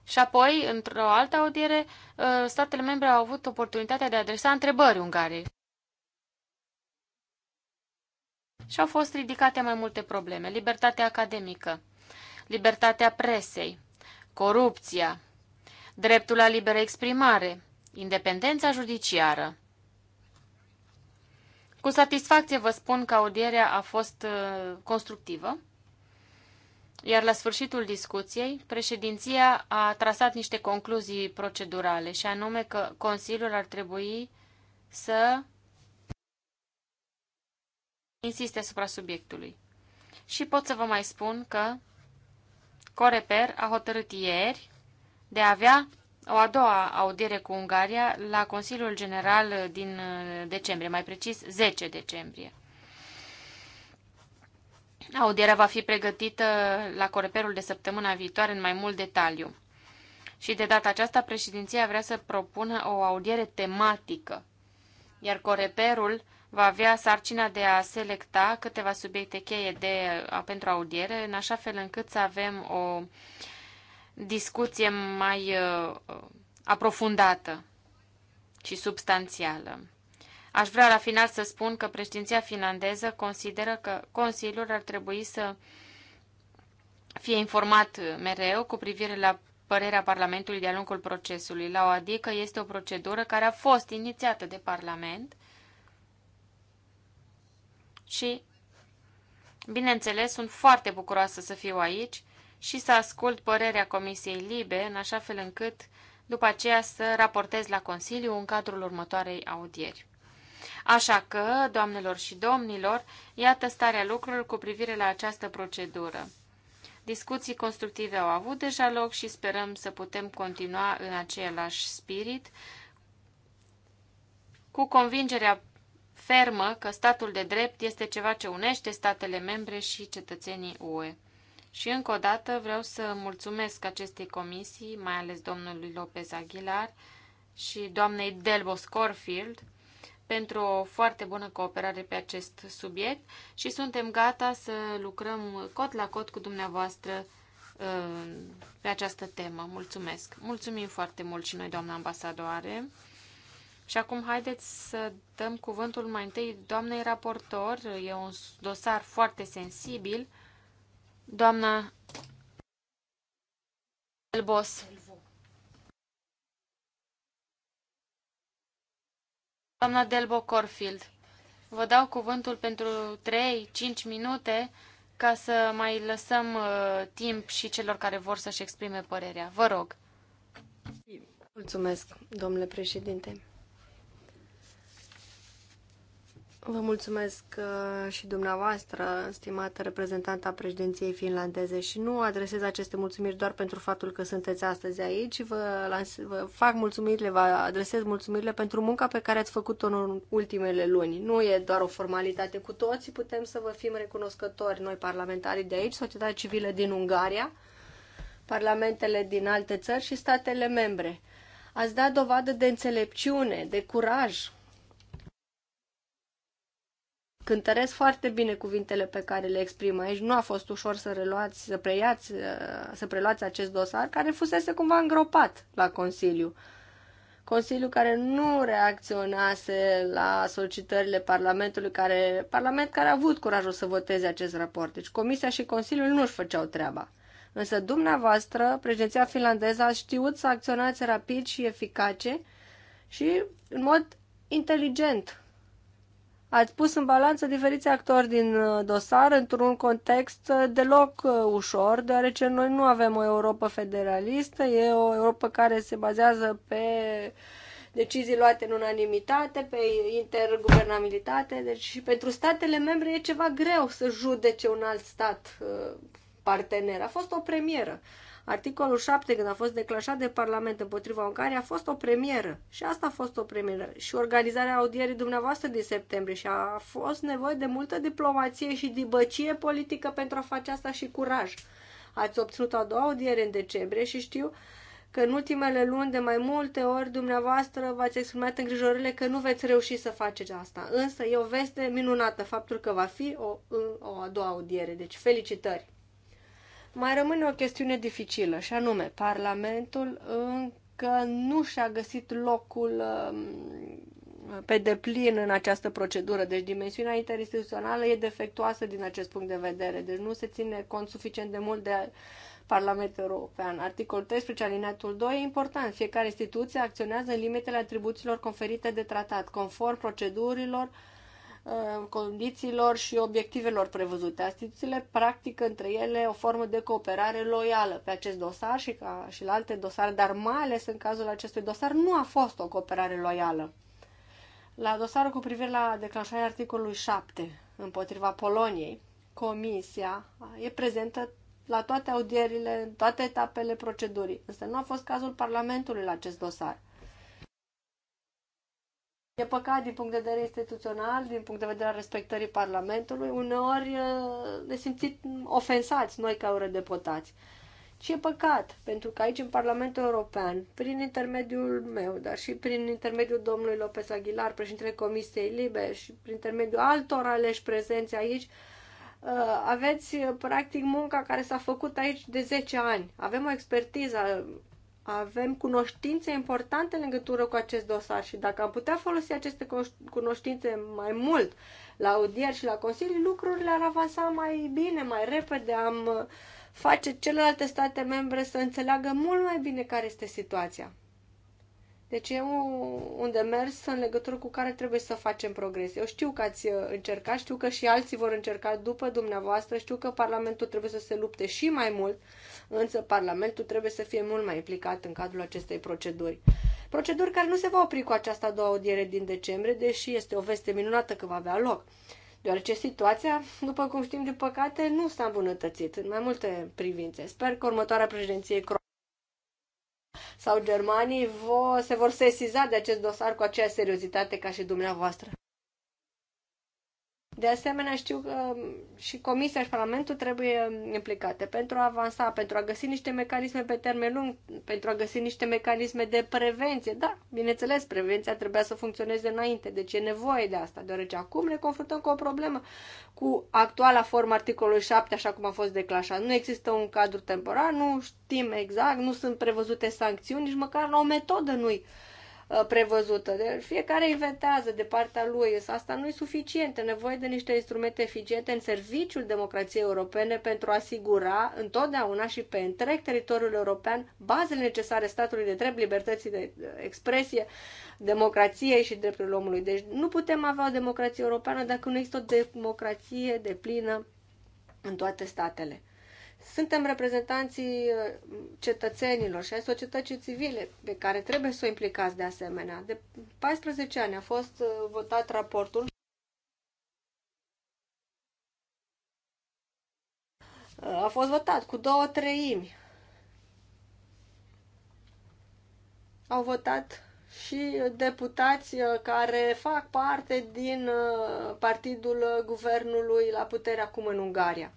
Și apoi, într-o altă audiere, ă, statele membre au avut oportunitatea de a adresa întrebări Ungariei. Și au fost ridicate mai multe probleme. Libertatea academică, libertatea presei, corupția, dreptul la liberă exprimare, independența judiciară. Cu satisfacție vă spun că audierea a fost uh, constructivă, iar la sfârșitul discuției, președinția a trasat niște concluzii procedurale, și anume că Consiliul ar trebui să insiste asupra subiectului. Și pot să vă mai spun că Coreper a hotărât ieri de a avea o a doua audiere cu Ungaria la Consiliul General din uh, decembrie, mai precis 10 decembrie. Audierea va fi pregătită la Coreperul de săptămâna viitoare în mai mult detaliu. Și de data aceasta, președinția vrea să propună o audiere tematică, iar Coreperul va avea sarcina de a selecta câteva subiecte cheie de, a, pentru audiere, în așa fel încât să avem o discuție mai uh, aprofundată și substanțială. Aș vrea la final să spun că președinția finlandeză consideră că Consiliul ar trebui să fie informat mereu cu privire la părerea Parlamentului de-a lungul procesului. La o adică este o procedură care a fost inițiată de Parlament și, bineînțeles, sunt foarte bucuroasă să fiu aici și să ascult părerea Comisiei Libe, în așa fel încât după aceea să raportez la Consiliu în cadrul următoarei audieri. Așa că, doamnelor și domnilor, iată starea lucrurilor cu privire la această procedură. Discuții constructive au avut deja loc și sperăm să putem continua în același spirit, cu convingerea fermă că statul de drept este ceva ce unește statele membre și cetățenii UE. Și încă o dată vreau să mulțumesc acestei comisii, mai ales domnului Lopez Aguilar și doamnei Delbo Scorfield, pentru o foarte bună cooperare pe acest subiect și suntem gata să lucrăm cot la cot cu dumneavoastră uh, pe această temă. Mulțumesc! Mulțumim foarte mult și noi, doamna ambasadoare! Și acum haideți să dăm cuvântul mai întâi doamnei raportor. E un dosar foarte sensibil. Doamna Elbos. Doamna Delbo Corfield, vă dau cuvântul pentru 3-5 minute ca să mai lăsăm uh, timp și celor care vor să-și exprime părerea. Vă rog. Mulțumesc, domnule președinte. Vă mulțumesc uh, și dumneavoastră, stimată reprezentanta președinției finlandeze și nu adresez aceste mulțumiri doar pentru faptul că sunteți astăzi aici, vă, lans- vă fac mulțumirile, vă adresez mulțumirile pentru munca pe care ați făcut-o în ultimele luni. Nu e doar o formalitate cu toții, putem să vă fim recunoscători noi parlamentarii de aici, societatea civilă din Ungaria, parlamentele din alte țări și statele membre. Ați dat dovadă de înțelepciune, de curaj, cântăresc foarte bine cuvintele pe care le exprim aici. Nu a fost ușor să reluați, să preiați, uh, să preluați acest dosar care fusese cumva îngropat la Consiliu. Consiliu care nu reacționase la solicitările Parlamentului, care, Parlament care a avut curajul să voteze acest raport. Deci Comisia și Consiliul nu își făceau treaba. Însă dumneavoastră, președinția finlandeză, a știut să acționați rapid și eficace și în mod inteligent Ați pus în balanță diferiți actori din uh, dosar într-un context uh, deloc uh, ușor, deoarece noi nu avem o Europa federalistă, e o Europa care se bazează pe decizii luate în unanimitate, pe interguvernabilitate, deci și pentru statele membre e ceva greu să judece un alt stat partener. A fost o premieră. Articolul 7, când a fost declanșat de Parlament împotriva Ungariei, a fost o premieră. Și asta a fost o premieră. Și organizarea audierii dumneavoastră din septembrie. Și a fost nevoie de multă diplomație și dibăcie politică pentru a face asta și curaj. Ați obținut a doua audiere în decembrie și știu că în ultimele luni de mai multe ori dumneavoastră v-ați exprimat îngrijorările că nu veți reuși să faceți asta. Însă e o veste minunată faptul că va fi o, o a doua audiere. Deci felicitări! mai rămâne o chestiune dificilă, și anume, Parlamentul încă nu și-a găsit locul um, pe deplin în această procedură, deci dimensiunea interinstituțională e defectuoasă din acest punct de vedere, deci nu se ține cont suficient de mult de Parlamentul European. Articolul 13, alineatul 2, e important. Fiecare instituție acționează în limitele atribuțiilor conferite de tratat, conform procedurilor uh, Uh, condițiilor și obiectivelor prevăzute. Instituțiile practică între ele o formă de cooperare loială pe acest dosar și, ca, și la alte dosare, dar mai ales în cazul acestui dosar nu a fost o cooperare loială. La dosarul cu privire la declanșarea articolului 7 împotriva Poloniei, Comisia e prezentă la toate audierile, în toate etapele procedurii, însă nu a fost cazul Parlamentului la acest dosar. E păcat din punct de vedere instituțional, din punct de vedere al respectării Parlamentului, uneori ne simțim ofensați noi ca eurodeputați. Și e păcat, pentru că aici în Parlamentul European, prin intermediul meu, dar și prin intermediul domnului Lopez Aguilar, președintele Comisiei Libe și prin intermediul altor aleși prezenți aici, aveți practic munca care s-a făcut aici de 10 ani. Avem o expertiză avem cunoștințe importante în legătură cu acest dosar și dacă am putea folosi aceste cunoștințe mai mult la audieri și la consilii, lucrurile ar avansa mai bine, mai repede, am uh, face celelalte state membre să înțeleagă mult mai bine care este situația. Deci e un demers în legătură cu care trebuie să facem progres. Eu știu că ați uh, încercat, știu că și alții vor încerca după dumneavoastră, știu că Parlamentul trebuie să se lupte și mai mult, însă Parlamentul trebuie să fie mult mai implicat în cadrul acestei proceduri. Proceduri care nu se va opri cu această a doua audiere din decembrie, deși este o veste minunată că va avea loc. Deoarece situația, după cum știm, din păcate, nu s-a îmbunătățit în mai multe privințe. Sper că următoarea președinție sau germanii vo, se vor sesiza de acest dosar cu aceeași seriozitate ca și dumneavoastră. De asemenea, știu că um, și Comisia și Parlamentul trebuie um, implicate pentru a avansa, pentru a găsi niște mecanisme pe termen lung, pentru a găsi niște mecanisme de prevenție. Da, bineînțeles, prevenția trebuia să funcționeze înainte, deci e nevoie de asta, deoarece acum ne confruntăm cu o problemă cu actuala formă articolului 7, așa cum a fost declașat. Nu există un cadru temporar, nu știm exact, nu sunt prevăzute sancțiuni, nici măcar la o metodă nu-i Uh, prevăzută. de fiecare inventează de partea lui, asta nu e suficient. E nevoie de niște instrumente eficiente în serviciul democrației europene pentru a asigura întotdeauna și pe întreg teritoriul european bazele necesare statului de drept, libertății de expresie, democrației și drepturile omului. Deci nu putem avea o democrație europeană dacă nu există o democrație de plină în toate statele. Suntem reprezentanții uh, cetățenilor și ai societății civile pe care trebuie să o implicați de asemenea. De 14 ani a fost uh, votat raportul uh, a fost votat cu două treimi. Au votat și deputați care fac parte din partidul guvernului la putere acum în Ungaria.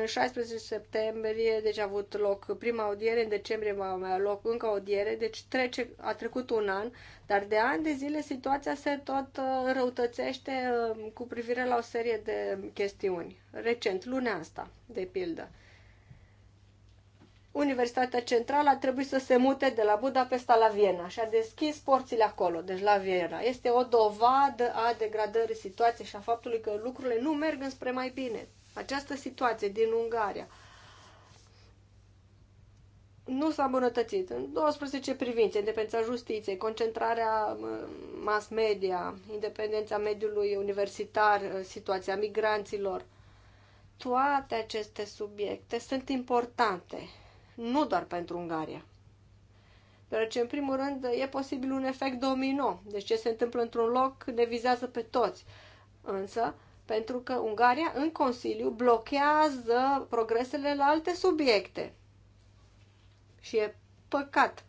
În 16 septembrie, deci a avut loc prima audiere, în decembrie va mai loc încă audiere, deci trece, a trecut un an, dar de ani de zile situația se tot uh, răutățește uh, cu privire la o serie de chestiuni. Recent, lunea asta, de pildă. Universitatea Centrală a trebuit să se mute de la Budapesta la Viena și a deschis porțile acolo, deci la Viena. Este o dovadă a degradării situației și a faptului că lucrurile nu merg înspre mai bine. Această situație din Ungaria nu s-a îmbunătățit în 12 privințe, independența justiției, concentrarea mass media, independența mediului universitar, ă, situația migranților. Toate aceste subiecte sunt importante, nu doar pentru Ungaria. Deoarece, în primul rând, e posibil un efect domino. Deci ce se întâmplă într-un loc ne vizează pe toți. Însă, pentru că Ungaria în Consiliu blochează progresele la alte subiecte. Și e păcat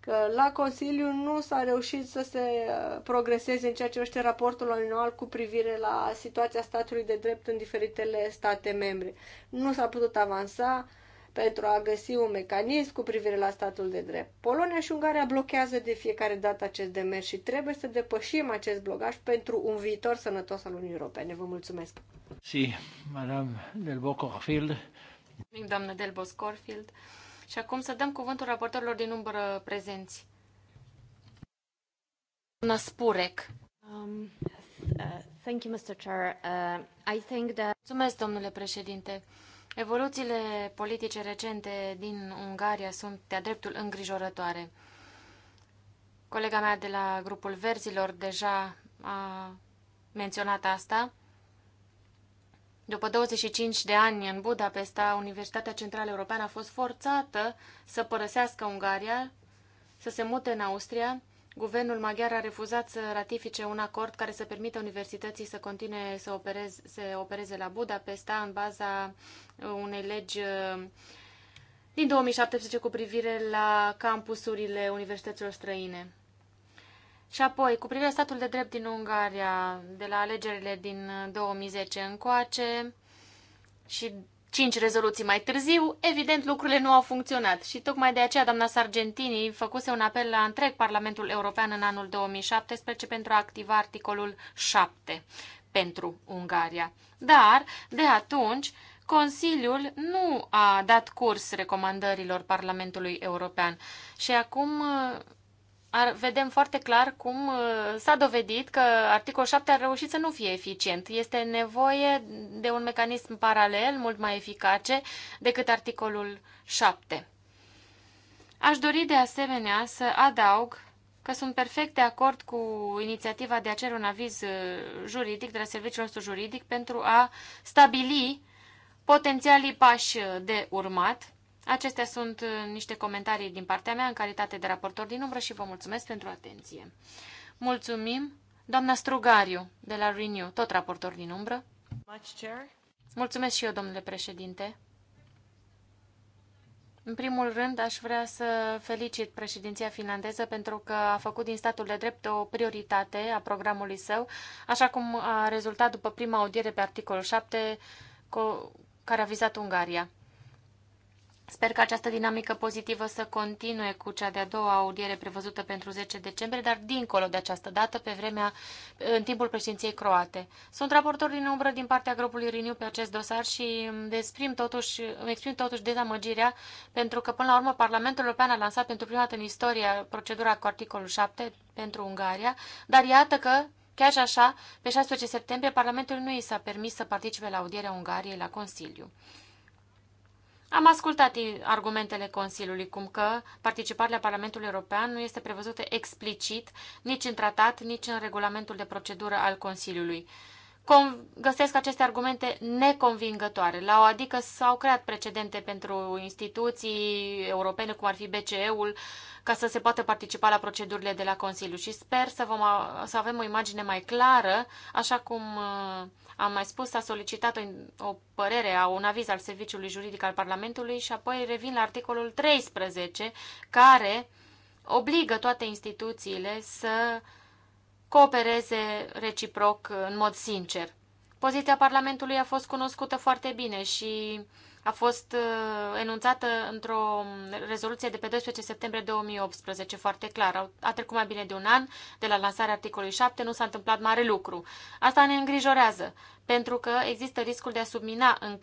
că la Consiliu nu s-a reușit să se uh, progreseze în ceea ce este raportul anual cu privire la situația statului de drept în diferitele state membre. Nu s-a putut avansa, pentru a găsi un mecanism cu privire la statul de drept. Polonia și Ungaria blochează de fiecare dată acest demers și trebuie să depășim acest blocaj pentru un viitor sănătos al Uniunii Europene. Vă mulțumesc! Si, madame del Bocorfield. Doamnă del Boscorfield. Și acum să dăm cuvântul raportorilor din umbră prezenți. Doamna Spurek. Um, uh, thank you, Mr. Chair. Uh, I think that... Mulțumesc, domnule președinte. Evoluțiile politice recente din Ungaria sunt de-a dreptul îngrijorătoare. Colega mea de la grupul Verzilor deja a menționat asta. După 25 de ani în Budapesta, Universitatea Centrală Europeană a fost forțată să părăsească Ungaria, să se mute în Austria. Guvernul maghiar a refuzat să ratifice un acord care să permită universității să continue să opereze, să opereze la Budapesta în baza unei legi uh, din 2017 cu privire la campusurile universităților străine. Și apoi, cu privire la statul de drept din Ungaria, de la alegerile din 2010 uh, încoace și cinci rezoluții mai târziu, evident lucrurile nu au funcționat și tocmai de aceea doamna Sargentini făcuse un apel la întreg Parlamentul European în anul 2017 pentru a activa articolul 7 pentru Ungaria. Dar, de atunci, Consiliul nu a dat curs recomandărilor Parlamentului European și acum uh, ar, vedem foarte clar cum uh, s-a dovedit că articolul 7 a reușit să nu fie eficient. Este nevoie de un mecanism paralel, mult mai eficace decât articolul 7. Aș dori de asemenea să adaug că sunt perfect de acord cu inițiativa de a cere un aviz uh, juridic de la serviciul nostru juridic pentru a stabili potențialii pași de urmat. Acestea sunt uh, niște comentarii din partea mea în calitate de raportor din umbră și vă mulțumesc pentru atenție. Mulțumim, doamna Strugariu, de la Renew, tot raportor din umbră. Mulțumesc și eu, domnule președinte. În primul rând, aș vrea să felicit președinția finlandeză pentru că a făcut din statul de drept o prioritate a programului său, așa cum a rezultat după prima audiere pe articolul 7, care a vizat Ungaria. Sper că această dinamică pozitivă să continue cu cea de-a doua audiere prevăzută pentru 10 decembrie, dar dincolo de această dată, pe vremea, în timpul președinției croate. Sunt raportor din umbră din partea grupului Riniu pe acest dosar și îmi totuși, îmi exprim totuși dezamăgirea pentru că, până la urmă, Parlamentul European a lansat pentru prima dată în istorie procedura cu articolul 7 pentru Ungaria, dar iată că Chiar și așa, pe 16 septembrie, Parlamentul nu i s-a permis să participe la audierea Ungariei la Consiliu. Am ascultat argumentele Consiliului, cum că participarea Parlamentului European nu este prevăzută explicit nici în tratat, nici în regulamentul de procedură al Consiliului găsesc aceste argumente neconvingătoare. La o adică s-au creat precedente pentru instituții europene, cum ar fi BCE-ul, ca să se poată participa la procedurile de la Consiliu. Și sper să, vom, să avem o imagine mai clară, așa cum uh, am mai spus, s-a solicitat o, o părere, un aviz al Serviciului Juridic al Parlamentului și apoi revin la articolul 13, care obligă toate instituțiile să uh, coopereze reciproc în mod sincer. Poziția Parlamentului a fost cunoscută foarte bine și a fost uh, enunțată într-o rezoluție de pe 12 septembrie 2018, foarte clar. A trecut mai bine de un an de la lansarea articolului 7, nu s-a întâmplat mare lucru. Asta ne îngrijorează, pentru că există riscul de a submina um,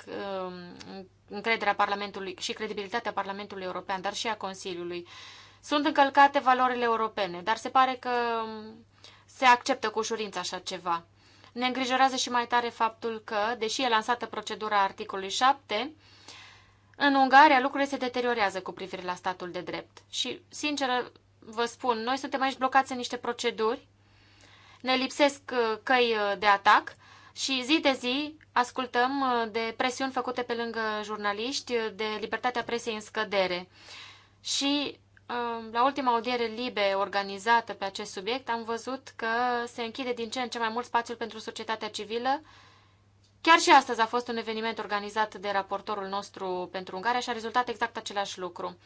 încrederea Parlamentului și credibilitatea Parlamentului European, dar și a Consiliului. Sunt încălcate valorile europene, dar se pare că um, se acceptă cu ușurință așa ceva. Ne îngrijorează și mai tare faptul că, deși e lansată procedura articolului 7, în Ungaria lucrurile se deteriorează cu privire la statul de drept. Și, sincer, vă spun, noi suntem aici blocați în niște proceduri, ne lipsesc uh, căi uh, de atac și zi de zi ascultăm uh, de presiuni făcute pe lângă jurnaliști, de libertatea presei în scădere. Și la ultima audiere libe organizată pe acest subiect, am văzut că se închide din ce în ce mai mult spațiul pentru societatea civilă. Chiar și astăzi a fost un eveniment organizat de raportorul nostru pentru Ungaria și a rezultat exact același lucru.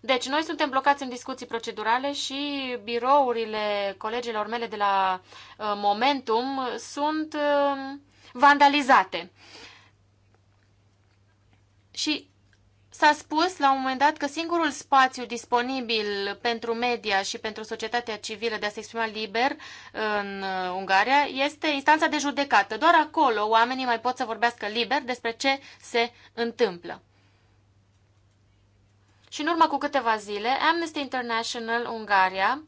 Deci, noi suntem blocați în discuții procedurale și birourile colegilor mele de la uh, Momentum sunt uh, vandalizate. Și S-a spus la un moment dat că singurul spațiu disponibil pentru media și pentru societatea civilă de a se exprima liber în uh, Ungaria este instanța de judecată. Doar acolo oamenii mai pot să vorbească liber despre ce se întâmplă. Și în urmă cu câteva zile, Amnesty International Ungaria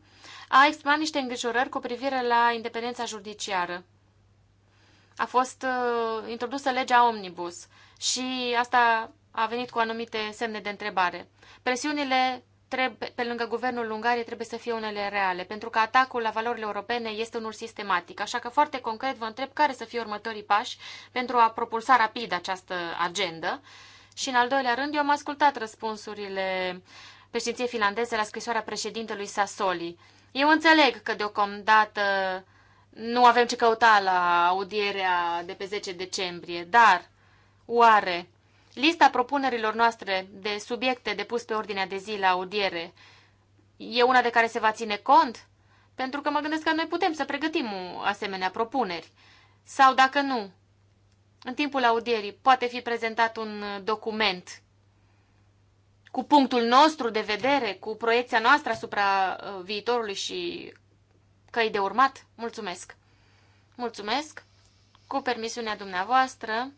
a exprimat niște îngrijorări cu privire la independența judiciară. A fost uh, introdusă legea Omnibus și asta a venit cu anumite semne de întrebare. Presiunile trebuie, pe lângă guvernul Ungariei trebuie să fie unele reale, pentru că atacul la valorile europene este unul sistematic. Așa că foarte concret vă întreb care să fie următorii pași pentru a propulsa rapid această agendă. Și în al doilea rând, eu am ascultat răspunsurile președinției finlandeze la scrisoarea președintelui Sassoli. Eu înțeleg că deocamdată nu avem ce căuta la audierea de pe 10 decembrie, dar oare Lista propunerilor noastre de subiecte depus pe ordinea de zi la audiere e una de care se va ține cont? Pentru că mă gândesc că noi putem să pregătim asemenea propuneri. Sau dacă nu, în timpul audierii poate fi prezentat un document cu punctul nostru de vedere, cu proiecția noastră asupra uh, viitorului și căi de urmat? Mulțumesc! Mulțumesc! Cu permisiunea dumneavoastră,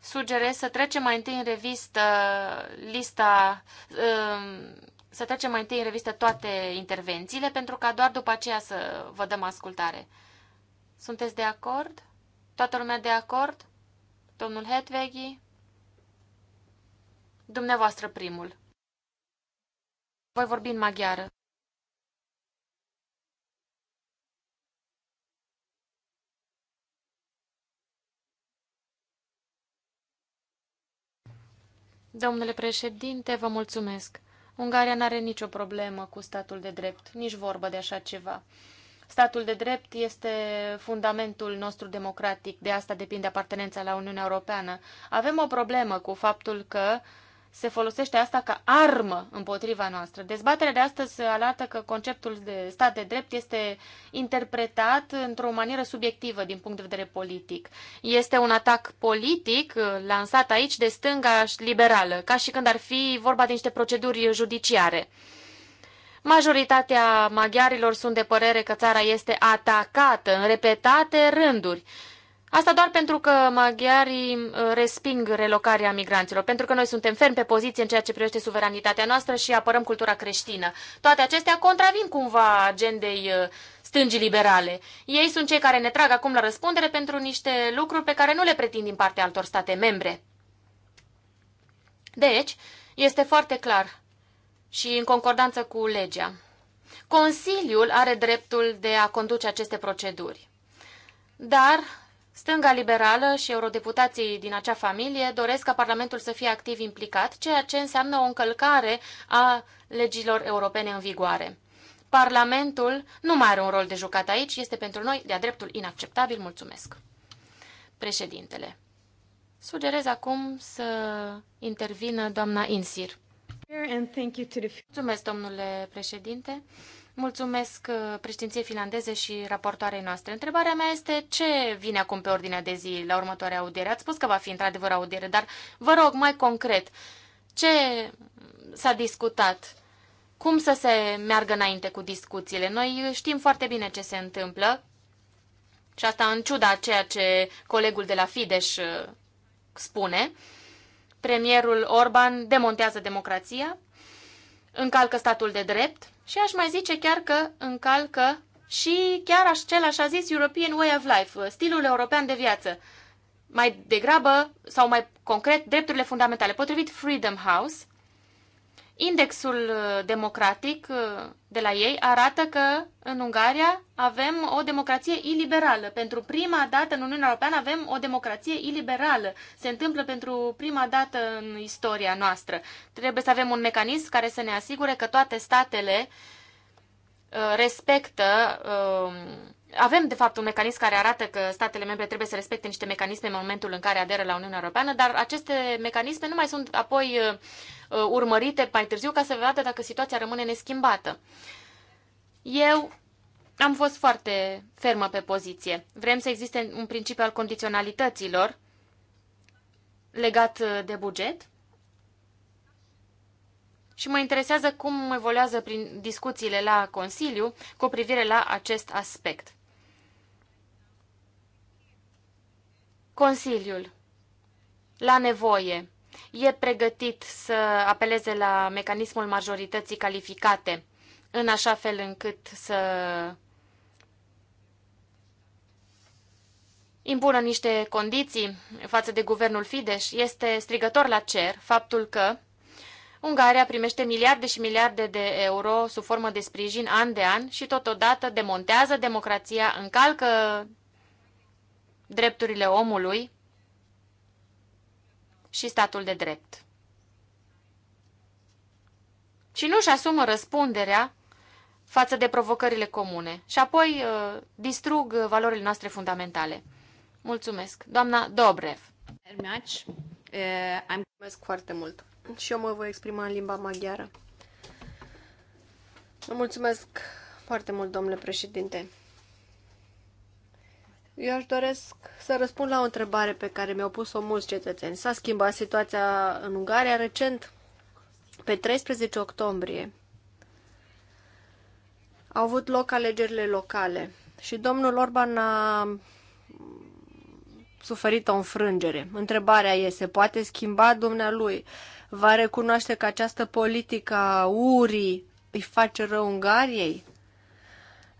sugerez să trecem mai întâi în revistă lista, um, să trecem mai întâi în revistă toate intervențiile, pentru ca doar după aceea să vă dăm ascultare. Sunteți de acord? Toată lumea de acord? Domnul Hetveghi? Dumneavoastră primul. Voi vorbi în maghiară. Domnule președinte, vă mulțumesc. Ungaria nu are nicio problemă cu statul de drept, nici vorbă de așa ceva. Statul de drept este fundamentul nostru democratic, de asta depinde apartenența la Uniunea Europeană. Avem o problemă cu faptul că uh, se folosește asta ca armă împotriva noastră. Dezbaterea de astăzi arată că conceptul de stat de drept este interpretat într-o manieră subiectivă din punct de vedere politic. Este un atac politic uh, lansat aici de stânga liberală, ca și când ar fi vorba de niște proceduri judiciare. Majoritatea maghiarilor sunt de părere că țara este atacată în repetate rânduri Asta doar pentru că maghiarii uh, resping relocarea migranților, pentru că noi suntem fermi pe poziție în ceea ce privește suveranitatea noastră și apărăm cultura creștină. Toate acestea contravin cumva agendei uh, stângii liberale. Ei sunt cei care ne trag acum la răspundere pentru niște lucruri pe care nu le pretind din partea altor state membre. Deci, este foarte clar și în concordanță cu legea. Consiliul are dreptul de a conduce aceste proceduri. Dar Stânga liberală și eurodeputații din acea familie doresc ca Parlamentul să fie activ implicat, ceea ce înseamnă o încălcare a legilor europene în vigoare. Parlamentul nu mai are un rol de jucat aici, este pentru noi de-a dreptul inacceptabil. Mulțumesc. Președintele. Sugerez acum să intervină doamna Insir. Mulțumesc, domnule președinte. Mulțumesc uh, președinției finlandeze și raportoarei noastre. Întrebarea mea este ce vine acum pe ordinea de zi la următoarea audiere? Ați spus că va fi într-adevăr audiere, dar vă rog mai concret, ce s-a discutat? Cum să se meargă înainte cu discuțiile? Noi știm foarte bine ce se întâmplă și asta în ciuda ceea ce colegul de la Fidesz uh, spune. Premierul Orban demontează democrația, încalcă statul de drept, și aș mai zice chiar că încalcă și chiar acel așa zis European Way of Life, stilul european de viață. Mai degrabă, sau mai concret, drepturile fundamentale. Potrivit Freedom House, Indexul uh, democratic uh, de la ei arată că în Ungaria avem o democrație iliberală. Pentru prima dată în Uniunea Europeană avem o democrație iliberală. Se întâmplă pentru prima dată în istoria noastră. Trebuie să avem un mecanism care să ne asigure că toate statele uh, respectă uh, avem, de fapt, un mecanism care arată că statele membre trebuie să respecte niște mecanisme în momentul în care aderă la Uniunea Europeană, dar aceste mecanisme nu mai sunt apoi uh, uh, urmărite mai târziu ca să vadă dacă situația rămâne neschimbată. Eu am fost foarte fermă pe poziție. Vrem să existe un principiu al condiționalităților legat uh, de buget și mă interesează cum evoluează prin discuțiile la Consiliu cu privire la acest aspect. Consiliul, la nevoie, e pregătit să apeleze la mecanismul majorității calificate, în așa fel încât să impună niște condiții față de guvernul Fidesz. Este strigător la cer faptul că Ungaria primește miliarde și miliarde de euro sub formă de sprijin an de an și totodată demontează democrația, încalcă drepturile omului și statul de drept. Și nu-și asumă răspunderea față de provocările comune și apoi uh, distrug uh, valorile noastre fundamentale. Mulțumesc. Doamna Dobrev. Uh, mulțumesc foarte mult. Și eu mă voi exprima în limba maghiară. mulțumesc foarte mult, domnule președinte. Eu aș doresc să răspund la o întrebare pe care mi-au pus-o mulți cetățeni. S-a schimbat situația în Ungaria recent, pe 13 octombrie. Au avut loc alegerile locale și domnul Orban a suferit o înfrângere. Întrebarea e, se poate schimba dumnealui? Va recunoaște că această politică a urii îi face rău Ungariei?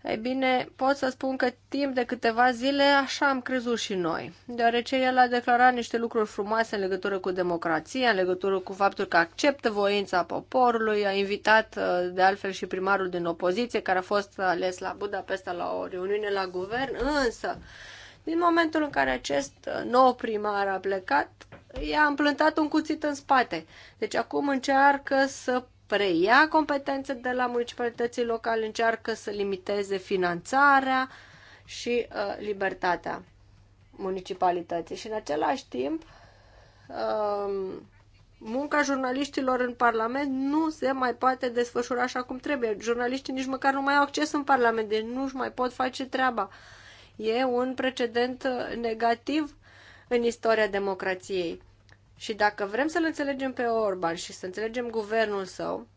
Ei bine, pot să spun că timp de câteva zile așa am crezut și noi, deoarece el a declarat niște lucruri frumoase în legătură cu democrația, în legătură cu faptul că acceptă voința poporului, a invitat uh, de altfel și primarul din opoziție, care a fost ales la Budapesta la o reuniune la guvern, însă din momentul în care acest uh, nou primar a plecat, i-a împlântat un cuțit în spate. Deci acum încearcă să preia competențe de la municipalității locale, încearcă să limiteze finanțarea și uh, libertatea municipalității. Și în același timp, uh, munca jurnaliștilor în Parlament nu se mai poate desfășura așa cum trebuie. Jurnaliștii nici măcar nu mai au acces în Parlament, deci nu-și mai pot face treaba. E un precedent uh, negativ în istoria democrației. Și dacă vrem să-l înțelegem pe Orban și să înțelegem guvernul său,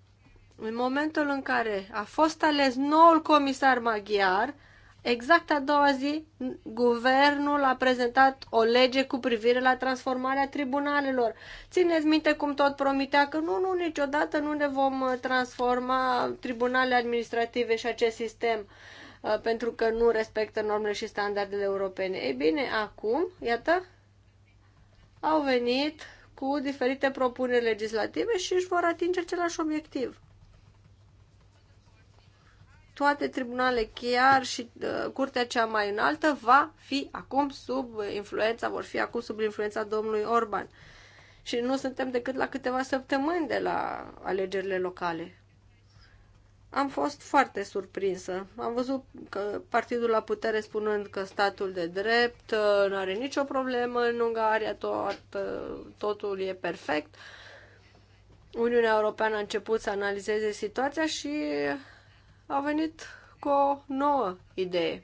în momentul în care a fost ales noul comisar maghiar, exact a doua zi, guvernul a prezentat o lege cu privire la transformarea tribunalelor. Țineți minte cum tot promitea că nu, nu, niciodată nu ne vom uh, transforma tribunale administrative și acest sistem uh, pentru că nu respectă normele și standardele europene. Ei bine, acum, iată, au venit cu diferite propuneri legislative și își vor atinge același obiectiv. Toate tribunale, chiar și uh, curtea cea mai înaltă, va fi acum sub influența, vor fi acum sub influența domnului Orban. Și nu suntem decât la câteva săptămâni de la alegerile locale am fost foarte surprinsă. Am văzut că partidul la putere spunând că statul de drept uh, nu are nicio problemă în Ungaria, tot, uh, totul e perfect. Uniunea Europeană a început să analizeze situația și a venit cu o nouă idee.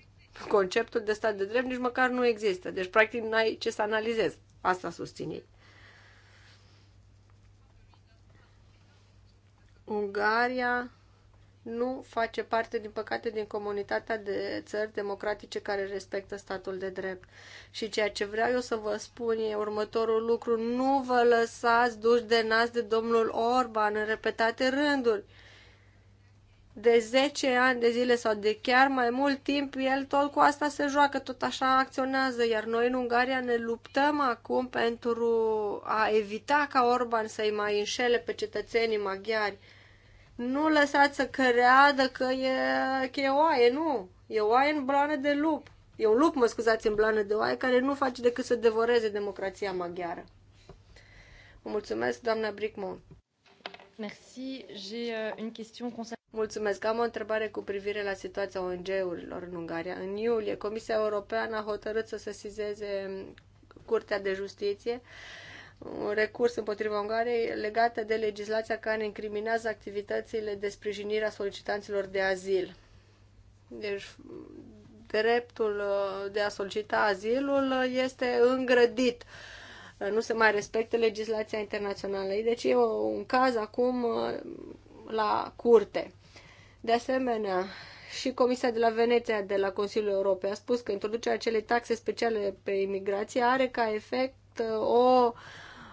Conceptul de stat de drept nici măcar nu există, deci practic n-ai ce să analizezi. Asta susțin ei. Ungaria nu face parte, din păcate, din comunitatea de țări democratice care respectă statul de drept. Și ceea ce vreau eu să vă spun e următorul lucru. Nu vă lăsați duși de nas de domnul Orban în repetate rânduri. De 10 ani de zile sau de chiar mai mult timp, el tot cu asta se joacă, tot așa acționează, iar noi în Ungaria ne luptăm acum pentru a evita ca Orban să-i mai înșele pe cetățenii maghiari nu lăsați să creadă că e, că e oaie, nu. E oaie în blană de lup. E un lup, mă scuzați, în blană de oaie, care nu face decât să devoreze democrația maghiară. Vă mulțumesc, doamna Bricmon. Merci. J'ai euh, une question concernant... Mulțumesc. Am o întrebare cu privire la situația ONG-urilor în Ungaria. În iulie, Comisia Europeană a hotărât să sesizeze Curtea de Justiție uh, un recurs împotriva Ungariei legată de legislația care incriminează activitățile de sprijinire a solicitanților de azil. Deci, dreptul uh, de a solicita azilul uh, este îngrădit. Uh, nu se mai respectă legislația internațională. Deci e un caz acum la curte. De asemenea, și Comisia de la Veneția de la Consiliul Europei a spus că introducerea acelei taxe speciale pe imigrație are ca efect o uh,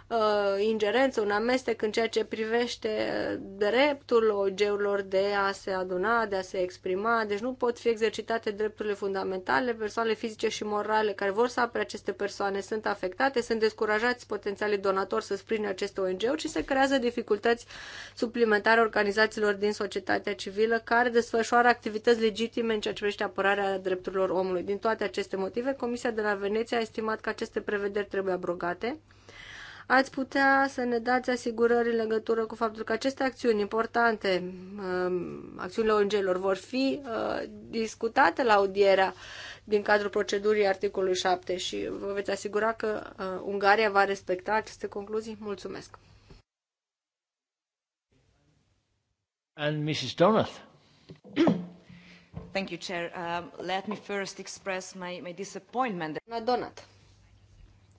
uh, ingerență, un amestec în ceea ce privește uh, dreptul og urilor de a se aduna, de a se exprima, deci nu pot fi exercitate drepturile fundamentale, persoanele fizice și morale care vor să apere aceste persoane sunt afectate, sunt descurajați potențialii donatori să sprijine aceste ONG-uri și se creează dificultăți suplimentare organizațiilor din societatea civilă care desfășoară activități legitime în ceea ce privește apărarea drepturilor omului. Din toate aceste motive, Comisia de la Veneția a estimat că aceste prevederi trebuie abrogate ați putea să ne dați asigurări în legătură cu faptul că aceste acțiuni importante, um, acțiunile ONG-lor, vor fi uh, discutate la audierea din cadrul procedurii articolului 7 și vă veți asigura că uh, Ungaria va respecta aceste concluzii? Mulțumesc! And Mrs. Donath. Thank you, Chair. Uh, let me first express my, my disappointment. Doamna Donat.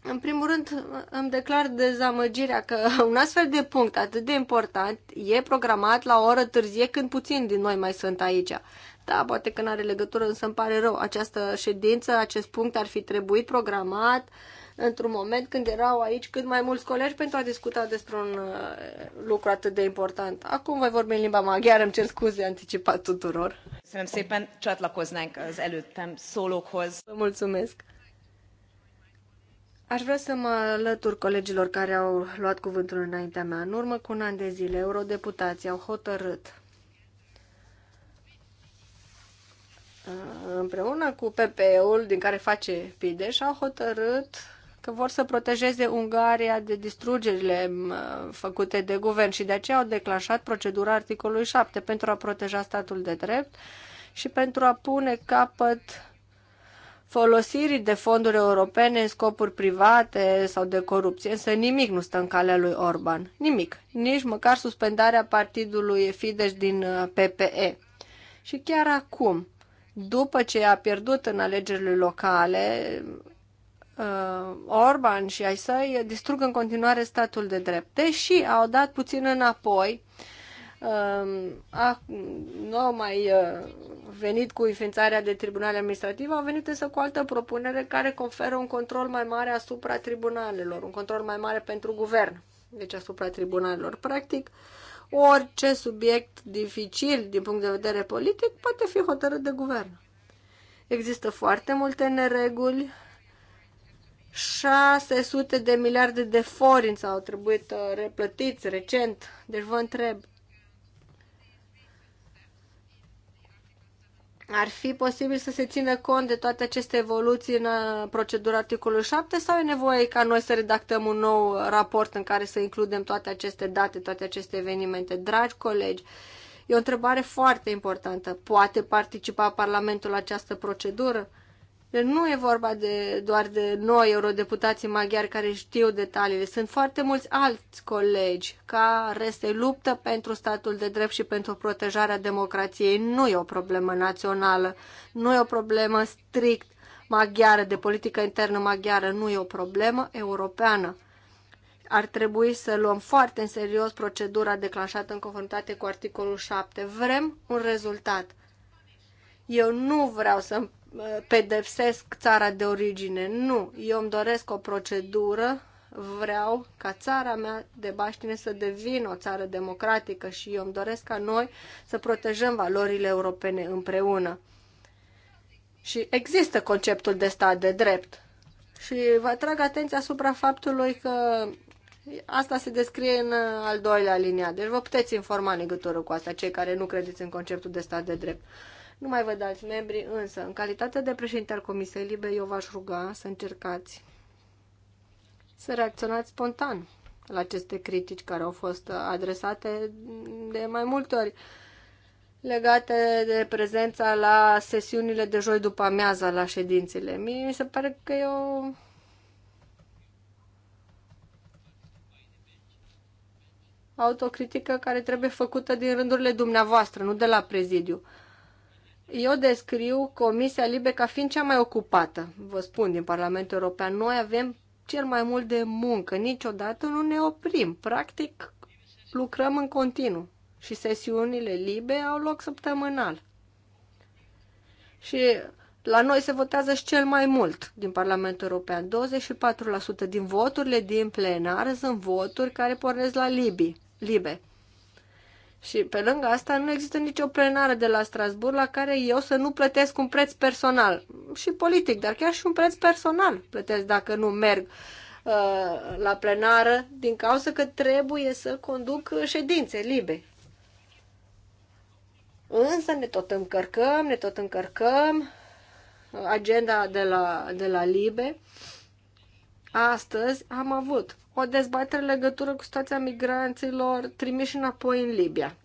În primul rând, îmi declar dezamăgirea că un astfel de punct atât de important e programat la o oră târzie când puțin din noi mai sunt aici. Da, poate că nu are legătură, însă îmi pare rău. Această ședință, acest punct ar fi trebuit programat într-un moment când erau aici cât mai mulți colegi pentru a discuta despre un uh, lucru atât de important. Acum voi vorbi în limba maghiară, îmi cer scuze anticipat tuturor. Să ne szépen csatlakoznánk az Mulțumesc. Aș vrea să mă alătur colegilor care au luat cuvântul înaintea mea. În urmă cu un an de zile, eurodeputații au hotărât uh, împreună cu PPE-ul din care face și au hotărât că vor să protejeze Ungaria de distrugerile uh, făcute de guvern și de aceea au declanșat procedura articolului 7 pentru a proteja statul de drept și pentru a pune capăt folosirii de fonduri europene în scopuri private sau de corupție, însă nimic nu stă în calea lui Orban. Nimic. Nici măcar suspendarea partidului Fidesz din uh, PPE. Și chiar acum, după ce a pierdut în alegerile locale, uh, Orban și ai săi distrug în continuare statul de drept, deși au dat puțin înapoi a, nu au mai uh, venit cu înființarea de tribunale administrative, au venit însă cu altă propunere care conferă un control mai mare asupra tribunalelor, un control mai mare pentru guvern, deci asupra tribunalelor. Practic, orice subiect dificil din punct de vedere politic poate fi hotărât de guvern. Există foarte multe nereguli, 600 de miliarde de forinți au trebuit uh, replătiți recent, deci vă întreb, ar fi posibil să se țină cont de toate aceste evoluții în uh, procedura articolului 7 sau e nevoie ca noi să redactăm un nou raport în care să includem toate aceste date, toate aceste evenimente? Dragi colegi, e o întrebare foarte importantă. Poate participa Parlamentul la această procedură? Deci nu e vorba de, doar de noi, eurodeputații maghiari, care știu detaliile. Sunt foarte mulți alți colegi care se luptă pentru statul de drept și pentru protejarea democrației. Nu e o problemă națională, nu e o problemă strict maghiară, de politică internă maghiară, nu e o problemă europeană. Ar trebui să luăm foarte în serios procedura declanșată în conformitate cu articolul 7. Vrem un rezultat. Eu nu vreau să pedepsesc țara de origine. Nu, eu îmi doresc o procedură, vreau ca țara mea de baștine să devină o țară democratică și eu îmi doresc ca noi să protejăm valorile europene împreună. Și există conceptul de stat de drept. Și vă atrag atenția asupra faptului că Asta se descrie în al doilea linia. Deci vă puteți informa în legătură cu asta, cei care nu credeți în conceptul de stat de drept. Nu mai văd alți membri, însă, în calitate de președinte al Comisiei Libe, eu v-aș ruga să încercați să reacționați spontan la aceste critici care au fost adresate de mai multe ori legate de prezența la sesiunile de joi după amiaza la ședințele. mi se pare că eu autocritică care trebuie făcută din rândurile dumneavoastră, nu de la prezidiu. Eu descriu Comisia Libe ca fiind cea mai ocupată, vă spun, din Parlamentul European. Noi avem cel mai mult de muncă, niciodată nu ne oprim. Practic, lucrăm în continuu și sesiunile libe au loc săptămânal. Și la noi se votează și cel mai mult din Parlamentul European. 24% din voturile din plenar sunt voturi care pornesc la libii, libe. Și pe lângă asta nu există nicio plenară de la Strasburg la care eu să nu plătesc un preț personal și politic, dar chiar și un preț personal plătesc dacă nu merg uh, la plenară din cauza că trebuie să conduc uh, ședințe libe. Însă ne tot încărcăm, ne tot încărcăm uh, agenda de la, de la Libe. Astăzi am avut o dezbatere în legătură cu situația migranților trimiși înapoi în Libia.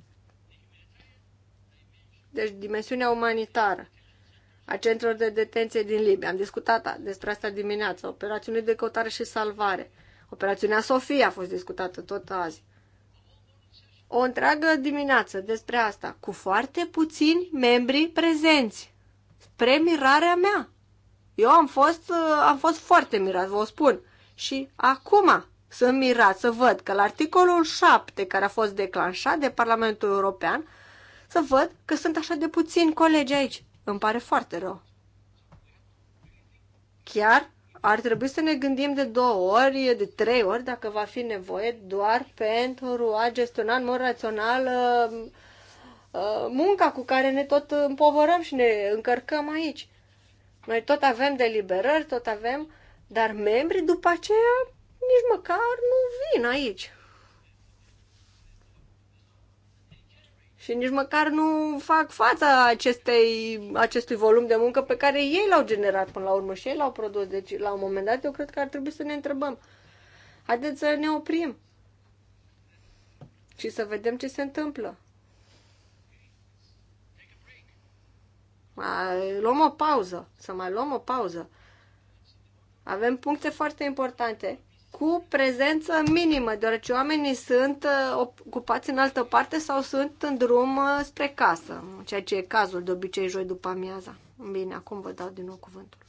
Deci dimensiunea umanitară a centrelor de detenție din Libia. Am discutat despre asta dimineața. Operațiunile de căutare și salvare. Operațiunea Sofia a fost discutată tot azi. O întreagă dimineață despre asta, cu foarte puțini membri prezenți. Spre mirarea mea. Eu am fost, am fost foarte mirat, vă spun. Și acum sunt mirat să văd că la articolul 7 care a fost declanșat de Parlamentul European, să văd că sunt așa de puțini colegi aici. Îmi pare foarte rău. Chiar ar trebui să ne gândim de două ori, de trei ori, dacă va fi nevoie, doar pentru a gestiona în mod rațional uh, uh, munca cu care ne tot împovărăm și ne încărcăm aici. Noi tot avem deliberări, tot avem, dar membrii după aceea nici măcar nu vin aici. Și nici măcar nu fac fața acestei, acestui volum de muncă pe care ei l-au generat până la urmă și ei l-au produs. Deci, la un moment dat, eu cred că ar trebui să ne întrebăm. Haideți să ne oprim și să vedem ce se întâmplă. Mai luăm o pauză, să mai luăm o pauză. Avem puncte foarte importante cu prezență minimă, deoarece oamenii sunt uh, ocupați în altă parte sau sunt în drum uh, spre casă, ceea ce e cazul de obicei joi după amiaza. Bine, acum vă dau din nou cuvântul.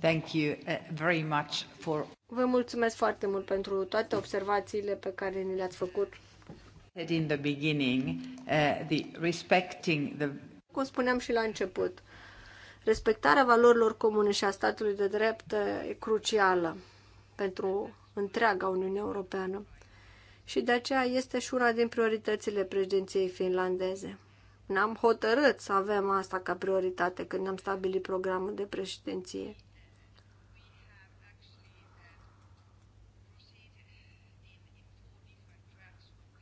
Thank you uh, very much for... Vă mulțumesc foarte mult pentru toate observațiile pe care ni le-ați făcut. In the beginning, uh, the respecting the... Cum spuneam și la început, respectarea valorilor comune și a statului de drept e crucială pentru întreaga Uniune Europeană. Și de aceea este și una din prioritățile președinției finlandeze. Ne-am hotărât să avem asta ca prioritate când am stabilit programul de președinție.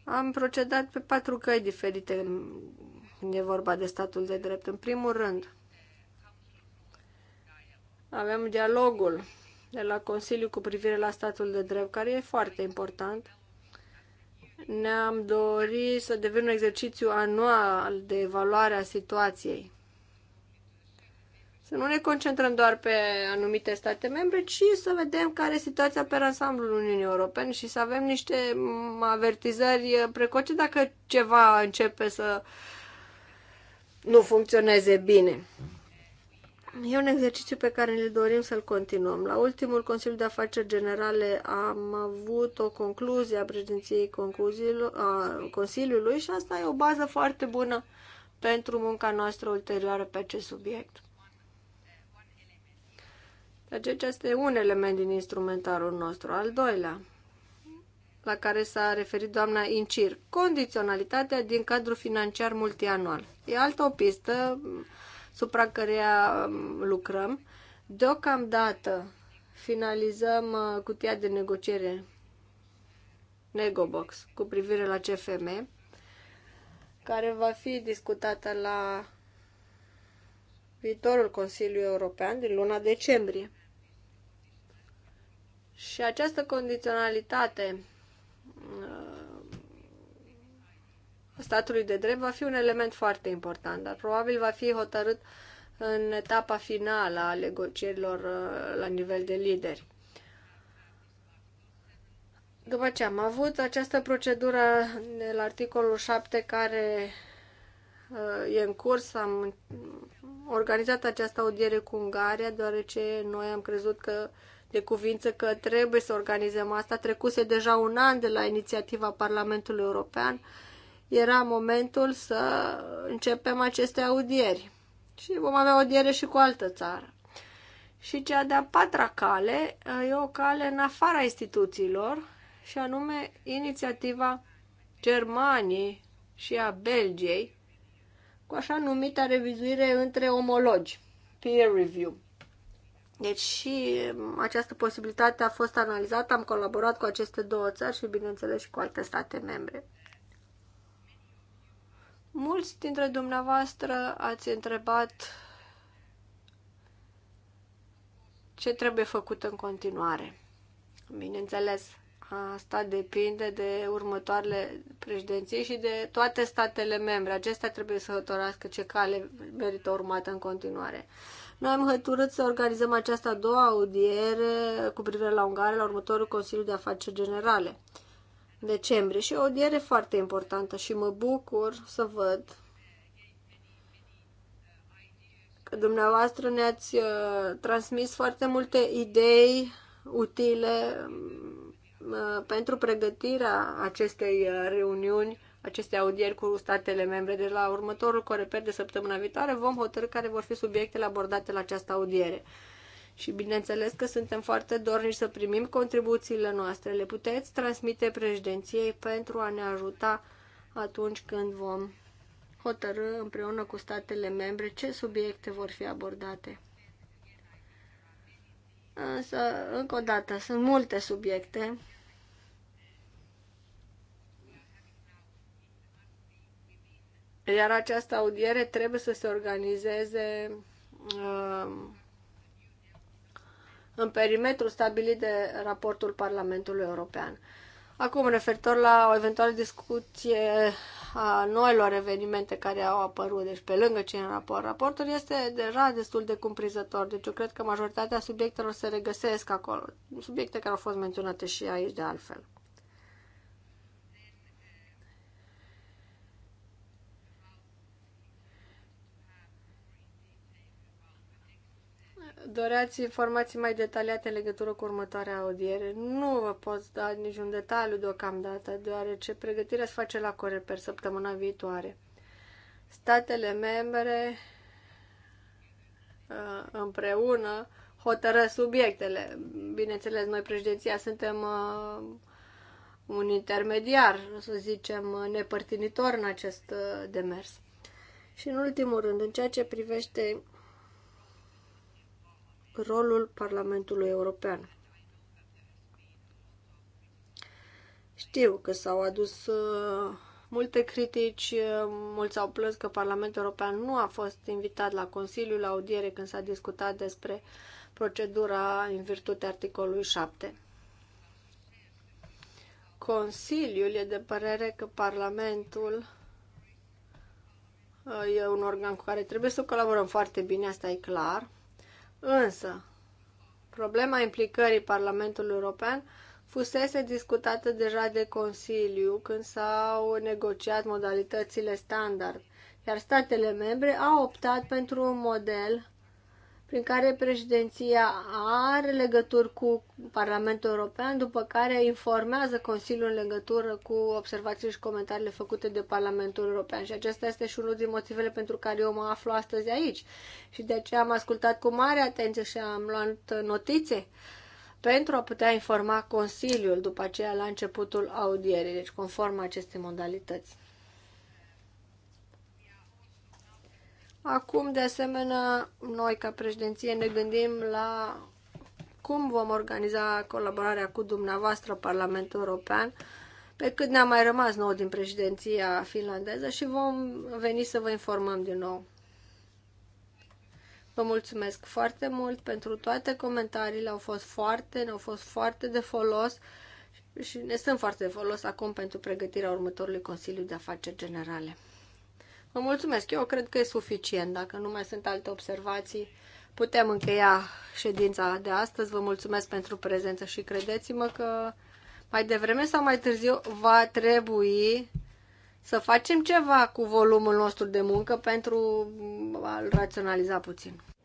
Am procedat pe patru căi diferite când e vorba de statul de drept. În primul rând, avem dialogul de la Consiliu cu privire la statul de drept, care e foarte important. Ne-am dorit să devină un exercițiu anual de evaluare a situației. Să nu ne concentrăm doar pe anumite state membre, ci să vedem care e situația pe ansamblul Uniunii Europene și să avem niște avertizări precoce dacă ceva începe să nu funcționeze bine. E un exercițiu pe care ne dorim să-l continuăm. La ultimul Consiliu de Afaceri Generale am avut o concluzie a președinției a Consiliului și asta e o bază foarte bună pentru munca noastră ulterioară pe acest subiect. Deci, deci acesta e un element din instrumentarul nostru. Al doilea, la care s-a referit doamna Incir, condiționalitatea din cadrul financiar multianual. E altă o pistă supra căreia um, lucrăm. Deocamdată finalizăm uh, cutia de negociere Negobox cu privire la CFM, care va fi discutată la viitorul Consiliu European din luna decembrie. Și această condiționalitate uh, statului de drept va fi un element foarte important, dar probabil va fi hotărât în etapa finală a negocierilor uh, la nivel de lideri. După ce am avut această procedură de la articolul 7 care uh, e în curs, am organizat această audiere cu Ungaria, deoarece noi am crezut că de cuvință că trebuie să organizăm asta. Trecuse deja un an de la inițiativa Parlamentului European era momentul să începem aceste audieri. Și vom avea audiere și cu altă țară. Și cea de-a patra cale e o cale în afara instituțiilor, și anume inițiativa Germaniei și a Belgiei, cu așa numita revizuire între omologi, peer review. Deci și um, această posibilitate a fost analizată, am colaborat cu aceste două țări și, bineînțeles, și cu alte state membre. Mulți dintre dumneavoastră ați întrebat ce trebuie făcut în continuare. Bineînțeles, asta depinde de următoarele președinții și de toate statele membre. Acestea trebuie să hotărască ce cale merită urmată în continuare. Noi am hăturât să organizăm această a doua audiere cu privire la Ungaria la următorul Consiliu de Afaceri Generale decembrie și o audiere foarte importantă și mă bucur să văd că dumneavoastră ne-ați uh, transmis foarte multe idei utile mm, uh, pentru pregătirea acestei uh, reuniuni, acestei audieri cu statele membre. De deci la următorul coreper de săptămâna viitoare vom hotărâ care vor fi subiectele abordate la această audiere. Și bineînțeles că suntem foarte dornici să primim contribuțiile noastre. Le puteți transmite președinției pentru a ne ajuta atunci când vom hotărâ împreună cu statele membre ce subiecte vor fi abordate. Însă, încă o dată, sunt multe subiecte. Iar această audiere trebuie să se organizeze uh, în perimetrul stabilit de raportul Parlamentului European. Acum, referitor la o eventuală discuție a noilor evenimente care au apărut, deci pe lângă ce în raport. Raportul este deja destul de cumprizător, deci eu cred că majoritatea subiectelor se regăsesc acolo, subiecte care au fost menționate și aici de altfel. doreați informații mai detaliate în legătură cu următoarea audiere. Nu vă pot da niciun detaliu deocamdată, deoarece pregătirea se face la Coreper săptămâna viitoare. Statele membre uh, împreună hotără subiectele. Bineînțeles, noi președinția suntem uh, un intermediar, să zicem, nepărtinitor în acest uh, demers. Și în ultimul rând, în ceea ce privește rolul Parlamentului European. Știu că s-au adus uh, multe critici, uh, mulți au plâns că Parlamentul European nu a fost invitat la Consiliul la audiere când s-a discutat despre procedura în virtute articolului 7. Consiliul e de părere că Parlamentul uh, e un organ cu care trebuie să colaborăm foarte bine, asta e clar. Însă, problema implicării Parlamentului European fusese discutată deja de Consiliu când s-au negociat modalitățile standard, iar statele membre au optat pentru un model prin care președinția are legături cu Parlamentul European, după care informează Consiliul în legătură cu observațiile și comentariile făcute de Parlamentul European. Și acesta este și unul din motivele pentru care eu mă aflu astăzi aici. Și de aceea am ascultat cu mare atenție și am luat notițe pentru a putea informa Consiliul după aceea la începutul audierii, deci conform acestei modalități. Acum, de asemenea, noi ca președinție ne gândim la cum vom organiza colaborarea cu dumneavoastră, Parlamentul European, pe cât ne-a mai rămas nou din președinția finlandeză și vom veni să vă informăm din nou. Vă mulțumesc foarte mult pentru toate comentariile, au fost foarte, ne-au fost foarte de folos și ne sunt foarte de folos acum pentru pregătirea următorului Consiliu de Afaceri Generale. Vă mulțumesc. Eu cred că e suficient. Dacă nu mai sunt alte observații, putem încheia ședința de astăzi. Vă mulțumesc pentru prezență și credeți-mă că mai devreme sau mai târziu va trebui să facem ceva cu volumul nostru de muncă pentru a-l raționaliza puțin.